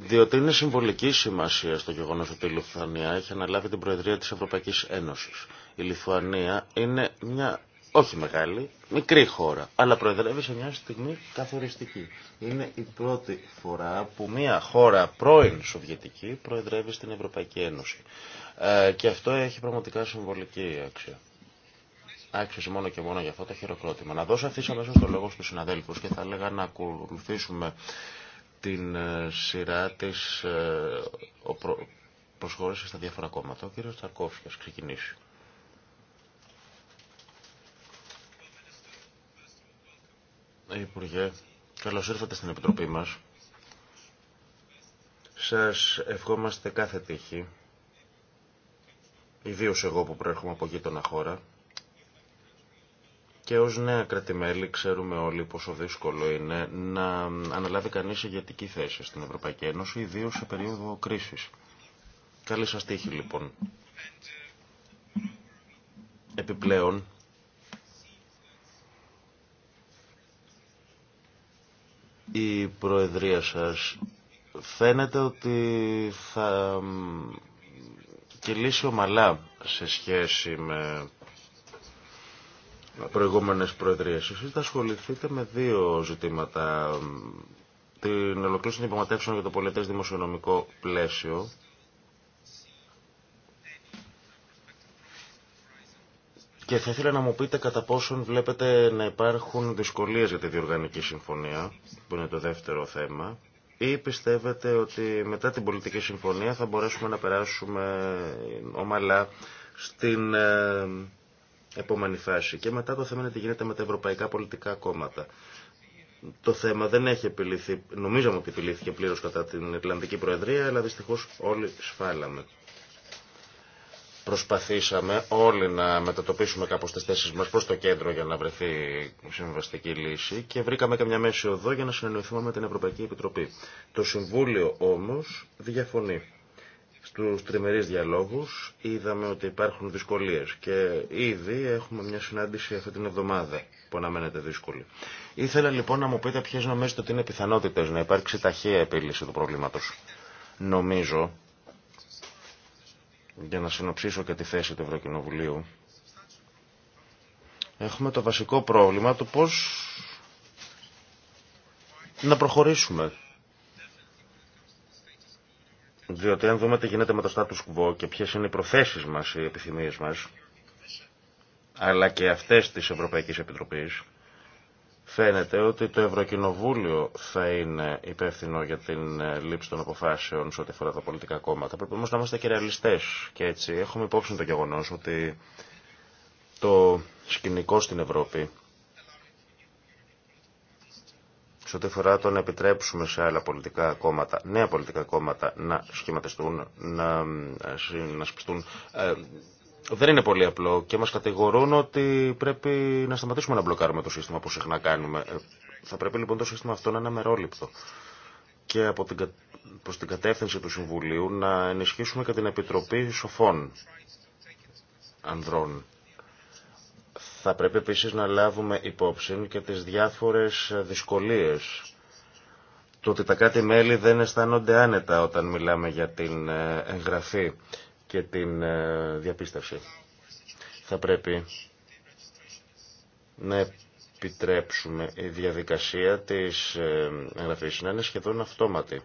διότι είναι συμβολική σημασία στο γεγονός ότι η Λιθουανία έχει αναλάβει την Προεδρία της Ευρωπαϊκής Ένωσης. Η Λιθουανία είναι μια όχι μεγάλη, μικρή χώρα, αλλά προεδρεύει σε μια στιγμή καθοριστική. Είναι η πρώτη φορά που μια χώρα πρώην Σοβιετική προεδρεύει στην Ευρωπαϊκή Ένωση. Ε, και αυτό έχει πραγματικά συμβολική αξία. Άξιζε μόνο και μόνο για αυτό το χειροκρότημα. Να δώσω αυτή αμέσω το λόγο στους συναδέλφους και θα έλεγα να ακολουθήσουμε την ε, σειρά της ε, προσχώρηση στα διάφορα κόμματα. Ο κύριος Ταρκόφιας, ξεκινήσει. Υπουργέ, καλώς ήρθατε στην Επιτροπή μας. Σας ευχόμαστε κάθε τύχη, ιδίως εγώ που προέρχομαι από γείτονα χώρα, και ως νέα κρατημέλη ξέρουμε όλοι πόσο δύσκολο είναι να αναλάβει κανείς ηγετική θέση στην Ευρωπαϊκή Ένωση, ιδίως σε περίοδο κρίσης. Καλή σας τύχη λοιπόν. Επιπλέον, η Προεδρία σας φαίνεται ότι θα κυλήσει ομαλά σε σχέση με προηγούμενες προεδρίες. Εσείς θα ασχοληθείτε με δύο ζητήματα. Την ολοκλήρωση των υποματεύσεων για το πολιτές δημοσιονομικό πλαίσιο και θα ήθελα να μου πείτε κατά πόσον βλέπετε να υπάρχουν δυσκολίες για τη διοργανική συμφωνία, που είναι το δεύτερο θέμα, ή πιστεύετε ότι μετά την πολιτική συμφωνία θα μπορέσουμε να περάσουμε ομαλά στην ε, επόμενη φάση. Και μετά το θέμα είναι τι γίνεται με τα ευρωπαϊκά πολιτικά κόμματα. Το θέμα δεν έχει επιληθεί, νομίζαμε ότι επιλύθηκε πλήρω κατά την Ιρλανδική Προεδρία, αλλά δυστυχώ όλοι σφάλαμε. Προσπαθήσαμε όλοι να μετατοπίσουμε κάπω τι θέσει μα προ το κέντρο για να βρεθεί συμβαστική λύση και βρήκαμε καμιά μέση οδό για να συνεννοηθούμε με την Ευρωπαϊκή Επιτροπή. Το Συμβούλιο όμω διαφωνεί. Στους τριμερείς διαλόγους είδαμε ότι υπάρχουν δυσκολίες και ήδη έχουμε μια συνάντηση αυτή την εβδομάδα που αναμένεται δύσκολη. Ήθελα λοιπόν να μου πείτε ποιες νομίζετε ότι είναι πιθανότητες να υπάρξει ταχεία επίλυση του προβλήματος. Νομίζω, για να συνοψίσω και τη θέση του Ευρωκοινοβουλίου, έχουμε το βασικό πρόβλημα του πώς να προχωρήσουμε διότι αν δούμε τι γίνεται με το status quo και ποιε είναι οι προθέσεις μας, οι επιθυμίες μας, αλλά και αυτές της Ευρωπαϊκή Επιτροπής, φαίνεται ότι το Ευρωκοινοβούλιο θα είναι υπεύθυνο για την ε, λήψη των αποφάσεων σε ό,τι αφορά τα πολιτικά κόμματα. Πρέπει όμως να είμαστε και ρεαλιστέ. και έτσι έχουμε υπόψη το γεγονό ότι το σκηνικό στην Ευρώπη σε ό,τι αφορά το να επιτρέψουμε σε άλλα πολιτικά κόμματα, νέα πολιτικά κόμματα να σχηματιστούν, να, ε, να ε, δεν είναι πολύ απλό και μας κατηγορούν ότι πρέπει να σταματήσουμε να μπλοκάρουμε το σύστημα που συχνά κάνουμε. Ε, θα πρέπει λοιπόν το σύστημα αυτό να είναι αμερόληπτο και από την, προς την κατεύθυνση του Συμβουλίου να ενισχύσουμε και την Επιτροπή Σοφών Ανδρών θα πρέπει επίσης να λάβουμε υπόψη και τις διάφορες δυσκολίες το ότι τα κάτι μέλη δεν αισθάνονται άνετα όταν μιλάμε για την ε, εγγραφή και την ε, διαπίστευση. Θα πρέπει να επιτρέψουμε η διαδικασία της ε, εγγραφής να είναι σχεδόν αυτόματη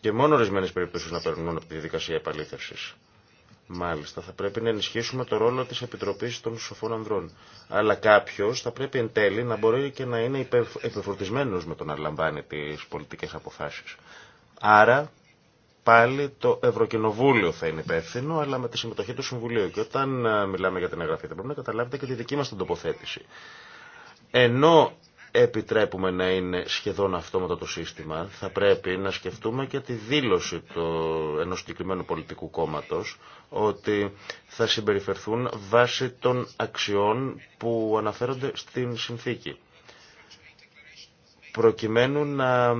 και μόνο ορισμένε περιπτώσει να περνούν από τη διαδικασία επαλήθευση. Μάλιστα, θα πρέπει να ενισχύσουμε το ρόλο της Επιτροπής των Σοφών Ανδρών. Αλλά κάποιος θα πρέπει εν τέλει να μπορεί και να είναι επιφορτισμένος με το να λαμβάνει τις πολιτικές αποφάσεις. Άρα πάλι το Ευρωκοινοβούλιο θα είναι υπεύθυνο, αλλά με τη συμμετοχή του Συμβουλίου. Και όταν ε, μιλάμε για την εγγραφή, θα πρέπει να καταλάβετε και τη δική μας την τοποθέτηση. Ενώ επιτρέπουμε να είναι σχεδόν αυτόματο το σύστημα, θα πρέπει να σκεφτούμε και τη δήλωση του ενός συγκεκριμένου πολιτικού κόμματος ότι θα συμπεριφερθούν βάσει των αξιών που αναφέρονται στην συνθήκη προκειμένου να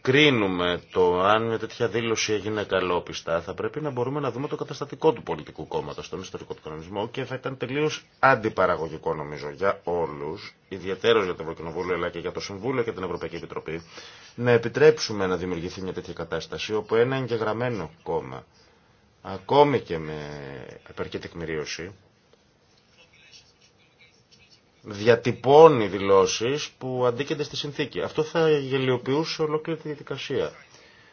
κρίνουμε το αν μια τέτοια δήλωση έγινε καλόπιστα, θα πρέπει να μπορούμε να δούμε το καταστατικό του πολιτικού κόμματο στον ιστορικό του κανονισμό και θα ήταν τελείω αντιπαραγωγικό νομίζω για όλου, ιδιαίτερω για το Ευρωκοινοβούλιο αλλά και για το Συμβούλιο και την Ευρωπαϊκή Επιτροπή, να επιτρέψουμε να δημιουργηθεί μια τέτοια κατάσταση όπου ένα εγγεγραμμένο κόμμα, ακόμη και με επαρκή τεκμηρίωση, διατυπώνει δηλώσεις που αντίκενται στη συνθήκη. Αυτό θα γελιοποιούσε ολόκληρη τη διαδικασία.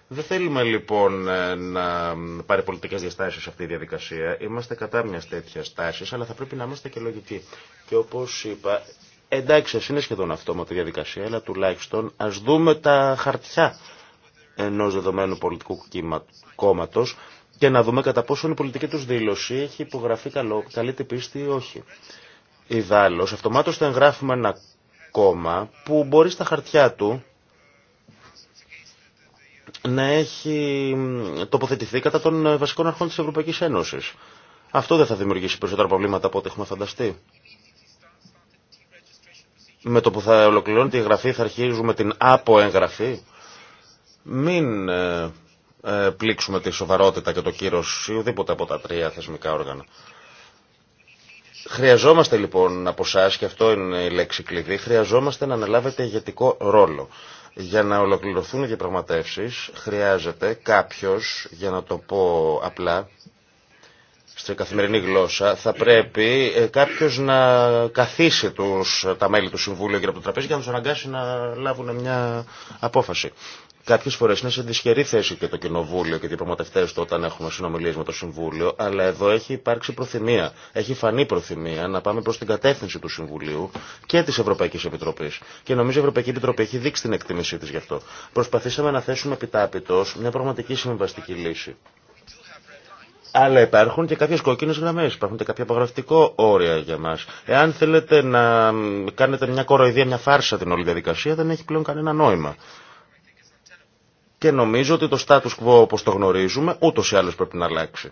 Δεν θέλουμε λοιπόν ε, να πάρει πολιτικές διαστάσεις αυτή η διαδικασία. Είμαστε κατά μια τέτοια τάση, αλλά θα πρέπει να είμαστε και λογικοί. Και όπως είπα, εντάξει, είναι σχεδόν αυτόματη διαδικασία, αλλά τουλάχιστον ας δούμε τα χαρτιά ενός δεδομένου πολιτικού κόμματος και να δούμε κατά πόσο η πολιτική τους δήλωση έχει υπογραφεί καλό, καλή πίστη ή όχι. Ιδάλλως, αυτομάτως θα εγγράφουμε ένα κόμμα που μπορεί στα χαρτιά του να έχει τοποθετηθεί κατά των ε, βασικών αρχών της Ευρωπαϊκής Ένωσης. Αυτό δεν θα δημιουργήσει περισσότερα προβλήματα από ό,τι έχουμε φανταστεί. Με το που θα ολοκληρώνεται η εγγραφή θα αρχίζουμε την αποεγγραφή. Μην ε, ε, πλήξουμε τη σοβαρότητα και το κύρος ή οδήποτε από τα τρία θεσμικά όργανα. Χρειαζόμαστε λοιπόν από εσά, και αυτό είναι η λέξη κλειδί, χρειαζόμαστε να αναλάβετε ηγετικό ρόλο. Για να ολοκληρωθούν οι διαπραγματεύσει, χρειάζεται κάποιο, για να το πω απλά, στην καθημερινή γλώσσα, θα πρέπει ε, κάποιο να καθίσει τους, τα μέλη του Συμβούλου γύρω από το τραπέζι και να τους αναγκάσει να λάβουν μια απόφαση. Κάποιε φορέ είναι σε δυσχερή θέση και το Κοινοβούλιο και οι διαπραγματευτέ του όταν έχουμε συνομιλίε με το Συμβούλιο, αλλά εδώ έχει υπάρξει προθυμία. Έχει φανεί προθυμία να πάμε προ την κατεύθυνση του Συμβουλίου και τη Ευρωπαϊκή Επιτροπή. Και νομίζω η Ευρωπαϊκή Επιτροπή έχει δείξει την εκτίμησή τη γι' αυτό. Προσπαθήσαμε να θέσουμε επιτάπητο μια πραγματική συμβαστική λύση. Αλλά υπάρχουν και κάποιε κόκκινε γραμμέ, υπάρχουν και κάποια απογραφτικό όρια για μα. Εάν θέλετε να κάνετε μια κοροϊδία, μια φάρσα την όλη διαδικασία, δεν έχει πλέον κανένα νόημα και νομίζω ότι το status quo όπως το γνωρίζουμε ούτως ή άλλως πρέπει να αλλάξει.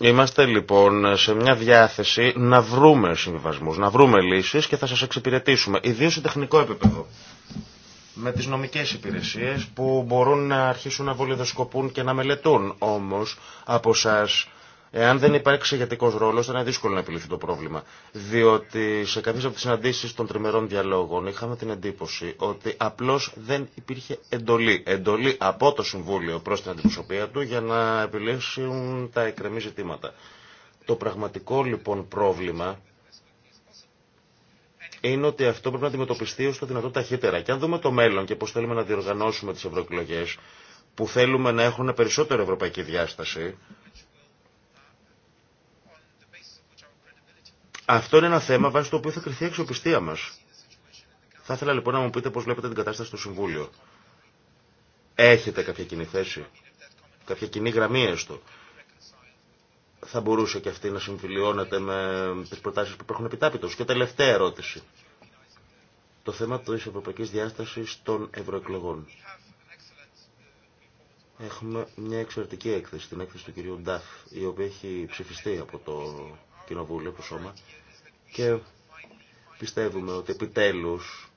Είμαστε λοιπόν σε μια διάθεση να βρούμε συμβιβασμούς, να βρούμε λύσεις και θα σας εξυπηρετήσουμε, ιδίως σε τεχνικό επίπεδο. Με τις νομικές υπηρεσίες που μπορούν να αρχίσουν να βολιδοσκοπούν και να μελετούν. Όμως από σας Εάν δεν υπάρξει ηγετικό ρόλο, θα είναι δύσκολο να επιλυθεί το πρόβλημα. Διότι σε κάποιε από τι συναντήσει των τριμερών διαλόγων είχαμε την εντύπωση ότι απλώ δεν υπήρχε εντολή. Εντολή από το Συμβούλιο προ την αντιπροσωπεία του για να επιλέξουν τα εκκρεμή ζητήματα. Το πραγματικό λοιπόν πρόβλημα είναι ότι αυτό πρέπει να αντιμετωπιστεί ω το δυνατό ταχύτερα. Και αν δούμε το μέλλον και πώ θέλουμε να διοργανώσουμε τι ευρωεκλογέ, που θέλουμε να έχουν περισσότερο ευρωπαϊκή διάσταση, Αυτό είναι ένα θέμα βάσει το οποίο θα κρυθεί η αξιοπιστία μα. Θα ήθελα λοιπόν να μου πείτε πώ βλέπετε την κατάσταση στο Συμβούλιο. Έχετε κάποια κοινή θέση, κάποια κοινή γραμμή έστω. Θα μπορούσε και αυτή να συμφιλιώνεται με τι προτάσει που υπάρχουν επιτάπητο. Και τελευταία ερώτηση. Το θέμα τη Ευρωπαϊκή Διάσταση των ευρωεκλογών. Έχουμε μια εξαιρετική έκθεση, την έκθεση του κυρίου Νταφ, η οποία έχει ψηφιστεί από το Κοινοβούλιο, το Σώμα. Και πιστεύουμε ότι επιτέλους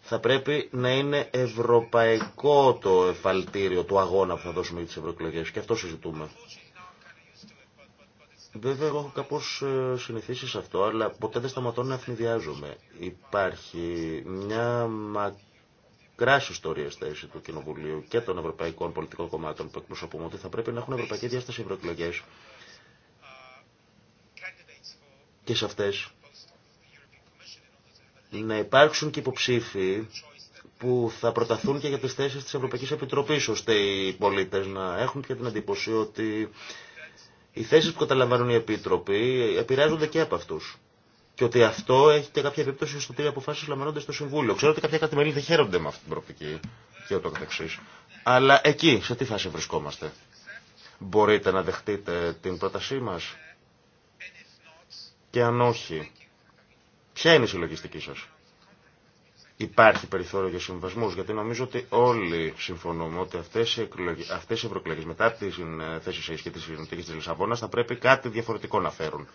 θα πρέπει να είναι ευρωπαϊκό το εφαλτήριο του αγώνα που θα δώσουμε για τις ευρωεκλογές. Και αυτό συζητούμε. Βέβαια, εγώ έχω κάπω ε, συνηθίσει σε αυτό, αλλά ποτέ δεν σταματώ να αφνιδιάζομαι. Υπάρχει μια μακρά ιστορία στα του Κοινοβουλίου και των Ευρωπαϊκών Πολιτικών Κομμάτων που εκπροσωπούμε ότι θα πρέπει να έχουν ευρωπαϊκή διάσταση ευρωεκλογέ και σε αυτές να υπάρξουν και υποψήφοι που θα προταθούν και για τις θέσεις της Ευρωπαϊκής Επιτροπής ώστε οι πολίτες να έχουν και την εντύπωση ότι οι θέσεις που καταλαμβάνουν οι επίτροποι επηρεάζονται και από αυτούς. Και ότι αυτό έχει και κάποια επίπτωση στο τι αποφάσει λαμβάνονται στο Συμβούλιο. Ξέρω ότι κάποια κατημερίδια δεν χαίρονται με αυτή την προοπτική και ούτω καθεξή. Αλλά εκεί, σε τι φάση βρισκόμαστε. Μπορείτε να δεχτείτε την πρότασή μας και αν όχι, ποια είναι η συλλογιστική σας. Υπάρχει περιθώριο για συμβασμούς, γιατί νομίζω ότι όλοι συμφωνούμε ότι αυτές οι, εκλογές, αυτές οι μετά τη θέση σε ισχύ της της Λισαβόνας θα πρέπει κάτι διαφορετικό να φέρουν.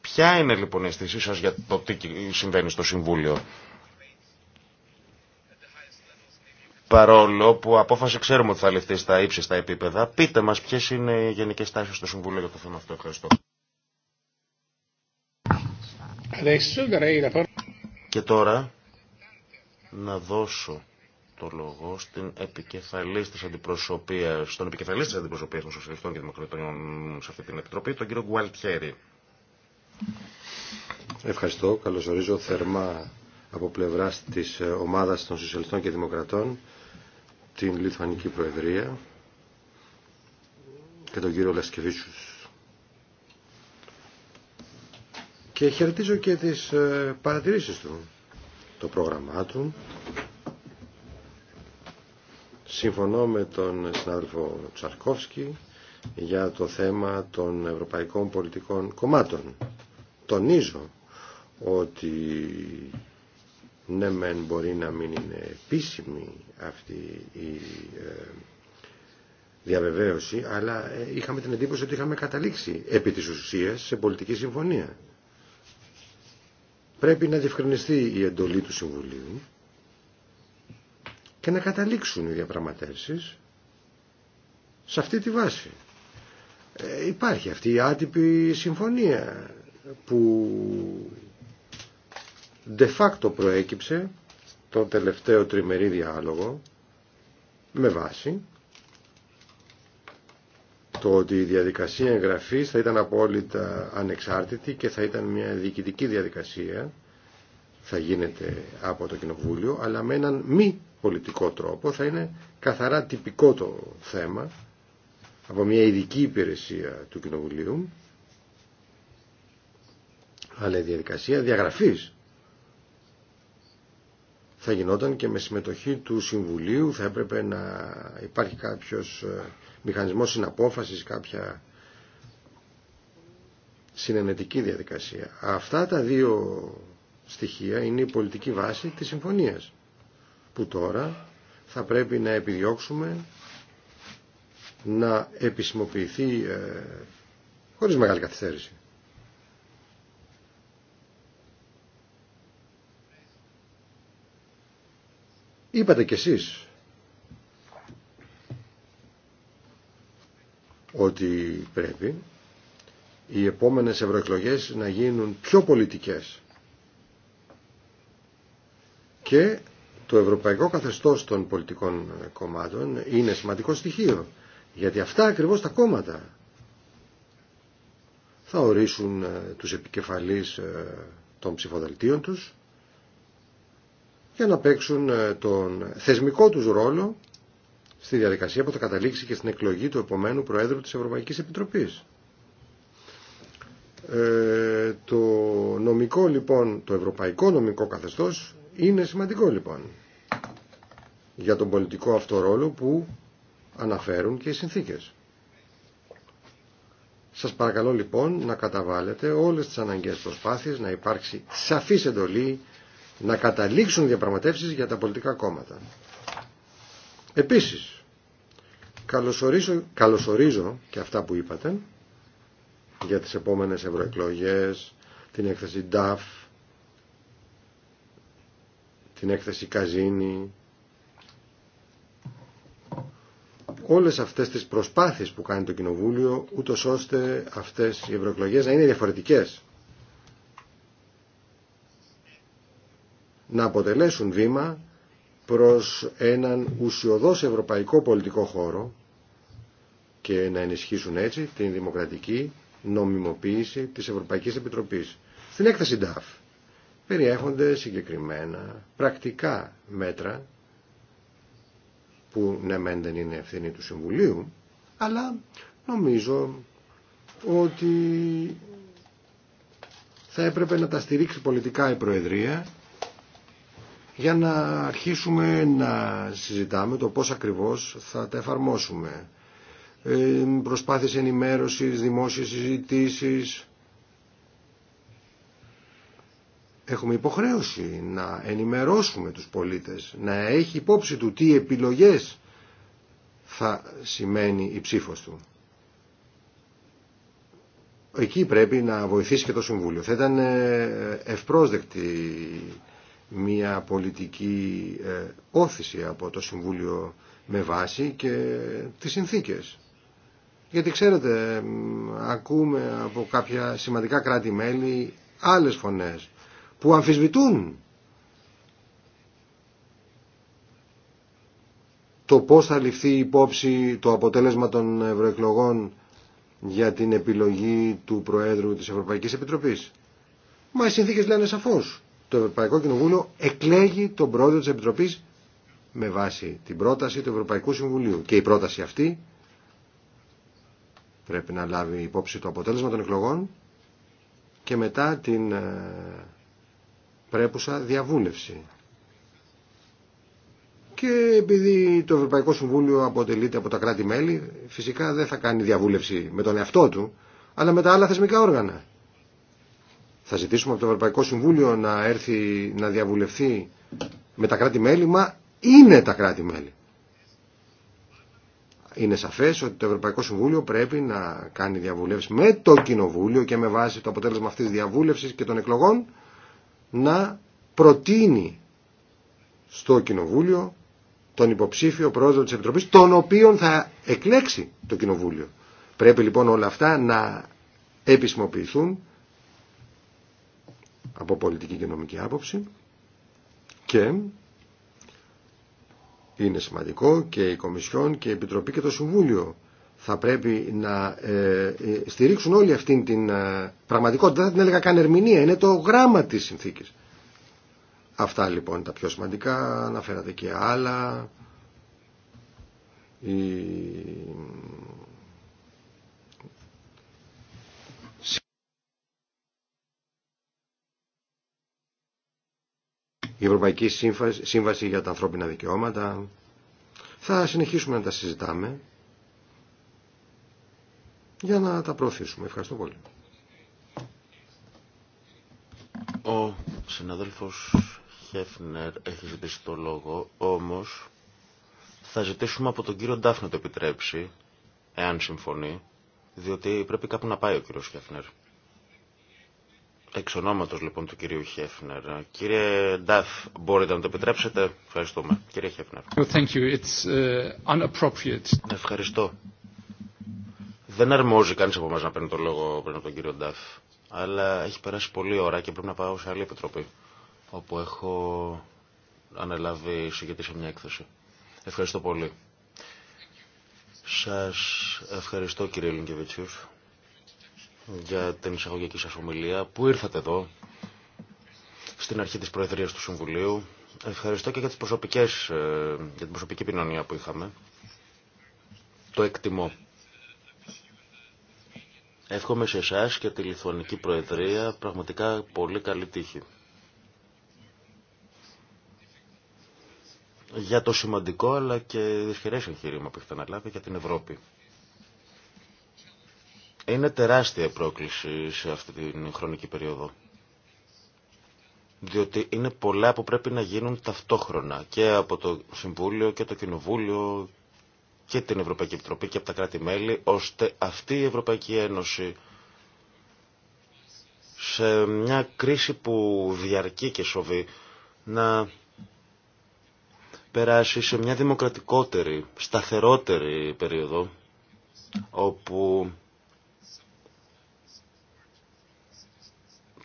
Ποια είναι λοιπόν η αισθήσή σας για το τι συμβαίνει στο Συμβούλιο. Παρόλο που απόφαση ξέρουμε ότι θα ληφθεί στα ύψιστα επίπεδα, πείτε μας ποιες είναι οι γενικές τάσεις στο Συμβούλιο για το θέμα αυτό. Ευχαριστώ. Και τώρα να δώσω το λόγο στην επικεφαλής της αντιπροσωπείας, στον επικεφαλής της αντιπροσωπείας των Σοσιαλιστών και Δημοκρατών σε αυτή την επιτροπή, τον κύριο Γκουαλτιέρη. Ευχαριστώ. Καλωσορίζω θερμά από πλευράς της ομάδας των Σοσιαλιστών και Δημοκρατών την Λιθουανική Προεδρία και τον κύριο Λασκεβίτσους και χαιρετίζω και τις ε, παρατηρήσεις του, το πρόγραμμά του. Συμφωνώ με τον συνάδελφο Τσαρκόφσκι για το θέμα των ευρωπαϊκών πολιτικών κομμάτων. Τονίζω ότι ναι μεν μπορεί να μην είναι επίσημη αυτή η ε, διαβεβαίωση αλλά ε, είχαμε την εντύπωση ότι είχαμε καταλήξει επί της ουσίας σε πολιτική συμφωνία. Πρέπει να διευκρινιστεί η εντολή του Συμβουλίου και να καταλήξουν οι διαπραγματεύσεις σε αυτή τη βάση. Ε, υπάρχει αυτή η άτυπη συμφωνία που de facto προέκυψε το τελευταίο τριμερή διάλογο με βάση το ότι η διαδικασία εγγραφής θα ήταν απόλυτα ανεξάρτητη και θα ήταν μια διοικητική διαδικασία, θα γίνεται από το Κοινοβούλιο, αλλά με έναν μη πολιτικό τρόπο θα είναι καθαρά τυπικό το θέμα από μια ειδική υπηρεσία του Κοινοβουλίου, αλλά η διαδικασία διαγραφής θα γινόταν και με συμμετοχή του Συμβουλίου, θα έπρεπε να υπάρχει κάποιος ε, μηχανισμός συναπόφασης, κάποια συνενετική διαδικασία. Αυτά τα δύο στοιχεία είναι η πολιτική βάση της συμφωνίας που τώρα θα πρέπει να επιδιώξουμε να επισημοποιηθεί ε, χωρίς μεγάλη καθυστέρηση. Είπατε κι εσείς ότι πρέπει οι επόμενες ευρωεκλογέ να γίνουν πιο πολιτικές και το ευρωπαϊκό καθεστώς των πολιτικών κομμάτων είναι σημαντικό στοιχείο γιατί αυτά ακριβώς τα κόμματα θα ορίσουν ε, τους επικεφαλείς ε, των ψηφοδελτίων τους για να παίξουν ε, τον θεσμικό τους ρόλο στη διαδικασία που θα καταλήξει και στην εκλογή του επομένου Προέδρου της Ευρωπαϊκής Επιτροπής. Ε, το νομικό λοιπόν, το ευρωπαϊκό νομικό καθεστώς είναι σημαντικό λοιπόν για τον πολιτικό αυτό ρόλο που αναφέρουν και οι συνθήκες. Σας παρακαλώ λοιπόν να καταβάλλετε όλες τις αναγκαίες προσπάθειες να υπάρξει σαφής εντολή να καταλήξουν διαπραγματεύσεις για τα πολιτικά κόμματα. Επίσης, καλωσορίζω, καλωσορίζω και αυτά που είπατε για τις επόμενες ευρωεκλογές, την έκθεση DAF, την έκθεση Καζίνη, όλες αυτές τις προσπάθειες που κάνει το Κοινοβούλιο, ούτω ώστε αυτές οι ευρωεκλογές να είναι διαφορετικές. Να αποτελέσουν βήμα προς έναν ουσιοδός ευρωπαϊκό πολιτικό χώρο και να ενισχύσουν έτσι την δημοκρατική νομιμοποίηση της Ευρωπαϊκής Επιτροπής. Στην έκθεση DAF περιέχονται συγκεκριμένα πρακτικά μέτρα που ναι μεν δεν είναι ευθύνη του Συμβουλίου αλλά νομίζω ότι θα έπρεπε να τα στηρίξει πολιτικά η Προεδρία για να αρχίσουμε να συζητάμε το πώς ακριβώς θα τα εφαρμόσουμε. Ε, προσπάθειες ενημέρωσης, δημόσιες συζητήσεις. Έχουμε υποχρέωση να ενημερώσουμε τους πολίτες, να έχει υπόψη του τι επιλογές θα σημαίνει η ψήφος του. Εκεί πρέπει να βοηθήσει και το Συμβούλιο. Θα ήταν ε, ευπρόσδεκτη μια πολιτική ε, όθηση από το Συμβούλιο με βάση και τις συνθήκες. Γιατί ξέρετε, ακούμε από κάποια σημαντικά κράτη-μέλη άλλες φωνές που αμφισβητούν το πώς θα ληφθεί υπόψη το αποτέλεσμα των ευρωεκλογών για την επιλογή του Προέδρου της Ευρωπαϊκής Επιτροπής. Μα οι συνθήκες λένε σαφώς το Ευρωπαϊκό Κοινοβούλιο εκλέγει τον πρόεδρο της Επιτροπής με βάση την πρόταση του Ευρωπαϊκού Συμβουλίου. Και η πρόταση αυτή πρέπει να λάβει υπόψη το αποτέλεσμα των εκλογών και μετά την ε, πρέπουσα διαβούλευση. Και επειδή το Ευρωπαϊκό Συμβούλιο αποτελείται από τα κράτη-μέλη, φυσικά δεν θα κάνει διαβούλευση με τον εαυτό του, αλλά με τα άλλα θεσμικά όργανα. Θα ζητήσουμε από το Ευρωπαϊκό Συμβούλιο να έρθει να διαβουλευθεί με τα κράτη-μέλη, μα είναι τα κράτη-μέλη. Είναι σαφές ότι το Ευρωπαϊκό Συμβούλιο πρέπει να κάνει διαβουλεύσεις με το Κοινοβούλιο και με βάση το αποτέλεσμα αυτής της διαβούλευσης και των εκλογών να προτείνει στο Κοινοβούλιο τον υποψήφιο πρόεδρο της Επιτροπής, τον οποίον θα εκλέξει το Κοινοβούλιο. Πρέπει λοιπόν όλα αυτά να επισημοποιηθούν από πολιτική και νομική άποψη και είναι σημαντικό και η Κομισιόν και η Επιτροπή και το Συμβούλιο θα πρέπει να ε, ε, στηρίξουν όλη αυτή την ε, πραγματικότητα. Δεν θα την έλεγα καν ερμηνεία. Είναι το γράμμα της συνθήκης. Αυτά λοιπόν τα πιο σημαντικά. Αναφέρατε και άλλα. η Ευρωπαϊκή Σύμβαση, Σύμβαση για τα Ανθρώπινα Δικαιώματα. Θα συνεχίσουμε να τα συζητάμε για να τα προωθήσουμε. Ευχαριστώ πολύ. Ο συναδέλφος Χέφνερ έχει ζητήσει το λόγο, όμως θα ζητήσουμε από τον κύριο Ντάφ να το επιτρέψει, εάν συμφωνεί, διότι πρέπει κάπου να πάει ο κύριος Χέφνερ. Εξ ονόματος, λοιπόν του κυρίου Χέφνερ. Κύριε Ντάφ, μπορείτε να το επιτρέψετε. Ευχαριστούμε. Κύριε Χέφνερ. Uh, ευχαριστώ. Δεν αρμόζει κανείς από εμάς να παίρνει το λόγο πριν από τον κύριο Ντάφ. Αλλά έχει περάσει πολλή ώρα και πρέπει να πάω σε άλλη επιτροπή. Όπου έχω αναλάβει συγκεκριτή σε μια έκθεση. Ευχαριστώ πολύ. Σας ευχαριστώ κύριε Λιγκεβιτσιούς για την εισαγωγική σας ομιλία που ήρθατε εδώ στην αρχή της Προεδρίας του Συμβουλίου. Ευχαριστώ και για, τις προσωπικές, ε, για την προσωπική ποινωνία που είχαμε. Το εκτιμώ. Εύχομαι σε εσά και τη Λιθουανική Προεδρία πραγματικά πολύ καλή τύχη. Για το σημαντικό αλλά και δυσχερές εγχείρημα που έχετε αναλάβει για την Ευρώπη είναι τεράστια πρόκληση σε αυτή την χρονική περίοδο. Διότι είναι πολλά που πρέπει να γίνουν ταυτόχρονα και από το Συμβούλιο και το Κοινοβούλιο και την Ευρωπαϊκή Επιτροπή και από τα κράτη-μέλη, ώστε αυτή η Ευρωπαϊκή Ένωση σε μια κρίση που διαρκεί και σοβεί να περάσει σε μια δημοκρατικότερη, σταθερότερη περίοδο όπου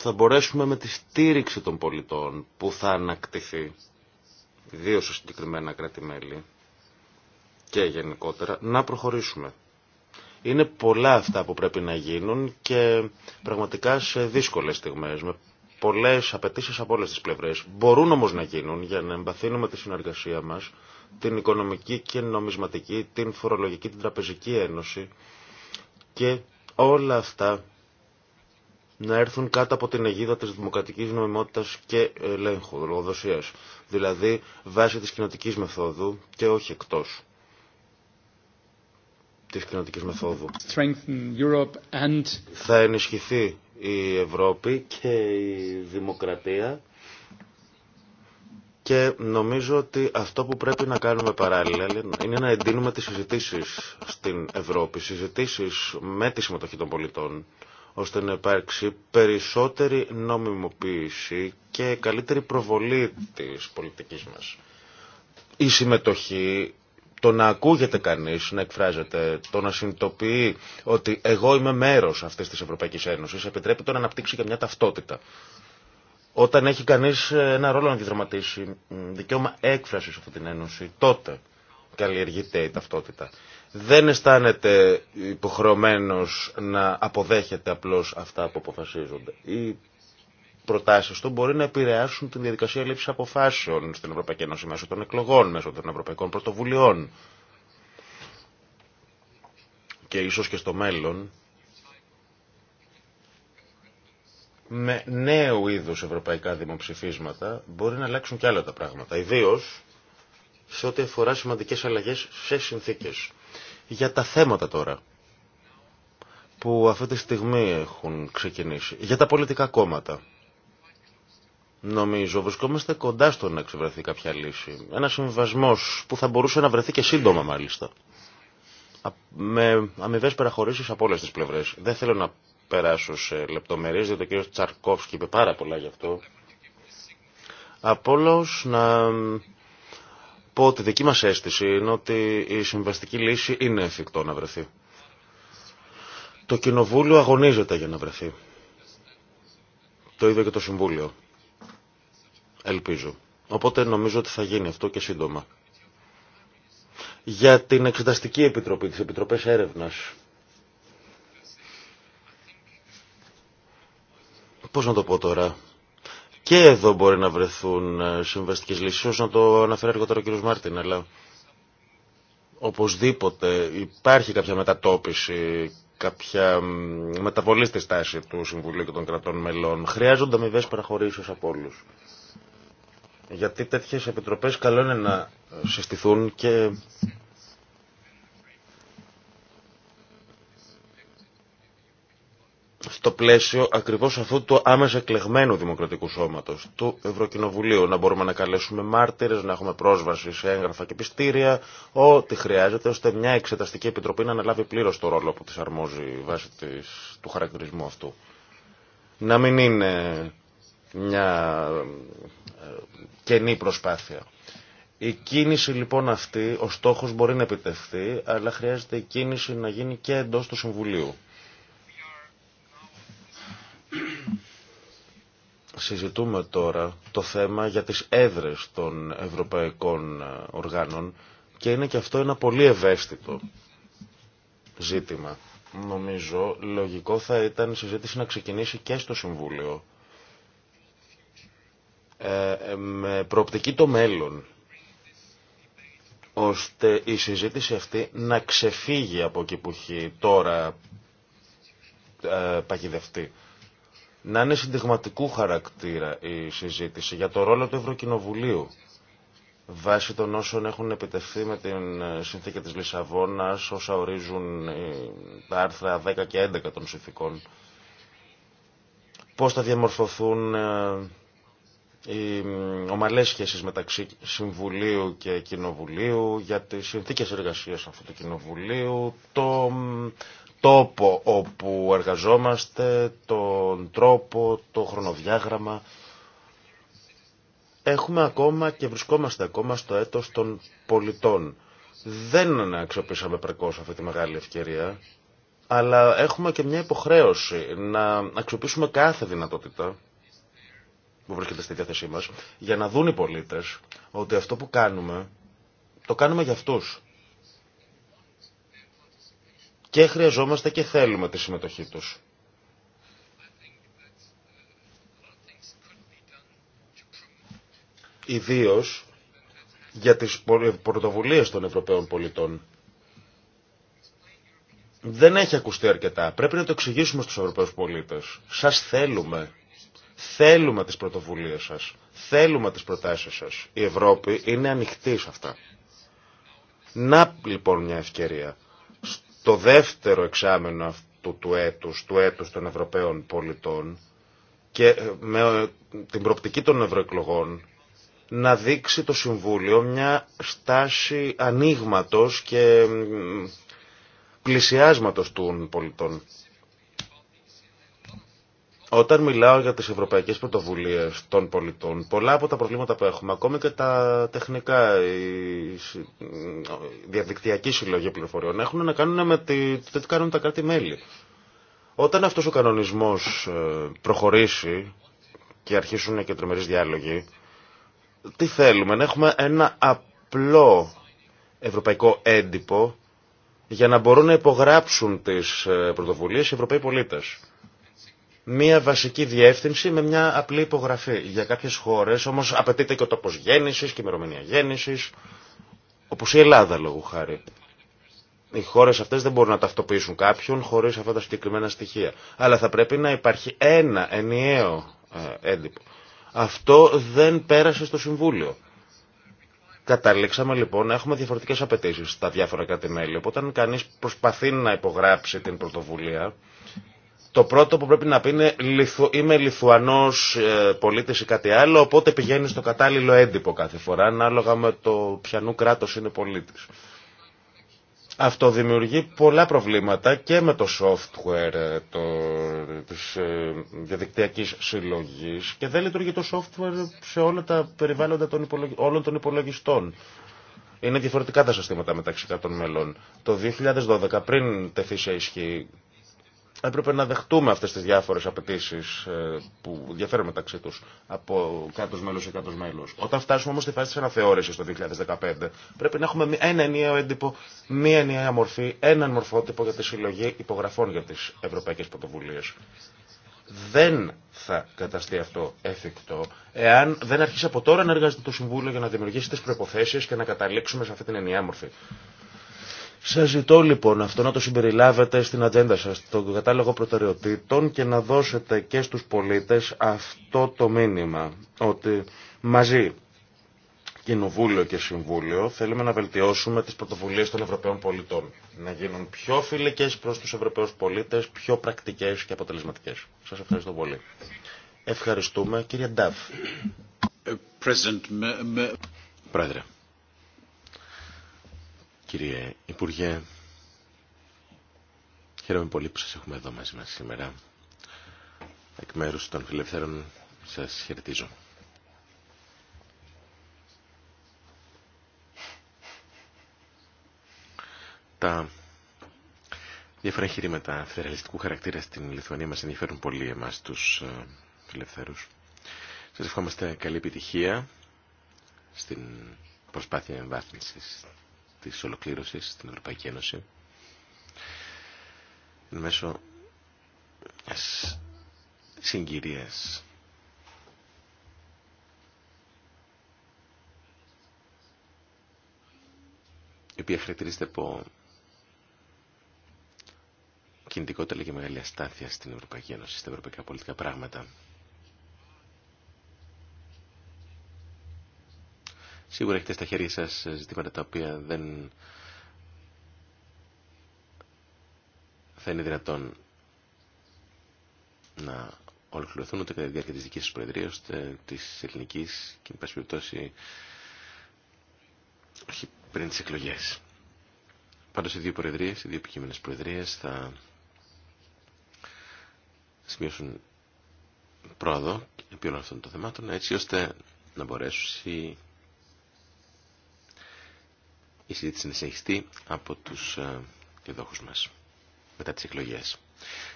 θα μπορέσουμε με τη στήριξη των πολιτών που θα ανακτηθεί, δύο σε συγκεκριμένα κράτη-μέλη και γενικότερα, να προχωρήσουμε. Είναι πολλά αυτά που πρέπει να γίνουν και πραγματικά σε δύσκολες στιγμές, με πολλές απαιτήσει από όλες τις πλευρές. Μπορούν όμως να γίνουν για να εμπαθύνουμε τη συνεργασία μας, την οικονομική και νομισματική, την φορολογική, την τραπεζική ένωση και όλα αυτά να έρθουν κάτω από την αιγίδα της δημοκρατικής νομιμότητας και ελέγχου, λογοδοσίας. Δηλαδή βάσει της κοινοτικής μεθόδου και όχι εκτός της κοινοτικής μεθόδου. Θα ενισχυθεί η Ευρώπη και η δημοκρατία και νομίζω ότι αυτό που πρέπει να κάνουμε παράλληλα είναι να εντείνουμε τις συζητήσεις στην Ευρώπη, συζητήσεις με τη συμμετοχή των πολιτών ώστε να υπάρξει περισσότερη νομιμοποίηση και καλύτερη προβολή της πολιτικής μας. Η συμμετοχή, το να ακούγεται κανείς, να εκφράζεται, το να συνειδητοποιεί ότι εγώ είμαι μέρος αυτής της Ευρωπαϊκής Ένωσης, επιτρέπει το να αναπτύξει και μια ταυτότητα. Όταν έχει κανείς ε, ένα ρόλο να διδραματίσει δικαίωμα έκφρασης από την Ένωση, τότε καλλιεργείται η ταυτότητα δεν αισθάνεται υποχρεωμένος να αποδέχεται απλώς αυτά που αποφασίζονται. Οι προτάσεις του μπορεί να επηρεάσουν την διαδικασία λήψης αποφάσεων στην Ευρωπαϊκή Ένωση μέσω των εκλογών, μέσω των ευρωπαϊκών πρωτοβουλειών και ίσως και στο μέλλον με νέου είδους ευρωπαϊκά δημοψηφίσματα μπορεί να αλλάξουν και άλλα τα πράγματα. Ιδίως σε ό,τι αφορά σημαντικές αλλαγές σε συνθήκες. Για τα θέματα τώρα που αυτή τη στιγμή έχουν ξεκινήσει. Για τα πολιτικά κόμματα. Νομίζω βρισκόμαστε κοντά στο να εξευρεθεί κάποια λύση. Ένα συμβασμό που θα μπορούσε να βρεθεί και σύντομα μάλιστα. Με αμοιβέ παραχωρήσει από όλε τι πλευρέ. Δεν θέλω να περάσω σε λεπτομέρειε, διότι ο κ. Τσαρκόφσκι είπε πάρα πολλά γι' αυτό. Από να πω ότι δική μας αίσθηση είναι ότι η συμβαστική λύση είναι εφικτό να βρεθεί. Το Κοινοβούλιο αγωνίζεται για να βρεθεί. Το ίδιο και το Συμβούλιο. Ελπίζω. Οπότε νομίζω ότι θα γίνει αυτό και σύντομα. Για την Εξεταστική Επιτροπή, τις Επιτροπές Έρευνας. Πώς να το πω τώρα. Και εδώ μπορεί να βρεθούν ε, συμβαστικές λύσεις, όσο να το αναφέρει αργότερα ο κ. Μάρτιν, αλλά οπωσδήποτε υπάρχει κάποια μετατόπιση, κάποια μεταβολή στη στάση του Συμβουλίου και των κρατών μελών. Χρειάζονται αμοιβέ παραχωρήσεις από όλους. Γιατί τέτοιες επιτροπές καλό είναι να συστηθούν και το πλαίσιο ακριβώς αυτού του άμεσα εκλεγμένου δημοκρατικού σώματος, του Ευρωκοινοβουλίου, να μπορούμε να καλέσουμε μάρτυρες, να έχουμε πρόσβαση σε έγγραφα και πιστήρια, ό,τι χρειάζεται, ώστε μια εξεταστική επιτροπή να αναλάβει πλήρως το ρόλο που της αρμόζει βάσει του χαρακτηρισμού αυτού. Να μην είναι μια ε, κενή προσπάθεια. Η κίνηση λοιπόν αυτή, ο στόχος μπορεί να επιτευχθεί, αλλά χρειάζεται η κίνηση να γίνει και εντός του Συμβουλίου. Συζητούμε τώρα το θέμα για τις έδρες των ευρωπαϊκών ε, οργάνων και είναι και αυτό ένα πολύ ευαίσθητο ζήτημα. Νομίζω λογικό θα ήταν η συζήτηση να ξεκινήσει και στο Συμβούλιο. Ε, ε, με προοπτική το μέλλον ώστε η συζήτηση αυτή να ξεφύγει από εκεί που έχει τώρα παγιδευτεί να είναι συντηγματικού χαρακτήρα η συζήτηση για το ρόλο του Ευρωκοινοβουλίου βάσει των όσων έχουν επιτευχθεί με την ε, συνθήκη της Λισαβόνας όσα ορίζουν ε, τα άρθρα 10 και 11 των συνθήκων πώς θα διαμορφωθούν ε, οι ομαλές σχέσεις μεταξύ Συμβουλίου και Κοινοβουλίου για τις συνθήκες εργασίας αυτού του Κοινοβουλίου το τόπο όπου εργαζόμαστε, τον τρόπο, το χρονοδιάγραμμα. Έχουμε ακόμα και βρισκόμαστε ακόμα στο έτος των πολιτών. Δεν αξιοποιήσαμε πρακώς αυτή τη μεγάλη ευκαιρία, αλλά έχουμε και μια υποχρέωση να αξιοποιήσουμε κάθε δυνατότητα που βρίσκεται στη διάθεσή μας, για να δουν οι πολίτες ότι αυτό που κάνουμε, το κάνουμε για αυτούς και χρειαζόμαστε και θέλουμε τη συμμετοχή τους. Ιδίω για τις πρωτοβουλίες των Ευρωπαίων πολιτών. Δεν έχει ακουστεί αρκετά. Πρέπει να το εξηγήσουμε στους Ευρωπαίους πολίτες. Σας θέλουμε. Θέλουμε τις πρωτοβουλίες σας. Θέλουμε τις προτάσεις σας. Η Ευρώπη είναι ανοιχτή σε αυτά. Να λοιπόν μια ευκαιρία το δεύτερο εξάμενο αυτού του έτους, του έτους των Ευρωπαίων πολιτών και ε, με ε, την προπτική των ευρωεκλογών να δείξει το Συμβούλιο μια στάση ανοίγματο και πλησιάσματος των πολιτών. Όταν μιλάω για τις ευρωπαϊκές πρωτοβουλίες των πολιτών, πολλά από τα προβλήματα που έχουμε, ακόμη και τα τεχνικά, η διαδικτυακή συλλογή πληροφοριών, έχουν να κάνουν με το τι κάνουν τα κράτη-μέλη. Όταν αυτός ο κανονισμός ε, προχωρήσει και αρχίσουν και τρομερείς διάλογοι, τι θέλουμε, να έχουμε ένα απλό ευρωπαϊκό έντυπο για να μπορούν να υπογράψουν τις ε, πρωτοβουλίες οι ευρωπαίοι πολίτες μία βασική διεύθυνση με μια απλή υπογραφή. Για κάποιες χώρες όμως απαιτείται και ο τόπος γέννησης και ημερομηνία γέννηση, όπως η Ελλάδα λόγου χάρη. Οι χώρες αυτές δεν μπορούν να ταυτοποιήσουν κάποιον χωρίς αυτά τα συγκεκριμένα στοιχεία. Αλλά θα πρέπει να υπάρχει ένα ενιαίο ε, έντυπο. Αυτό δεν πέρασε στο Συμβούλιο. Καταλήξαμε λοιπόν να έχουμε διαφορετικές απαιτήσεις στα διάφορα κράτη-μέλη. Οπότε αν κανείς προσπαθεί να υπογράψει την πρωτοβουλία, το πρώτο που πρέπει να πει είναι είμαι Λιθουανός ε, πολίτης ή κάτι άλλο, οπότε πηγαίνει στο κατάλληλο έντυπο κάθε φορά, ανάλογα με το ποιανού κράτος είναι πολίτης. Αυτό δημιουργεί πολλά προβλήματα και με το software ε, το, της ε, διαδικτυακής συλλογής και δεν λειτουργεί το software σε όλα τα περιβάλλοντα των όλων των υπολογιστών. Είναι διαφορετικά τα συστήματα μεταξύ των μελών. Το 2012 πριν τεθεί σε ισχύ έπρεπε να δεχτούμε αυτές τις διάφορες απαιτήσει ε, που διαφέρουν μεταξύ τους από κάτω μέλος σε κάτω μέλος. Όταν φτάσουμε όμως στη φάση της αναθεώρησης το 2015 πρέπει να έχουμε ένα ενιαίο έντυπο, μία ενιαία μορφή, έναν μορφότυπο για τη συλλογή υπογραφών για τις ευρωπαϊκές πρωτοβουλίες. Δεν θα καταστεί αυτό εφικτό εάν δεν αρχίσει από τώρα να εργάζεται το Συμβούλιο για να δημιουργήσει τις προποθέσει και να καταλήξουμε σε αυτή την ενιαία μορφή. Σα ζητώ λοιπόν αυτό να το συμπεριλάβετε στην ατζέντα σα στον κατάλογο προτεραιοτήτων και να δώσετε και στους πολίτες αυτό το μήνυμα, ότι μαζί Κοινοβούλιο και Συμβούλιο θέλουμε να βελτιώσουμε τις πρωτοβουλίε των Ευρωπαίων πολιτών, να γίνουν πιο φιλικέ προς τους Ευρωπαίους πολίτες, πιο πρακτικές και αποτελεσματικές. Σα ευχαριστώ πολύ. Ευχαριστούμε. Κύριε Νταφ. Ε, Πρόεδρε. Κύριε Υπουργέ, χαίρομαι πολύ που σας έχουμε εδώ μαζί μας σήμερα. Εκ μέρους των φιλελευθέρων σας χαιρετίζω. Τα διάφορα εγχειρήματα φεδεραλιστικού χαρακτήρα στην Λιθουανία μας ενδιαφέρουν πολύ εμάς τους ε, φιλελευθέρους. Σας ευχόμαστε καλή επιτυχία στην προσπάθεια εμβάθμισης της ολοκλήρωσης στην Ευρωπαϊκή Ένωση μέσω μιας συγκυρίας η οποία χαρακτηρίζεται από κινητικότητα και μεγάλη αστάθεια στην Ευρωπαϊκή Ένωση, στα ευρωπαϊκά πολιτικά πράγματα. Σίγουρα έχετε στα χέρια σας ζητήματα τα οποία δεν θα είναι δυνατόν να ολοκληρωθούν ούτε κατά τη διάρκεια της δικής σας προεδρίας, ούτε της ελληνικής και, με πάση περιπτώσει, όχι πριν τις εκλογές. Πάντως οι δύο προεδρίες, οι δύο επικείμενες προεδρίες θα σημειώσουν πρόοδο επί όλων αυτών των θεμάτων, έτσι ώστε να μπορέσουν η συζήτηση είναι από τους διδόχους ε, μας μετά τις εκλογές.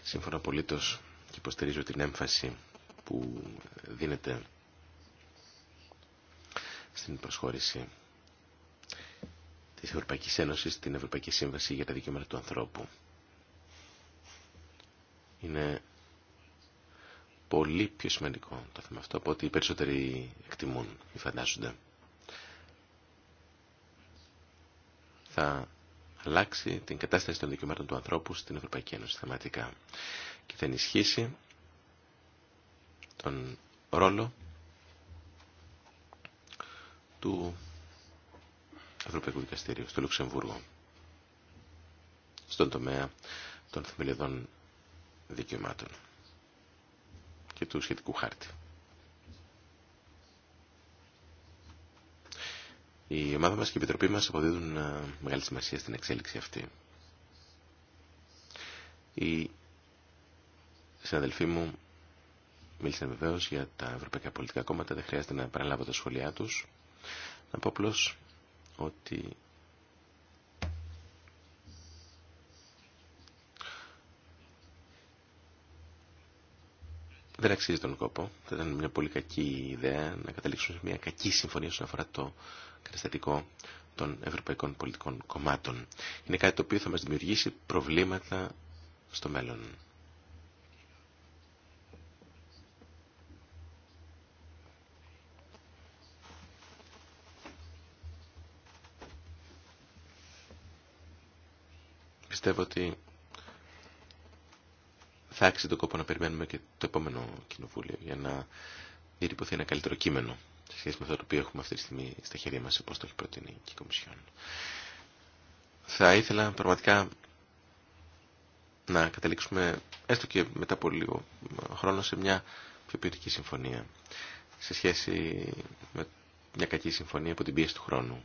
Σύμφωνα απολύτως και υποστηρίζω την έμφαση που δίνεται στην προσχώρηση της Ευρωπαϊκής Ένωσης στην Ευρωπαϊκή Σύμβαση για τα Δικαιώματα του Ανθρώπου. Είναι πολύ πιο σημαντικό το θέμα αυτό από ό,τι οι περισσότεροι εκτιμούν ή φαντάζονται. θα αλλάξει την κατάσταση των δικαιωμάτων του ανθρώπου στην Ευρωπαϊκή Ένωση θεματικά και θα ενισχύσει τον ρόλο του Ευρωπαϊκού Δικαστηρίου στο Λουξεμβούργο στον τομέα των θεμελιωδών δικαιωμάτων και του σχετικού χάρτη. Η ομάδα μας και η Επιτροπή μας αποδίδουν ε, μεγάλη σημασία στην εξέλιξη αυτή. Οι συναδελφοί μου μίλησαν βεβαίως για τα ευρωπαϊκά πολιτικά κόμματα, δεν χρειάζεται να παραλάβω τα σχόλιά τους. Να πω απλώ ότι δεν αξίζει τον κόπο. Θα ήταν μια πολύ κακή ιδέα να καταλήξουμε σε μια κακή συμφωνία όσον αφορά το καταστατικό των ευρωπαϊκών πολιτικών κομμάτων. Είναι κάτι το οποίο θα μας δημιουργήσει προβλήματα στο μέλλον. Πιστεύω ότι θα άξει τον κόπο να περιμένουμε και το επόμενο κοινοβούλιο για να διατυπωθεί ένα καλύτερο κείμενο σε σχέση με αυτό το οποίο έχουμε αυτή τη στιγμή στα χέρια μας όπως το έχει προτείνει και η Κομισιόν. Θα ήθελα πραγματικά να καταλήξουμε έστω και μετά από λίγο χρόνο σε μια πιο ποιοτική συμφωνία σε σχέση με μια κακή συμφωνία από την πίεση του χρόνου.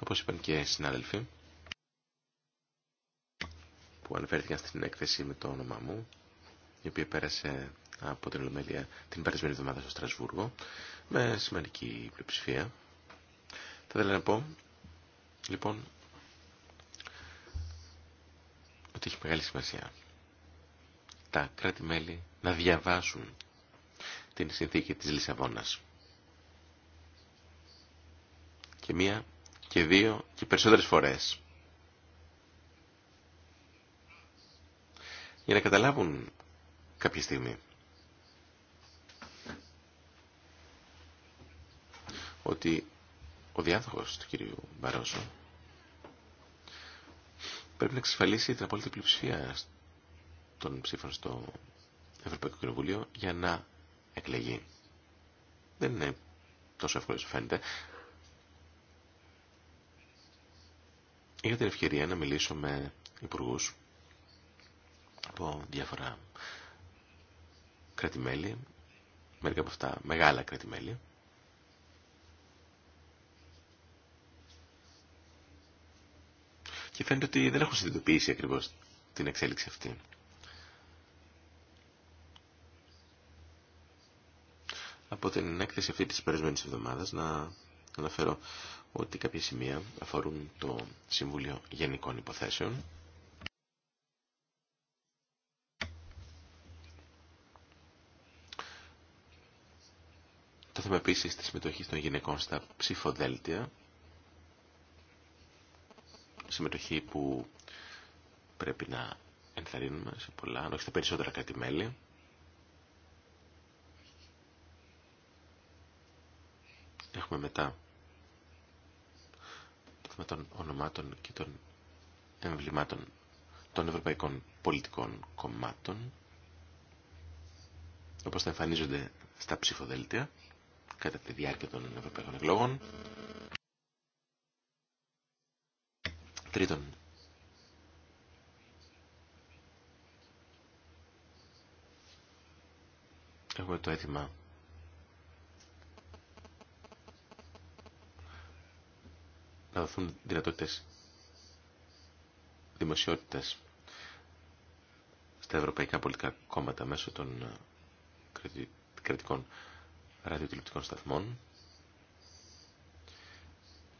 Όπως είπαν και οι συνάδελφοι που αναφέρθηκαν στην έκθεση με το όνομά μου η οποία πέρασε από την Ολομέλεια την περασμένη εβδομάδα στο Στρασβούργο με σημαντική πλειοψηφία. Θα ήθελα να πω, λοιπόν, ότι έχει μεγάλη σημασία τα κράτη-μέλη να διαβάσουν την συνθήκη της Λισαβόνας. Και μία και δύο και περισσότερες φορές. Για να καταλάβουν κάποια στιγμή ότι ο διάδοχος του κυρίου Μπαρόζου πρέπει να εξασφαλίσει την απόλυτη πλειοψηφία των ψήφων στο Ευρωπαϊκό Κοινοβούλιο για να εκλεγεί. Δεν είναι τόσο εύκολο όσο φαίνεται. Είχα την ευκαιρία να μιλήσω με υπουργού από διάφορα κρατημέλη, μερικά από αυτά μεγάλα κρατημέλη, και φαίνεται ότι δεν έχουν συνειδητοποιήσει ακριβώς την εξέλιξη αυτή. Από την έκθεση αυτή της περισμένης εβδομάδας να αναφέρω ότι κάποια σημεία αφορούν το Συμβούλιο Γενικών Υποθέσεων. Το θέμα επίσης της συμμετοχής των γυναικών στα ψηφοδέλτια συμμετοχή που πρέπει να ενθαρρύνουμε σε πολλά, όχι στα περισσότερα κράτη-μέλη. Έχουμε μετά το των ονομάτων και των εμβλημάτων των ευρωπαϊκών πολιτικών κομμάτων όπως θα εμφανίζονται στα ψηφοδέλτια κατά τη διάρκεια των ευρωπαϊκών εκλογών Τρίτον, έχουμε το αίτημα να δοθούν δυνατότητες δημοσιότητες στα ευρωπαϊκά πολιτικά κόμματα μέσω των ε, κρατικών ραδιοτηλεπτικών σταθμών.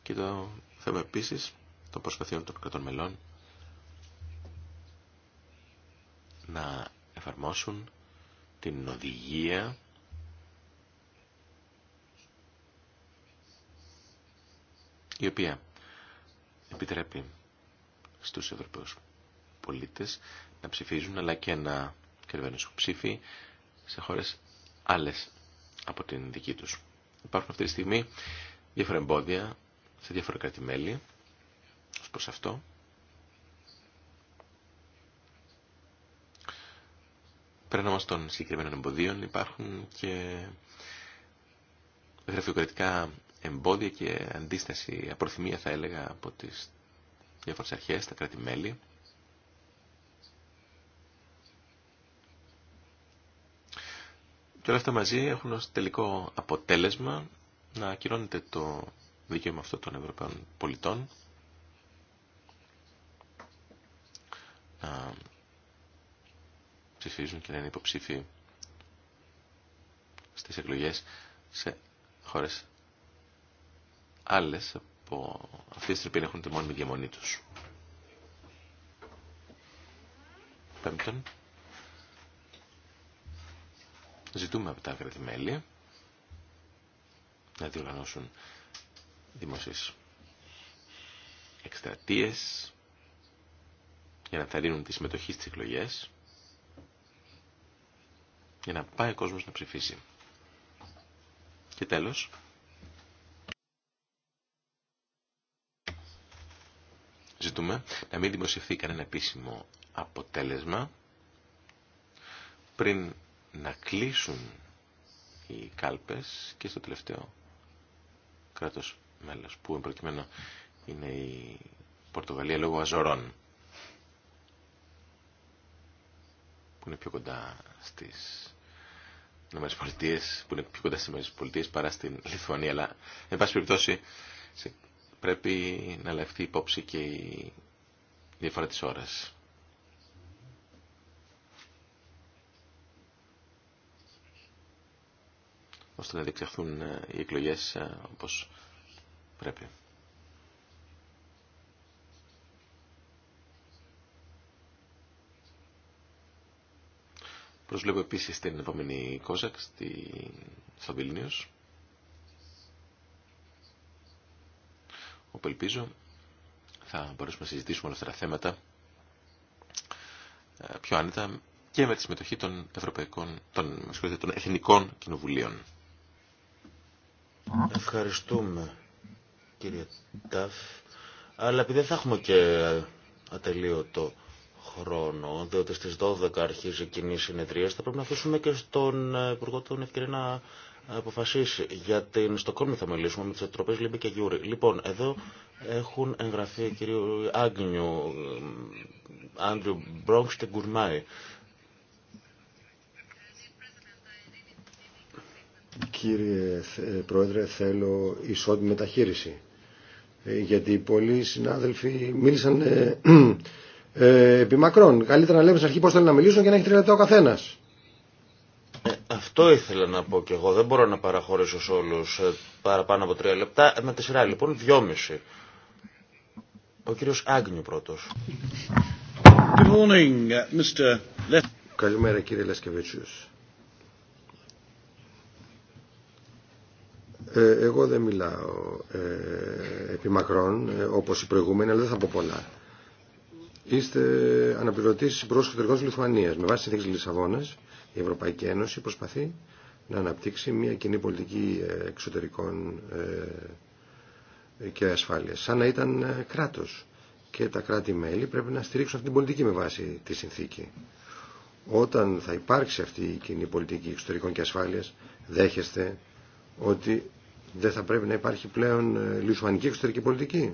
Και το θέμα επίσης των προσπαθειών των κρατών μελών να εφαρμόσουν την οδηγία η οποία επιτρέπει στους Ευρωπαίους πολίτες να ψηφίζουν αλλά και να κερδίσουν ψήφοι σε χώρες άλλες από την δική τους. Υπάρχουν αυτή τη στιγμή διάφορα εμπόδια σε διάφορα κράτη-μέλη ως προς αυτό. Πέραν των συγκεκριμένων εμποδίων υπάρχουν και γραφειοκρατικά εμπόδια και αντίσταση, απροθυμία θα έλεγα από τις διάφορες αρχές, τα κράτη-μέλη. Και όλα αυτά μαζί έχουν ως τελικό αποτέλεσμα να ακυρώνεται το δικαίωμα αυτό των Ευρωπαίων πολιτών να ψηφίζουν και να είναι υποψήφοι στις εκλογές σε χώρες άλλες από αυτές τι στιγμή έχουν τη μόνη διαμονή τους. Πέμπτον, ζητούμε από τα κρατημέλη να διοργανώσουν δημοσίες εκστρατείες για να ενθαρρύνουν τη συμμετοχή στις εκλογές, για να πάει ο κόσμος να ψηφίσει. Και τέλος, ζητούμε να μην δημοσιευθεί κανένα επίσημο αποτέλεσμα πριν να κλείσουν οι κάλπες και στο τελευταίο κράτος μέλος που εμπροκειμένο είναι η Πορτογαλία λόγω Αζωρών. που είναι πιο κοντά στις Ηνωμένες Πολιτείες, που είναι πιο κοντά στις Ηνωμένες παρά στην Λιθουανία, αλλά εν πάση περιπτώσει πρέπει να λεφτεί υπόψη και η διαφορά της ώρας. ώστε να διεξαχθούν ε, οι εκλογές ε, όπως πρέπει. Προσβλέπω επίση την επόμενη Κόζακ στη... στο Όπου ελπίζω θα μπορέσουμε να συζητήσουμε όλα αυτά τα θέματα ε, πιο άνετα και με τη συμμετοχή των, ευρωπαϊκών, των, των εθνικών κοινοβουλίων. Ευχαριστούμε κύριε Ταφ. Αλλά επειδή δεν θα έχουμε και ε, ατελείωτο χρόνο, διότι στις 12 αρχίζει κοινή συνεδρία, θα πρέπει να αφήσουμε και στον ε, Υπουργό τον ευκαιρία να ε, αποφασίσει. Για την Στοκόλμη θα μιλήσουμε με τις Επιτροπές Λίμπη και Γιούρι. Λοιπόν, εδώ έχουν εγγραφεί κύριο Άγνιου, ε, Άντριου Μπρόγκς και Γκουρμάη. Κύριε Πρόεδρε, θέλω ισότιμη μεταχείριση. Γιατί πολλοί συνάδελφοι μίλησαν ε, μακρόν. Καλύτερα να λέμε στην αρχή πώ θέλουν να μιλήσουν και να έχει τρία λεπτά ο καθένα. Ε, αυτό ήθελα να πω και εγώ. Δεν μπορώ να παραχωρήσω σε όλου ε, παραπάνω από τρία λεπτά. Ε, με τη σειρά λοιπόν, δυόμιση. Ο κύριο Άγνιου πρώτο. Uh, Καλημέρα κύριε Ε, εγώ δεν μιλάω ε, επί μακρόν, ε, όπως οι προηγούμενοι, αλλά δεν θα πω πολλά είστε αναπληρωτή Υπουργό Εξωτερικών τη Λιθουανία. Με βάση τη συνθήκε Λισαβόνα, η Ευρωπαϊκή Ένωση προσπαθεί να αναπτύξει μια κοινή πολιτική ε, εξωτερικών ε, και ασφάλεια. Σαν να ήταν ε, κράτο. Και τα κράτη-μέλη πρέπει να στηρίξουν αυτή την πολιτική με βάση τη συνθήκη. Όταν θα υπάρξει αυτή η κοινή πολιτική εξωτερικών και ασφάλεια, δέχεστε ότι δεν θα πρέπει να υπάρχει πλέον λιθουανική εξωτερική πολιτική.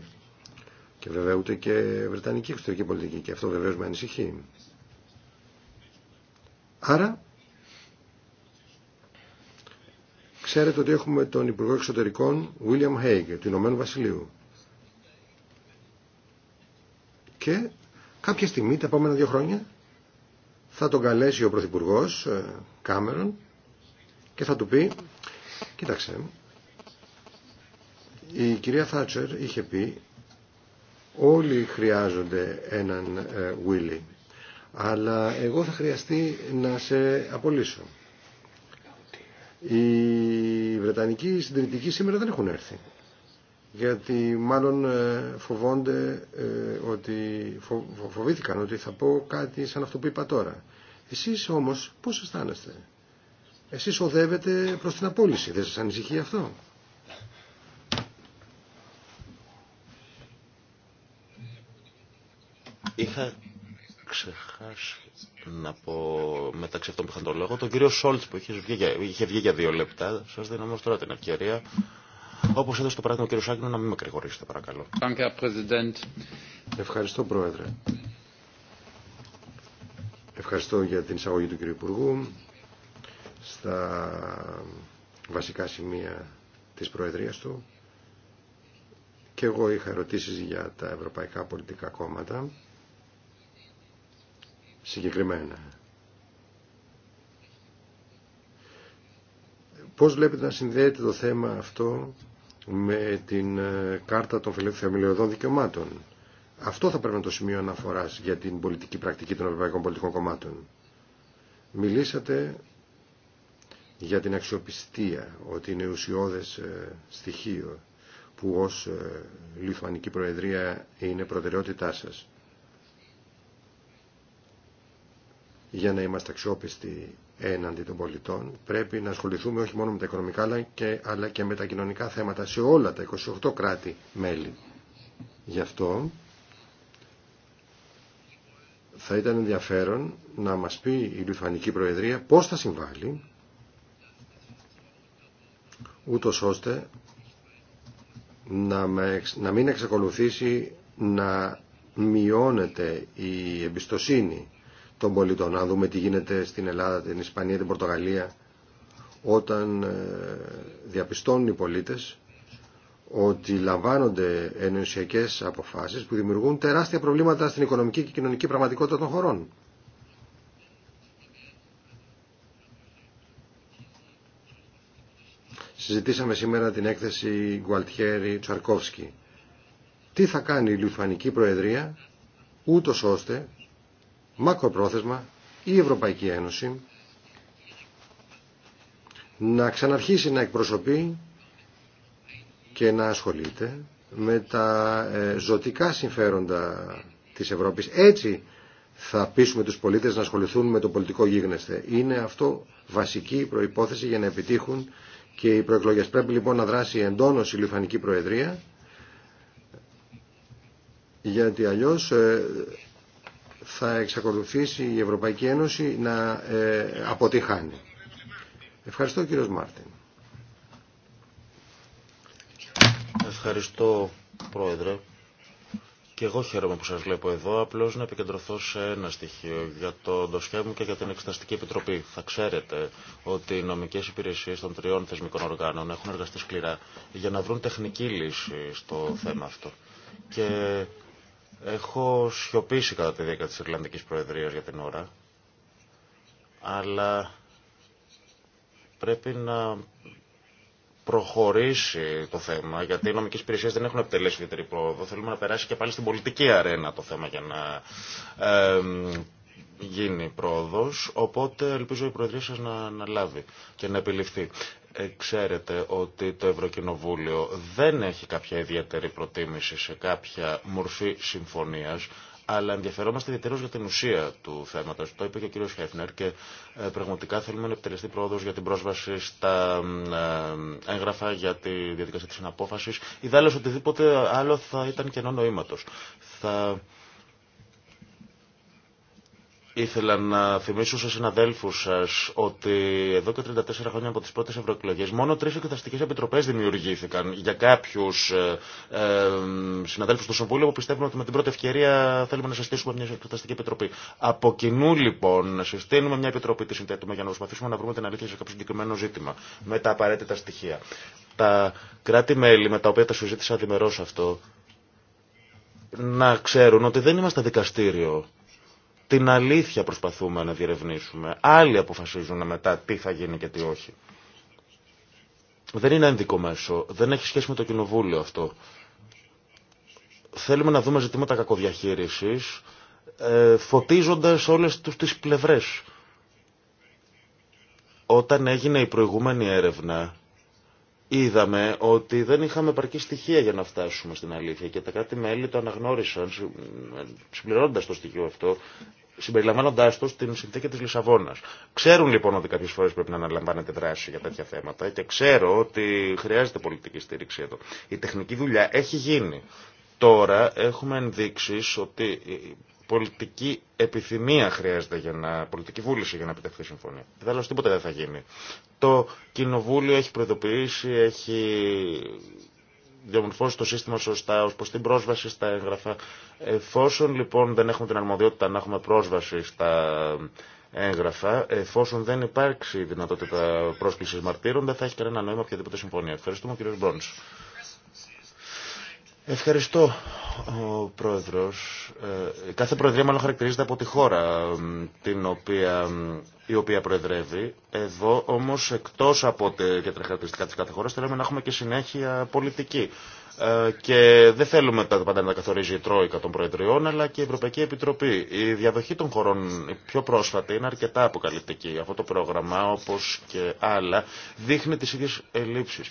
Και βέβαια ούτε και βρετανική εξωτερική πολιτική και αυτό βεβαίω με ανησυχεί. Άρα, ξέρετε ότι έχουμε τον Υπουργό Εξωτερικών William Hague του Ηνωμένου Βασιλείου. Και κάποια στιγμή τα επόμενα δύο χρόνια θα τον καλέσει ο Πρωθυπουργό ε, Κάμερον και θα του πει «Κοίταξε, η κυρία Θάτσερ είχε πει Όλοι χρειάζονται έναν ε, Willie. Αλλά εγώ θα χρειαστεί να σε απολύσω. Οι Βρετανικοί συντηρητικοί σήμερα δεν έχουν έρθει. Γιατί μάλλον ε, φοβόνται ε, ότι φοβήθηκαν ότι θα πω κάτι σαν αυτό που είπα τώρα. Εσείς όμως πώς αισθάνεστε. Εσείς οδεύετε προς την απόλυση. Δεν σας ανησυχεί αυτό. Είχα ξεχάσει να πω μεταξύ αυτών που είχαν το λόγο τον κύριο Σόλτ που είχε βγει, για, δύο λεπτά. Σα δίνω όμω τώρα την ευκαιρία. Όπω έδωσε το παράδειγμα ο κύριο Σάκη, να μην με κρηγορήσετε, παρακαλώ. Ευχαριστώ, Πρόεδρε. Ευχαριστώ για την εισαγωγή του κύριου Υπουργού στα βασικά σημεία της Προεδρίας του. Και εγώ είχα ερωτήσεις για τα ευρωπαϊκά πολιτικά κόμματα συγκεκριμένα. Πώς βλέπετε να συνδέεται το θέμα αυτό με την ε, κάρτα των θεμελιωδών δικαιωμάτων. Αυτό θα πρέπει να το σημείο αναφοράς για την πολιτική πρακτική των ευρωπαϊκών πολιτικών κομμάτων. Μιλήσατε για την αξιοπιστία, ότι είναι ουσιώδες ε, στοιχείο που ως ε, Λιθουανική Προεδρία είναι προτεραιότητά σας. για να είμαστε αξιόπιστοι έναντι των πολιτών. Πρέπει να ασχοληθούμε όχι μόνο με τα οικονομικά αλλά και, αλλά και με τα κοινωνικά θέματα σε όλα τα 28 κράτη-μέλη. Γι' αυτό θα ήταν ενδιαφέρον να μας πει η Λιθουανική Προεδρία πώς θα συμβάλλει ούτω ώστε να, να μην εξακολουθήσει να μειώνεται η εμπιστοσύνη των πολιτών. να δούμε τι γίνεται στην Ελλάδα, την Ισπανία, την Πορτογαλία, όταν ε, διαπιστώνουν οι πολίτες ότι λαμβάνονται ενωσιακές αποφάσεις που δημιουργούν τεράστια προβλήματα στην οικονομική και κοινωνική πραγματικότητα των χωρών. Συζητήσαμε σήμερα την έκθεση Γκουαλτιέρη Τσαρκόφσκι. Τι θα κάνει η Λιθουανική Προεδρία ούτως ώστε μακροπρόθεσμα η Ευρωπαϊκή Ένωση να ξαναρχίσει να εκπροσωπεί και να ασχολείται με τα ε, ζωτικά συμφέροντα της Ευρώπης. Έτσι θα πείσουμε τους πολίτες να ασχοληθούν με το πολιτικό γίγνεσθε. Είναι αυτό βασική προϋπόθεση για να επιτύχουν και οι προεκλογές. Πρέπει λοιπόν να δράσει εντόνως η Λιφανική Προεδρία, γιατί αλλιώς ε, θα εξακολουθήσει η Ευρωπαϊκή Ένωση να ε, αποτυχάνει. Ευχαριστώ κύριος Μάρτιν. Ευχαριστώ πρόεδρε. Και εγώ χαίρομαι που σας βλέπω εδώ, απλώς να επικεντρωθώ σε ένα στοιχείο για το ντοσιά μου και για την Εξεταστική Επιτροπή. Θα ξέρετε ότι οι νομικές υπηρεσίες των τριών θεσμικών οργάνων έχουν εργαστεί σκληρά για να βρουν τεχνική λύση στο θέμα αυτό. Και Έχω σιωπήσει κατά τη διάρκεια της Ιρλανδικής Προεδρίας για την ώρα, αλλά πρέπει να προχωρήσει το θέμα, γιατί οι νομικές υπηρεσίες δεν έχουν επιτελέσει ιδιαίτερη πρόοδο. Θέλουμε να περάσει και πάλι στην πολιτική αρένα το θέμα για να γίνει πρόοδος, οπότε ελπίζω η Προεδρία σας να λάβει και να επιληφθεί. Ε, ξέρετε ότι το Ευρωκοινοβούλιο δεν έχει κάποια ιδιαίτερη προτίμηση σε κάποια μορφή συμφωνίας, αλλά ενδιαφερόμαστε ιδιαίτερω για την ουσία του θέματο. Το είπε και ο κ. Χέφνερ και ε, πραγματικά θέλουμε να επιτελεστεί πρόοδο για την πρόσβαση στα ε, έγγραφα για τη διαδικασία τη συναπόφαση. Ιδάλω οτιδήποτε άλλο θα ήταν κενό νοήματο. Θα Ήθελα να θυμίσω στου συναδέλφου σα ότι εδώ και 34 χρόνια από τι πρώτε ευρωεκλογέ μόνο τρει εκδαστικέ επιτροπέ δημιουργήθηκαν για κάποιου ε, ε, συναδέλφου του Συμβούλου που πιστεύουν ότι με την πρώτη ευκαιρία θέλουμε να συστήσουμε μια εκδαστική επιτροπή. Από κοινού λοιπόν συστήνουμε μια επιτροπή, τη συνθέτουμε για να προσπαθήσουμε να βρούμε την αλήθεια σε κάποιο συγκεκριμένο ζήτημα με τα απαραίτητα στοιχεία. Τα κράτη-μέλη με τα οποία τα συζήτησα διμερώ αυτό να ξέρουν ότι δεν είμαστε δικαστήριο την αλήθεια προσπαθούμε να διερευνήσουμε. Άλλοι αποφασίζουν μετά τι θα γίνει και τι όχι. Δεν είναι ένδικο μέσο. Δεν έχει σχέση με το κοινοβούλιο αυτό. Θέλουμε να δούμε ζητήματα κακοδιαχείρισης, ε, φωτίζοντας όλες τους τις πλευρές. Όταν έγινε η προηγούμενη έρευνα, είδαμε ότι δεν είχαμε επαρκή στοιχεία για να φτάσουμε στην αλήθεια και τα κάτι μέλη το αναγνώρισαν ε, συμπληρώνοντας το στοιχείο αυτό συμπεριλαμβάνοντά του την συνθήκη τη Λισαβόνα. Ξέρουν λοιπόν ότι κάποιε φορέ πρέπει να αναλαμβάνεται δράση για τέτοια θέματα και ξέρω ότι χρειάζεται πολιτική στήριξη εδώ. Η τεχνική δουλειά έχει γίνει. Τώρα έχουμε ενδείξει ότι πολιτική επιθυμία χρειάζεται για να, πολιτική βούληση για να επιτευχθεί η συμφωνία. τίποτα δεν θα γίνει. Το κοινοβούλιο έχει προειδοποιήσει, έχει διαμορφώσει το σύστημα σωστά ως προς την πρόσβαση στα έγγραφα. Εφόσον λοιπόν δεν έχουμε την αρμοδιότητα να έχουμε πρόσβαση στα έγγραφα, εφόσον δεν υπάρξει δυνατότητα πρόσκλησης μαρτύρων, δεν θα έχει κανένα νόημα οποιαδήποτε συμφωνία. Ευχαριστούμε κύριε Μπρόνς. Ευχαριστώ, ο Πρόεδρος. Ε, κάθε Προεδρία μάλλον χαρακτηρίζεται από τη χώρα την οποία η οποία προεδρεύει. Εδώ όμως εκτός από τα χαρακτηριστικά της κάθε χώρας θέλουμε να έχουμε και συνέχεια πολιτική. Ε, και δεν θέλουμε τα πάντα να καθορίζει η Τρόικα των Προεδριών, αλλά και η Ευρωπαϊκή Επιτροπή. Η διαδοχή των χωρών, η πιο πρόσφατη, είναι αρκετά αποκαλυπτική. Αυτό το πρόγραμμα, όπω και άλλα, δείχνει τι ίδιε ελλείψει.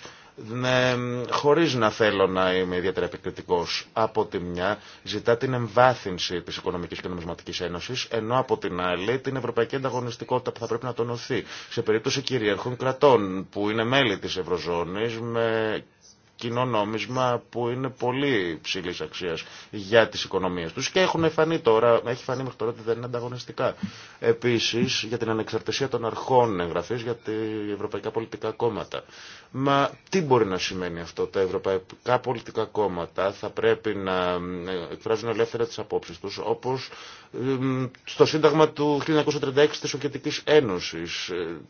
Ναι, χωρίς να θέλω να είμαι ιδιαίτερα επικριτικός από τη μια ζητά την εμβάθυνση της Οικονομικής και Νομισματικής Ένωσης ενώ από την άλλη την ευρωπαϊκή ανταγωνιστικότητα που θα πρέπει να τονωθεί σε περίπτωση κυριαρχών κρατών που είναι μέλη της Ευρωζώνης με κοινό νόμισμα που είναι πολύ ψηλής αξίας για τις οικονομίες τους και έχουν φανεί τώρα, έχει φανεί μέχρι τώρα ότι δεν είναι ανταγωνιστικά. Επίσης για την ανεξαρτησία των αρχών εγγραφής για τα ευρωπαϊκά πολιτικά κόμματα. Μα τι μπορεί να σημαίνει αυτό τα ευρωπαϊκά πολιτικά κόμματα θα πρέπει να εκφράζουν ελεύθερα τις απόψεις τους όπως στο Σύνταγμα του 1936 της Σοβιετικής Ένωσης. Ε,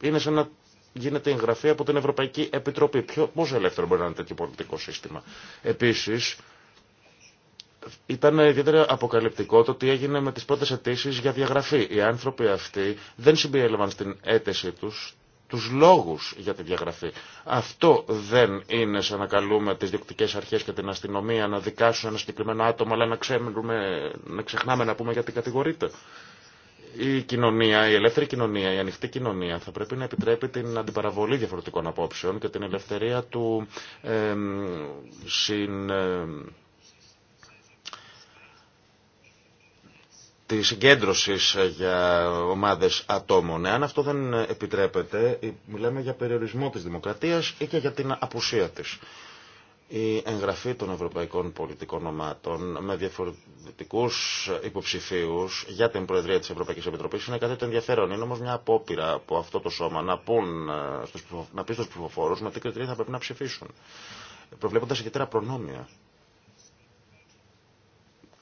είναι σαν να γίνεται εγγραφή από την Ευρωπαϊκή Επιτροπή. Ποιο, πόσο ελεύθερο μπορεί να είναι τέτοιο πολιτικό σύστημα. Επίσης, ήταν ιδιαίτερα αποκαλυπτικό το τι έγινε με τις πρώτες αιτήσει για διαγραφή. Οι άνθρωποι αυτοί δεν συμπιέλευαν στην αίτησή τους τους λόγους για τη διαγραφή. Αυτό δεν είναι σαν να καλούμε τις διοκτικές αρχές και την αστυνομία να δικάσουν ένα συγκεκριμένο άτομο, αλλά να, να ξεχνάμε να πούμε γιατί κατηγορείται η κοινωνία, η ελεύθερη κοινωνία, η ανοιχτή κοινωνία θα πρέπει να επιτρέπει την αντιπαραβολή διαφορετικών απόψεων και την ελευθερία του ε, τη για ομάδες ατόμων. Εάν αυτό δεν επιτρέπεται, μιλάμε για περιορισμό της δημοκρατίας ή και για την απουσία της η εγγραφή των ευρωπαϊκών πολιτικών ομάτων με διαφορετικού υποψηφίου για την Προεδρία τη Ευρωπαϊκή Επιτροπή είναι κάτι το ενδιαφέρον. Είναι όμω μια απόπειρα από αυτό το σώμα να, πούν, ε, να πει στου ψηφοφόρου με τι κριτήρια θα πρέπει να ψηφίσουν. Προβλέποντα ιδιαίτερα προνόμια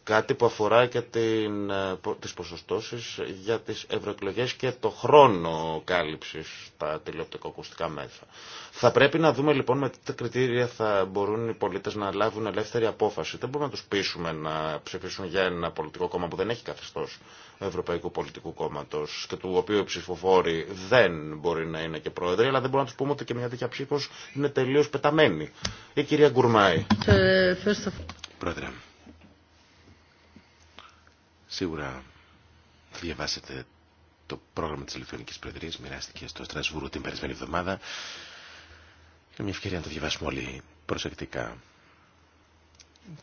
Κάτι που αφορά και την, ε, τις ποσοστώσεις για τις ευρωεκλογέ και το χρόνο κάλυψης στα τηλεοπτικοακουστικά μέσα. Θα πρέπει να δούμε λοιπόν με τι κριτήρια θα μπορούν οι πολίτες να λάβουν ελεύθερη απόφαση. Δεν μπορούμε να τους πείσουμε να ψηφίσουν για ένα πολιτικό κόμμα που δεν έχει καθεστώς Ευρωπαϊκού Πολιτικού Κόμματος και του οποίου οι ψηφοφόροι δεν μπορεί να είναι και πρόεδροι, αλλά δεν μπορούμε να τους πούμε ότι και μια τέτοια ψήφος είναι τελείως πεταμένη. Η κυρία Γκουρμάη. Ε, Πρόεδρε. Σίγουρα διαβάσετε το πρόγραμμα της Λιθουανικής Προεδρίας, μοιράστηκε στο Στρασβούργο την περασμένη εβδομάδα. Είναι μια ευκαιρία να το διαβάσουμε όλοι προσεκτικά.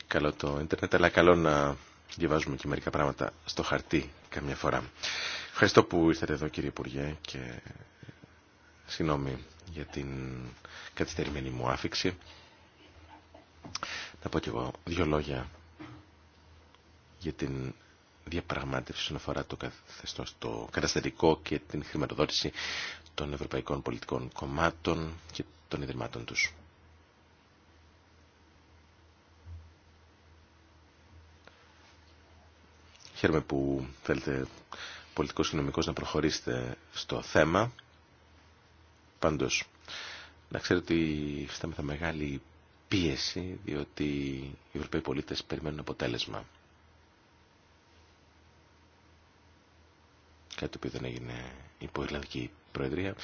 Καλό το ίντερνετ, αλλά καλό να διαβάζουμε και μερικά πράγματα στο χαρτί καμιά φορά. Ευχαριστώ που ήρθατε εδώ κύριε Υπουργέ και συγγνώμη για την καθυστερημένη μου άφηξη. Να πω κι εγώ δύο λόγια για την διαπραγμάτευση όσον αφορά το καθεστώ, καταστατικό και την χρηματοδότηση των ευρωπαϊκών πολιτικών κομμάτων και των ιδρυμάτων τους. Χαίρομαι που θέλετε πολιτικός και νομικός να προχωρήσετε στο θέμα. Πάντως, να ξέρετε ότι τα μεγάλη πίεση, διότι οι Ευρωπαίοι πολίτες περιμένουν αποτέλεσμα. κάτι που δεν έγινε υπό Ιρλανδική Προεδρία.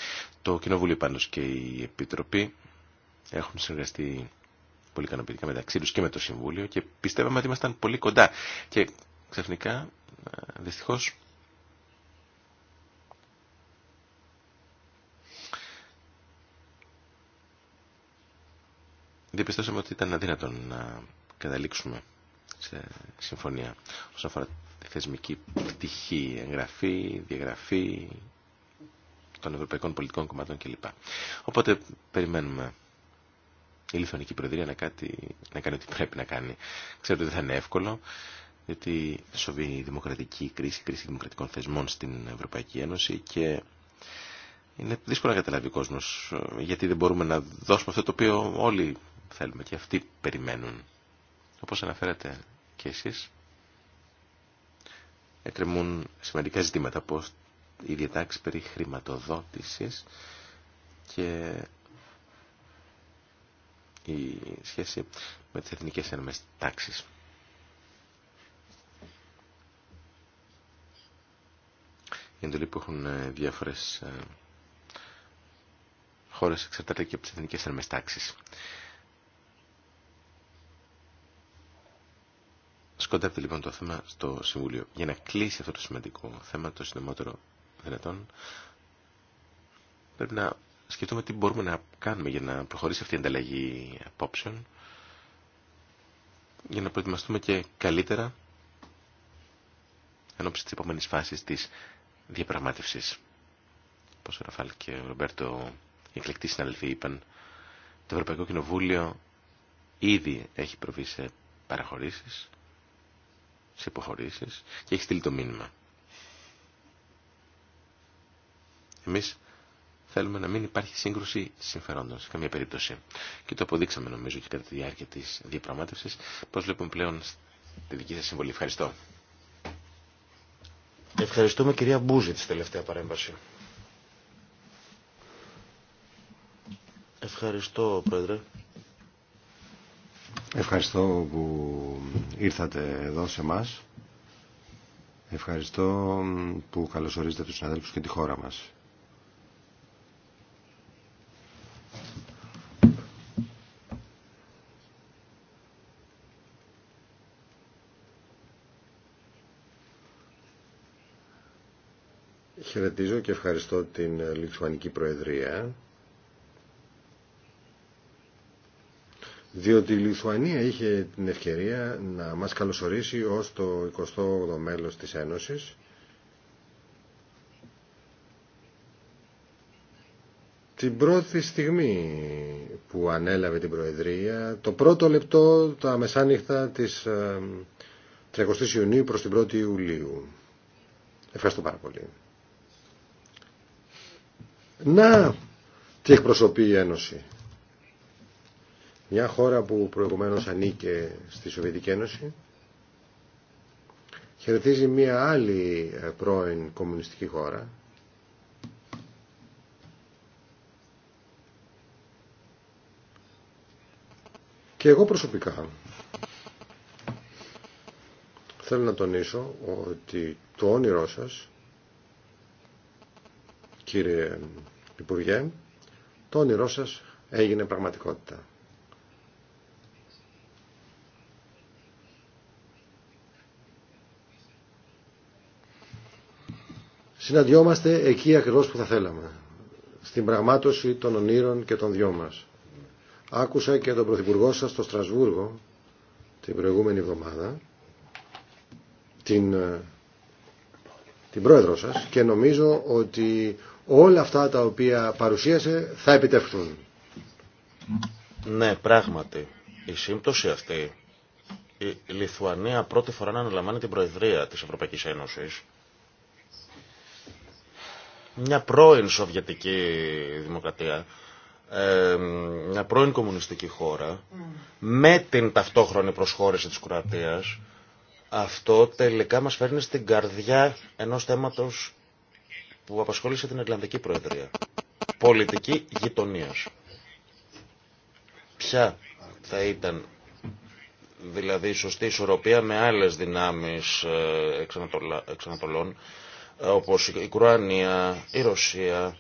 Το Κοινοβούλιο πάντω και η Επιτροπή έχουν συνεργαστεί πολύ ικανοποιητικά μεταξύ του και με το Συμβούλιο και πιστεύαμε ότι ήμασταν πολύ κοντά. Και ξαφνικά, ε, δυστυχώ. Διαπιστώσαμε ότι ήταν αδύνατον να καταλήξουμε σε συμφωνία. Όσον αφορά τη θεσμική πτυχή, εγγραφή, διαγραφή των ευρωπαϊκών πολιτικών κομμάτων κλπ. Οπότε περιμένουμε η Λιθουανική Προεδρία να, κάτι, να κάνει ό,τι πρέπει να κάνει. Ξέρω ότι δεν θα είναι εύκολο, γιατί σοβεί η δημοκρατική κρίση, η κρίση δημοκρατικών θεσμών στην Ευρωπαϊκή Ένωση και είναι δύσκολο να καταλάβει ο κόσμο ε, γιατί δεν μπορούμε να δώσουμε αυτό το οποίο όλοι θέλουμε και αυτοί περιμένουν. Όπως αναφέρατε και εσείς, εκκρεμούν σημαντικά ζητήματα όπως η διατάξη περί χρηματοδότησης και η σχέση με τις εθνικές ένωμες τάξεις. Οι εντολή που έχουν ε, διάφορες ε, χώρες εξαρτάται και από τις εθνικές ένωμες τάξεις. Σκοντάτε λοιπόν το θέμα στο Συμβούλιο για να κλείσει αυτό το σημαντικό θέμα το συντομότερο δυνατόν. Πρέπει να σκεφτούμε τι μπορούμε να κάνουμε για να προχωρήσει αυτή η ανταλλαγή απόψεων για να προετοιμαστούμε και καλύτερα εν ώψη της επόμενης φάσης της διαπραγματεύση, όπω ο Ραφάλ και ο Ρομπέρτο, οι εκλεκτοί συναδελφοί, είπαν το Ευρωπαϊκό Κοινοβούλιο ήδη έχει προβεί σε παραχωρήσεις σε υποχωρήσεις και έχει στείλει το μήνυμα. Εμείς θέλουμε να μην υπάρχει σύγκρουση συμφερόντων σε καμία περίπτωση. Και το αποδείξαμε νομίζω και κατά τη διάρκεια τη διαπραγματεύση πώ βλέπουμε πλέον τη δική σα συμβολή. Ευχαριστώ. Ευχαριστούμε κυρία Μπούζη τη τελευταία παρέμβαση. Ευχαριστώ πρόεδρε. Ευχαριστώ που ήρθατε εδώ σε μας. Ευχαριστώ που καλωσορίζετε τους συναδέλφους και τη χώρα μας. Χαιρετίζω και ευχαριστώ την Λιτσουανική Προεδρία διότι η Λιθουανία είχε την ευκαιρία να μας καλωσορίσει ως το 28ο μέλος της Ένωσης. Την πρώτη στιγμή που ανέλαβε την Προεδρία, το πρώτο λεπτό, τα μεσάνυχτα της 30 ε, Ιουνίου προς την 1η Ιουλίου. Ευχαριστώ πάρα πολύ. Να, τι εκπροσωπεί η Ένωση. Μια χώρα που προηγουμένως ανήκε στη Σοβιετική Ένωση χαιρετίζει μια άλλη ε, πρώην κομμουνιστική χώρα και εγώ προσωπικά θέλω να τονίσω ότι το όνειρό σας κύριε Υπουργέ το όνειρό σας έγινε πραγματικότητα συναντιόμαστε εκεί ακριβώς που θα θέλαμε. Στην πραγμάτωση των ονείρων και των δυο μας. Άκουσα και τον Πρωθυπουργό σας στο Στρασβούργο την προηγούμενη εβδομάδα, την, ε, την πρόεδρο σας και νομίζω ότι όλα αυτά τα οποία παρουσίασε θα επιτευχθούν. Ναι, πράγματι. Η σύμπτωση αυτή, η Λιθουανία πρώτη φορά να αναλαμβάνει την Προεδρία της Ευρωπαϊκής Ένωσης, μια πρώην Σοβιετική Δημοκρατία, μια πρώην κομμουνιστική χώρα, mm. με την ταυτόχρονη προσχώρηση της Κροατίας, αυτό τελικά μας φέρνει στην καρδιά ενός θέματος που απασχόλησε την Ιρλανδική Προεδρία. Πολιτική γειτονίας. Ποια θα ήταν δηλαδή η σωστή ισορροπία με άλλες δυνάμεις ε, εξανατολών όπως η Κρουάνια, η Ρωσία.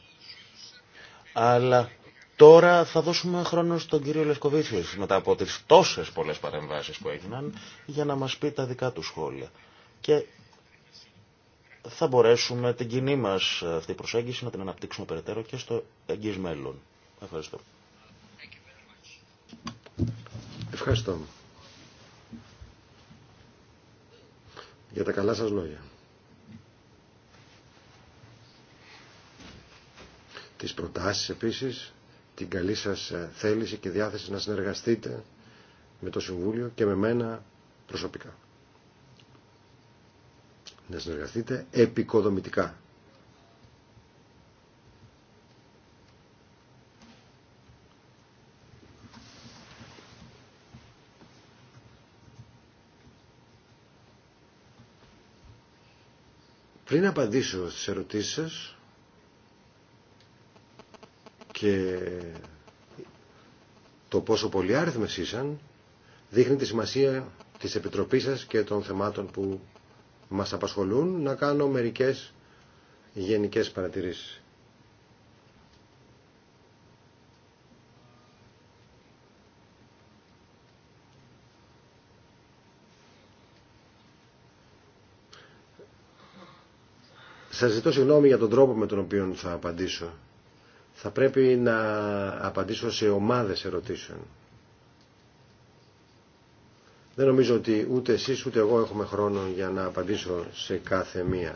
Αλλά τώρα θα δώσουμε χρόνο στον κύριο Λευκοβίτσιο μετά από τις τόσες πολλές παρεμβάσεις που έγιναν για να μας πει τα δικά του σχόλια. Και θα μπορέσουμε την κοινή μας αυτή προσέγγιση να την αναπτύξουμε περαιτέρω και στο εγγύς μέλλον. Ευχαριστώ. Ευχαριστώ για τα καλά σας λόγια. τις προτάσεις επίσης, την καλή σας ε, θέληση και διάθεση να συνεργαστείτε με το Συμβούλιο και με μένα προσωπικά. Να συνεργαστείτε επικοδομητικά. Πριν απαντήσω στις ερωτήσεις σας, και το πόσο πολλοί άριθμες ήσαν δείχνει τη σημασία της Επιτροπής σας και των θεμάτων που μας απασχολούν να κάνω μερικές γενικές παρατηρήσεις. Σας ζητώ συγγνώμη για τον τρόπο με τον οποίο θα απαντήσω. Θα πρέπει να απαντήσω σε ομάδες ερωτήσεων. Δεν νομίζω ότι ούτε εσείς ούτε εγώ έχουμε χρόνο για να απαντήσω σε κάθε μία.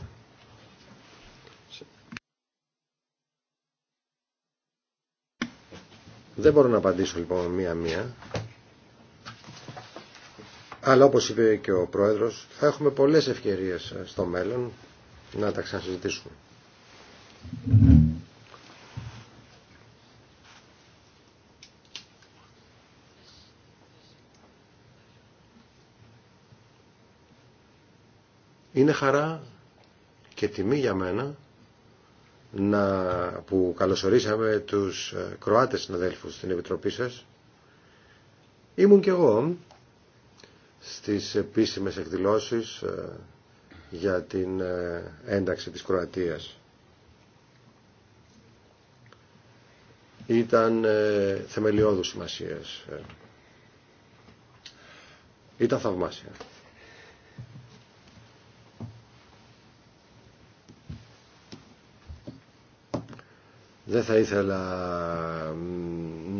Δεν μπορώ να απαντήσω λοιπόν μία-μία. Αλλά όπως είπε και ο Πρόεδρος, θα έχουμε πολλές ευκαιρίες στο μέλλον να τα ξανασυζητήσουμε. Είναι χαρά και τιμή για μένα να, που καλωσορίσαμε τους ε, Κροάτες συναδέλφους στην Επιτροπή σας. Ήμουν και εγώ στις επίσημες εκδηλώσεις ε, για την ε, ένταξη της Κροατίας. Ήταν θεμελιώδους σημασίας. Ήταν θαυμάσια. Δεν θα ήθελα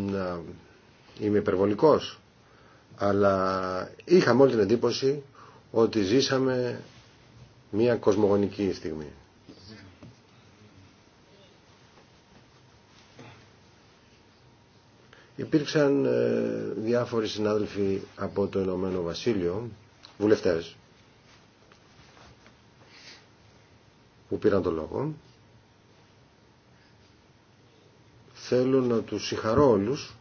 να είμαι υπερβολικός, αλλά είχαμε όλη την εντύπωση ότι ζήσαμε μια κοσμογονική στιγμή. Υπήρξαν ε, διάφοροι συνάδελφοι από το Ηνωμένο Βασίλειο, βουλευτές, που πήραν το λόγο. Θέλω να τους συγχαρώ όλους.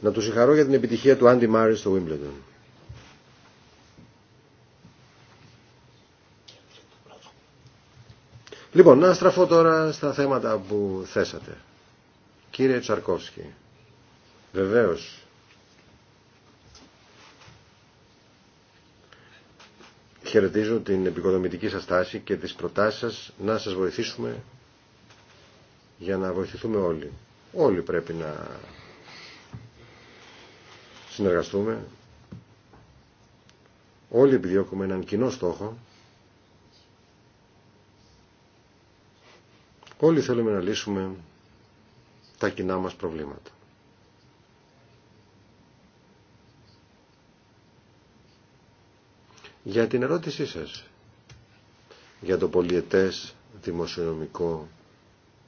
Να του συγχαρώ για την επιτυχία του Άντι Μάρι στο Wimbledon. Λοιπόν, να στραφώ τώρα στα θέματα που θέσατε. Κύριε Τσαρκόφσκι. Βεβαίως. Χαιρετίζω την επικοδομητική σας τάση και τις προτάσεις σας να σας βοηθήσουμε για να βοηθηθούμε όλοι. Όλοι πρέπει να συνεργαστούμε. Όλοι επιδιώκουμε έναν κοινό στόχο. Όλοι θέλουμε να λύσουμε τα κοινά μας προβλήματα. για την ερώτησή σας για το πολιετές δημοσιονομικό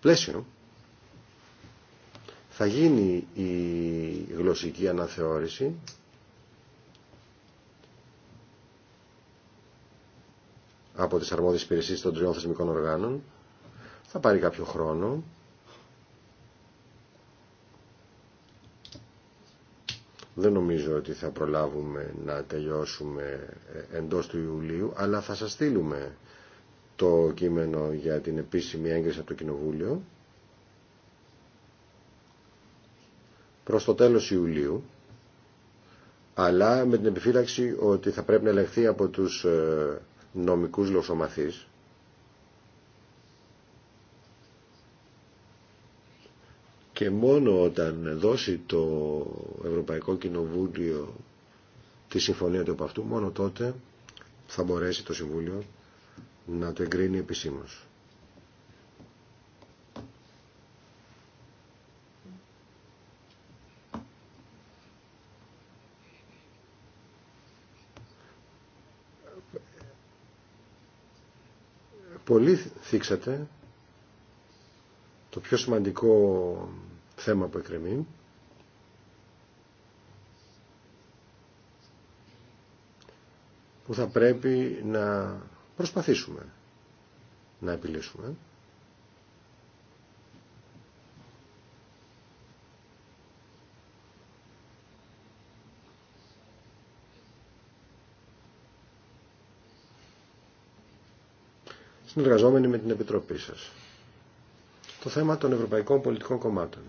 πλαίσιο θα γίνει η γλωσσική αναθεώρηση από τις αρμόδιες υπηρεσίες των τριών θεσμικών οργάνων θα πάρει κάποιο χρόνο Δεν νομίζω ότι θα προλάβουμε να τελειώσουμε ε, εντός του Ιουλίου, αλλά θα σας στείλουμε το κείμενο για την επίσημη έγκριση από το Κοινοβούλιο προς το τέλος Ιουλίου, αλλά με την επιφύλαξη ότι θα πρέπει να ελεγχθεί από τους ε, νομικούς λοσομαθείς και μόνο όταν δώσει το Ευρωπαϊκό Κοινοβούλιο τη συμφωνία του από αυτού, μόνο τότε θα μπορέσει το Συμβούλιο να το εγκρίνει επισήμως. Πολύ θίξατε το πιο σημαντικό θέμα που εκκρεμεί. που θα πρέπει να προσπαθήσουμε να επιλύσουμε. συνεργαζόμενοι με την Επιτροπή σας. Το θέμα των Ευρωπαϊκών Πολιτικών Κομμάτων.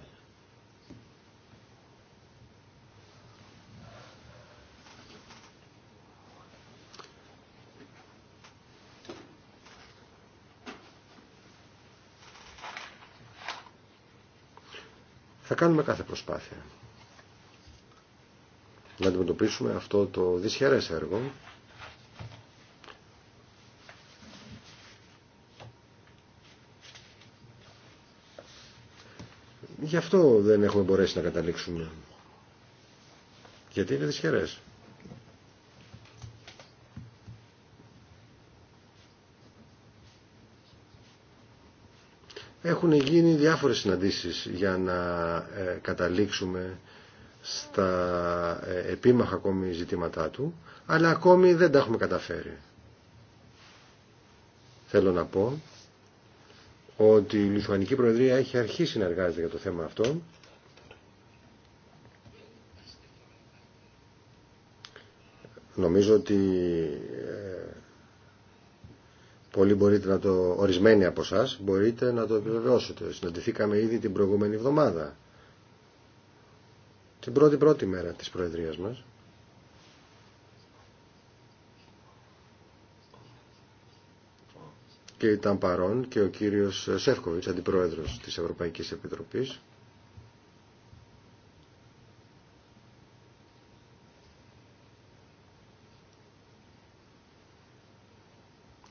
κάνουμε κάθε προσπάθεια να αντιμετωπίσουμε αυτό το δυσχερές έργο Γι' αυτό δεν έχουμε μπορέσει να καταλήξουμε. Γιατί είναι δυσχερές. Έχουν γίνει διάφορες συναντήσεις για να ε, καταλήξουμε στα ε, επίμαχα ακόμη ζητήματά του, αλλά ακόμη δεν τα έχουμε καταφέρει. Θέλω να πω ότι η Λιθουανική Προεδρία έχει αρχίσει να εργάζεται για το θέμα αυτό. Νομίζω ότι Πολύ μπορείτε να το, ορισμένοι από εσά μπορείτε να το επιβεβαιώσετε. Συναντηθήκαμε ήδη την προηγούμενη εβδομάδα. Την πρώτη πρώτη μέρα της Προεδρίας μας. Και ήταν παρόν και ο κύριος Σεύκοβιτς, αντιπρόεδρος της Ευρωπαϊκής Επιτροπής.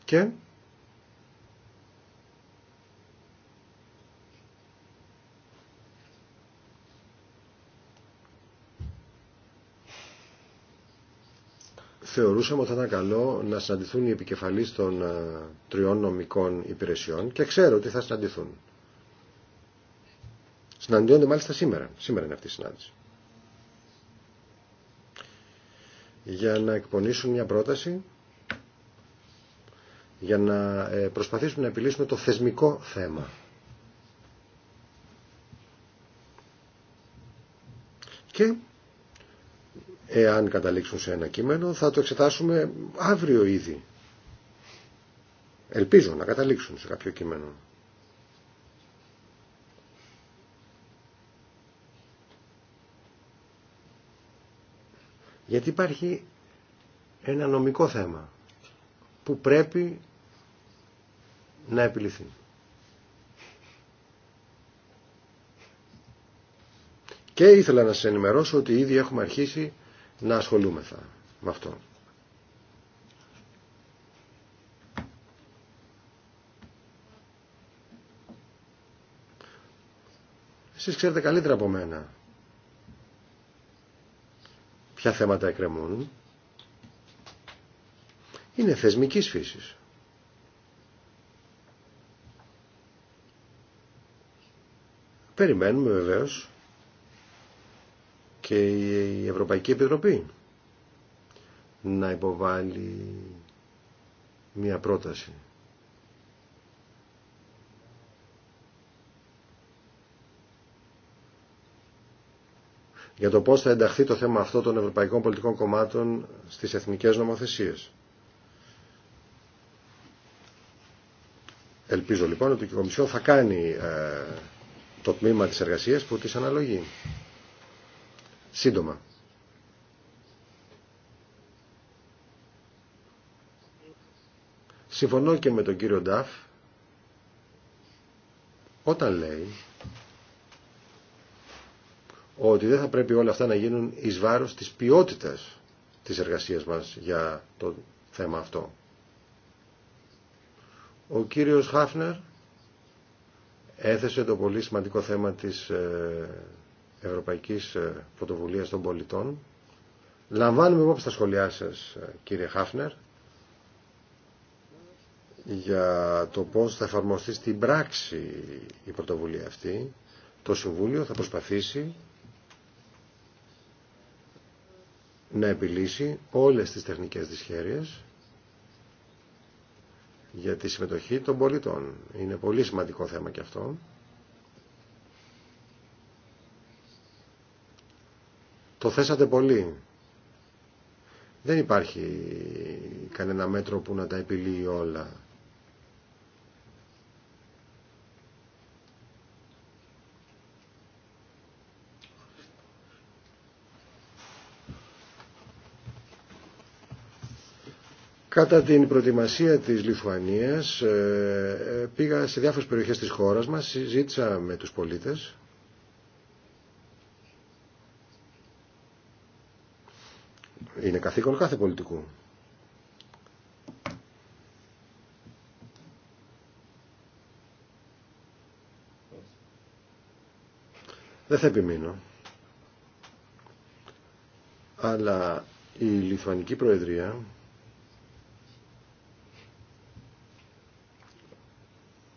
Και θεωρούσαμε ότι θα ήταν καλό να συναντηθούν οι επικεφαλείς των ε, τριών νομικών υπηρεσιών και ξέρω ότι θα συναντηθούν. Συναντιόνται μάλιστα σήμερα. Σήμερα είναι αυτή η συνάντηση. Για να εκπονήσουν μια πρόταση, για να ε, προσπαθήσουμε να επιλύσουμε το θεσμικό θέμα. Και εάν καταλήξουν σε ένα κείμενο. Θα το εξετάσουμε αύριο ήδη. Ελπίζω να καταλήξουν σε κάποιο κείμενο. Γιατί υπάρχει ένα νομικό θέμα που πρέπει να επιληθεί. Και ήθελα να σας ενημερώσω ότι ήδη έχουμε αρχίσει να ασχολούμεθα με αυτό. Εσείς ξέρετε καλύτερα από μένα ποια θέματα εκκρεμούν. Είναι θεσμικής φύσης. Περιμένουμε βεβαίως και η Ευρωπαϊκή Επιτροπή να υποβάλει μία πρόταση. για το πώς θα ενταχθεί το θέμα αυτό των ευρωπαϊκών πολιτικών κομμάτων στις εθνικές νομοθεσίες. Ελπίζω λοιπόν ότι η Κομισιό θα κάνει ε, το τμήμα της εργασίας που της αναλογεί σύντομα. Συμφωνώ και με τον κύριο Νταφ όταν λέει ότι δεν θα πρέπει όλα αυτά να γίνουν εις βάρος της ποιότητας της εργασίας μας για το θέμα αυτό. Ο κύριος Χάφνερ έθεσε το πολύ σημαντικό θέμα της ε, Ευρωπαϊκής ε, Πρωτοβουλίας των Πολιτών. Λαμβάνουμε υπόψη τα σχόλιά σας, ε, κύριε Χάφνερ, για το πώς θα εφαρμοστεί στην πράξη η πρωτοβουλία αυτή. Το Συμβούλιο θα προσπαθήσει να επιλύσει όλες τις τεχνικές δυσχέρειες για τη συμμετοχή των πολιτών. Είναι πολύ σημαντικό θέμα και αυτό. Το θέσατε πολύ. Δεν υπάρχει κανένα μέτρο που να τα επιλύει όλα. Κατά την προετοιμασία της Λιθουανίας ε, πήγα σε διάφορες περιοχές της χώρας μας, συζήτησα με τους πολίτες είναι καθήκον κάθε πολιτικού. Δεν θα επιμείνω. Αλλά η Λιθουανική Προεδρία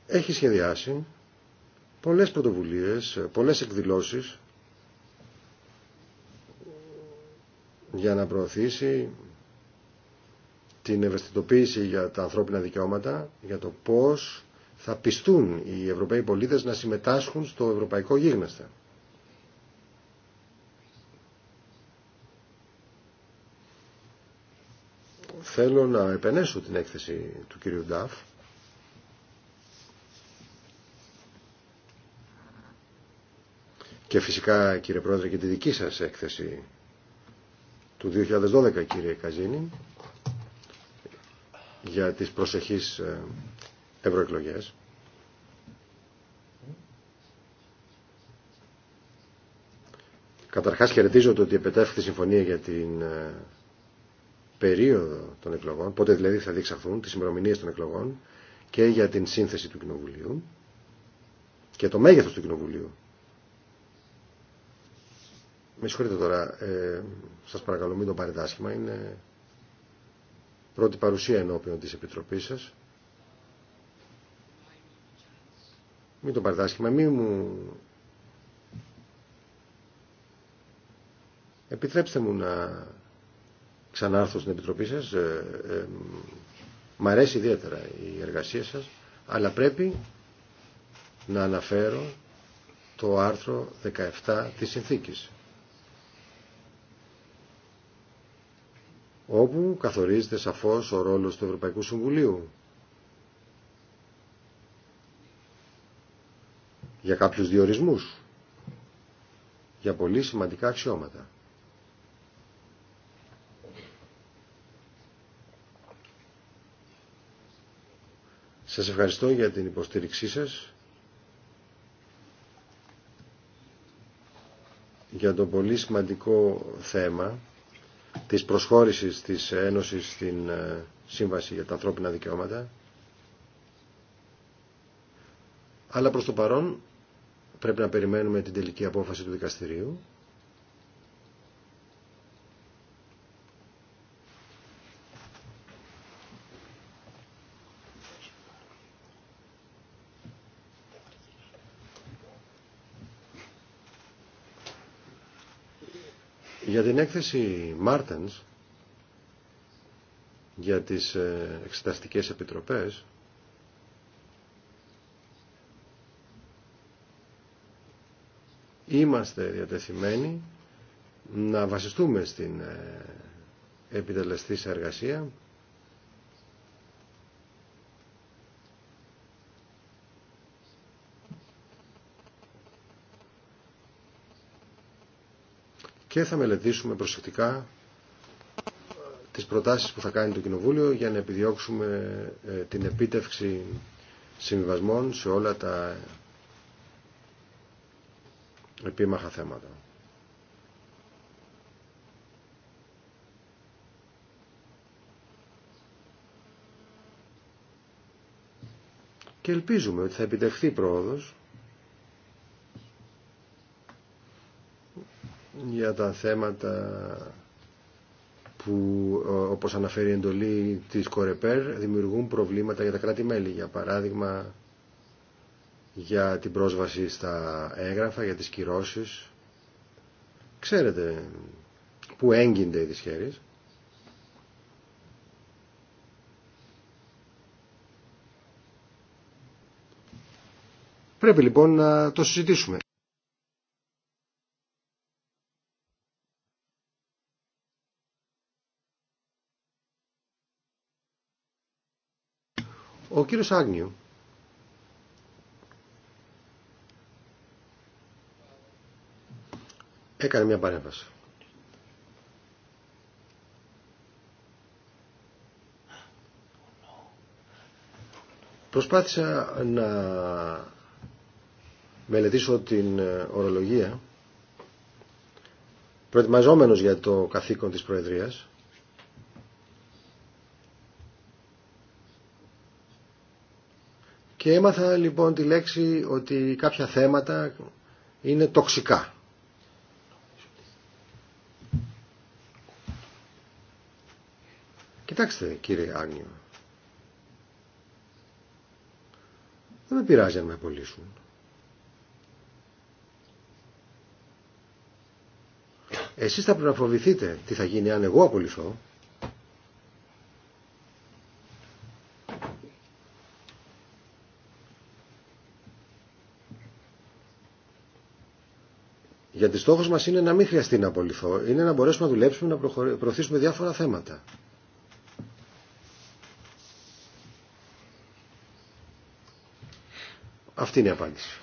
έχει σχεδιάσει πολλές πρωτοβουλίες, πολλές εκδηλώσεις για να προωθήσει την ευαισθητοποίηση για τα ανθρώπινα δικαιώματα, για το πώς θα πιστούν οι Ευρωπαίοι πολίτες να συμμετάσχουν στο ευρωπαϊκό γίγνεσθε. Θέλω να επενέσω την έκθεση του κυρίου Νταφ. Και φυσικά κύριε Πρόεδρε και τη δική σας έκθεση του 2012 κύριε Καζίνη για τις προσεχείς ε, ευρωεκλογές. Καταρχάς χαιρετίζω το ότι επετέφθη συμφωνία για την ε, περίοδο των εκλογών, πότε δηλαδή θα διεξαχθούν τις ημερομηνίες των εκλογών και για την σύνθεση του Κοινοβουλίου και το μέγεθος του Κοινοβουλίου. Με συγχωρείτε τώρα, ε, σας παρακαλώ μην το πάρετε άσχημα, είναι πρώτη παρουσία ενώπιον της Επιτροπής σας. Μην το πάρετε άσχημα, μου... Επιτρέψτε μου να ξανάρθω στην Επιτροπή σας. Ε, ε, μ' αρέσει ιδιαίτερα η εργασία σας, αλλά πρέπει να αναφέρω το άρθρο 17 της Συνθήκης όπου καθορίζεται σαφώς ο ρόλος του Ευρωπαϊκού Συμβουλίου. Για κάποιους διορισμούς, για πολύ σημαντικά αξιώματα. Σας ευχαριστώ για την υποστήριξή σας. για το πολύ σημαντικό θέμα της προσχώρησης της Ένωσης στην ε, Σύμβαση για τα Ανθρώπινα Δικαιώματα. Αλλά προς το παρόν πρέπει να περιμένουμε την τελική απόφαση του δικαστηρίου την έκθεση Μάρτενς για τις ε, εξεταστικές επιτροπές είμαστε διατεθειμένοι να βασιστούμε στην ε, επιτελεστή εργασία και θα μελετήσουμε προσεκτικά ε, τις προτάσεις που θα κάνει το Κοινοβούλιο για να επιδιώξουμε ε, την επίτευξη συμβιβασμών σε όλα τα επίμαχα θέματα. Και ελπίζουμε ότι θα επιτευχθεί πρόοδος για τα θέματα που, ε, όπως αναφέρει η εντολή της Κορεπέρ, δημιουργούν προβλήματα για τα κράτη-μέλη. Για παράδειγμα, για την πρόσβαση στα έγγραφα, για τις κυρώσεις. Ξέρετε που έγκυνται οι δυσχέρειες. Πρέπει λοιπόν να το συζητήσουμε. Ο κύριος Άγνιου. Έκανε μια παρέμβαση. Προσπάθησα να μελετήσω την ε, ορολογία προετοιμαζόμενος για το καθήκον της Προεδρίας Και έμαθα λοιπόν τη λέξη ότι κάποια θέματα είναι τοξικά. Κοιτάξτε κύριε Άγνιο. Δεν με πειράζει να με απολύσουν. Εσείς θα πρέπει τι θα γίνει αν εγώ απολυθώ Γιατί στόχο μας είναι να μην χρειαστεί να απολυθώ. Είναι να μπορέσουμε να δουλέψουμε, να προωθήσουμε διάφορα θέματα. Αυτή είναι η απάντηση.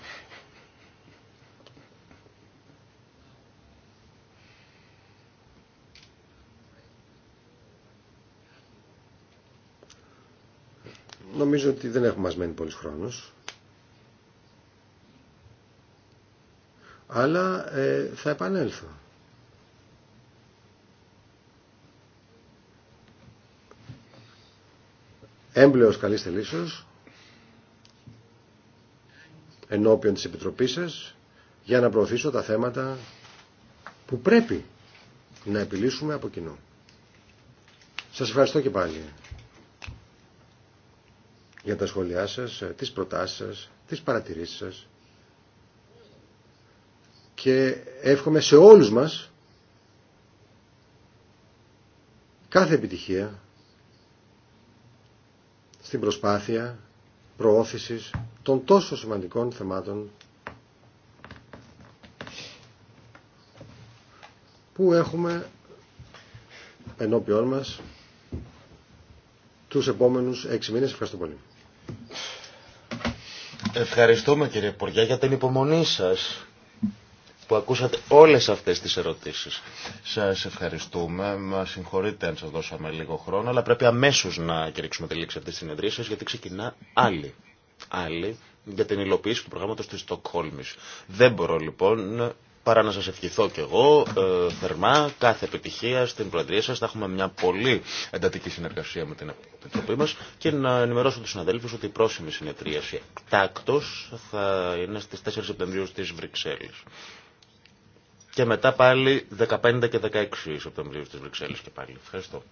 Νομίζω ότι δεν έχουμε μας μένει πολλής χρόνος. αλλά ε, θα επανέλθω. Έμπλεος καλής θελήσεως ενώπιον της Επιτροπής σας για να προωθήσω τα θέματα που πρέπει να επιλύσουμε από κοινό. Σας ευχαριστώ και πάλι για τα σχόλιά σας, ε, τις προτάσεις σας, τις παρατηρήσεις σας και εύχομαι σε όλους μας κάθε επιτυχία στην προσπάθεια προώθησης των τόσο σημαντικών θεμάτων που έχουμε ενώπιόν μας τους επόμενους έξι μήνες. Ευχαριστώ πολύ. Ευχαριστούμε κύριε Υπουργέ για την υπομονή σας που ακούσατε όλες αυτές τις ερωτήσεις. Σας ευχαριστούμε. Μα συγχωρείτε αν σας δώσαμε λίγο χρόνο, αλλά πρέπει αμέσως να κηρύξουμε τη λήξη αυτής της συνεδρίας γιατί ξεκινά άλλη. Άλλη για την υλοποίηση του προγράμματος της Στοκχόλμης. Δεν μπορώ λοιπόν παρά να σας ευχηθώ κι εγώ ε, θερμά κάθε επιτυχία στην Προεδρία σας. Θα έχουμε μια πολύ εντατική συνεργασία με την Επιτροπή μας και να ενημερώσω τους συναδέλφους ότι η πρόσημη συνεδρίαση εκτάκτος θα είναι στις 4 Σεπτεμβρίου στις Βρυξέλλες. Και μετά πάλι 15 και 16 Σεπτεμβρίου στις Βρυξέλλες και πάλι. Ευχαριστώ.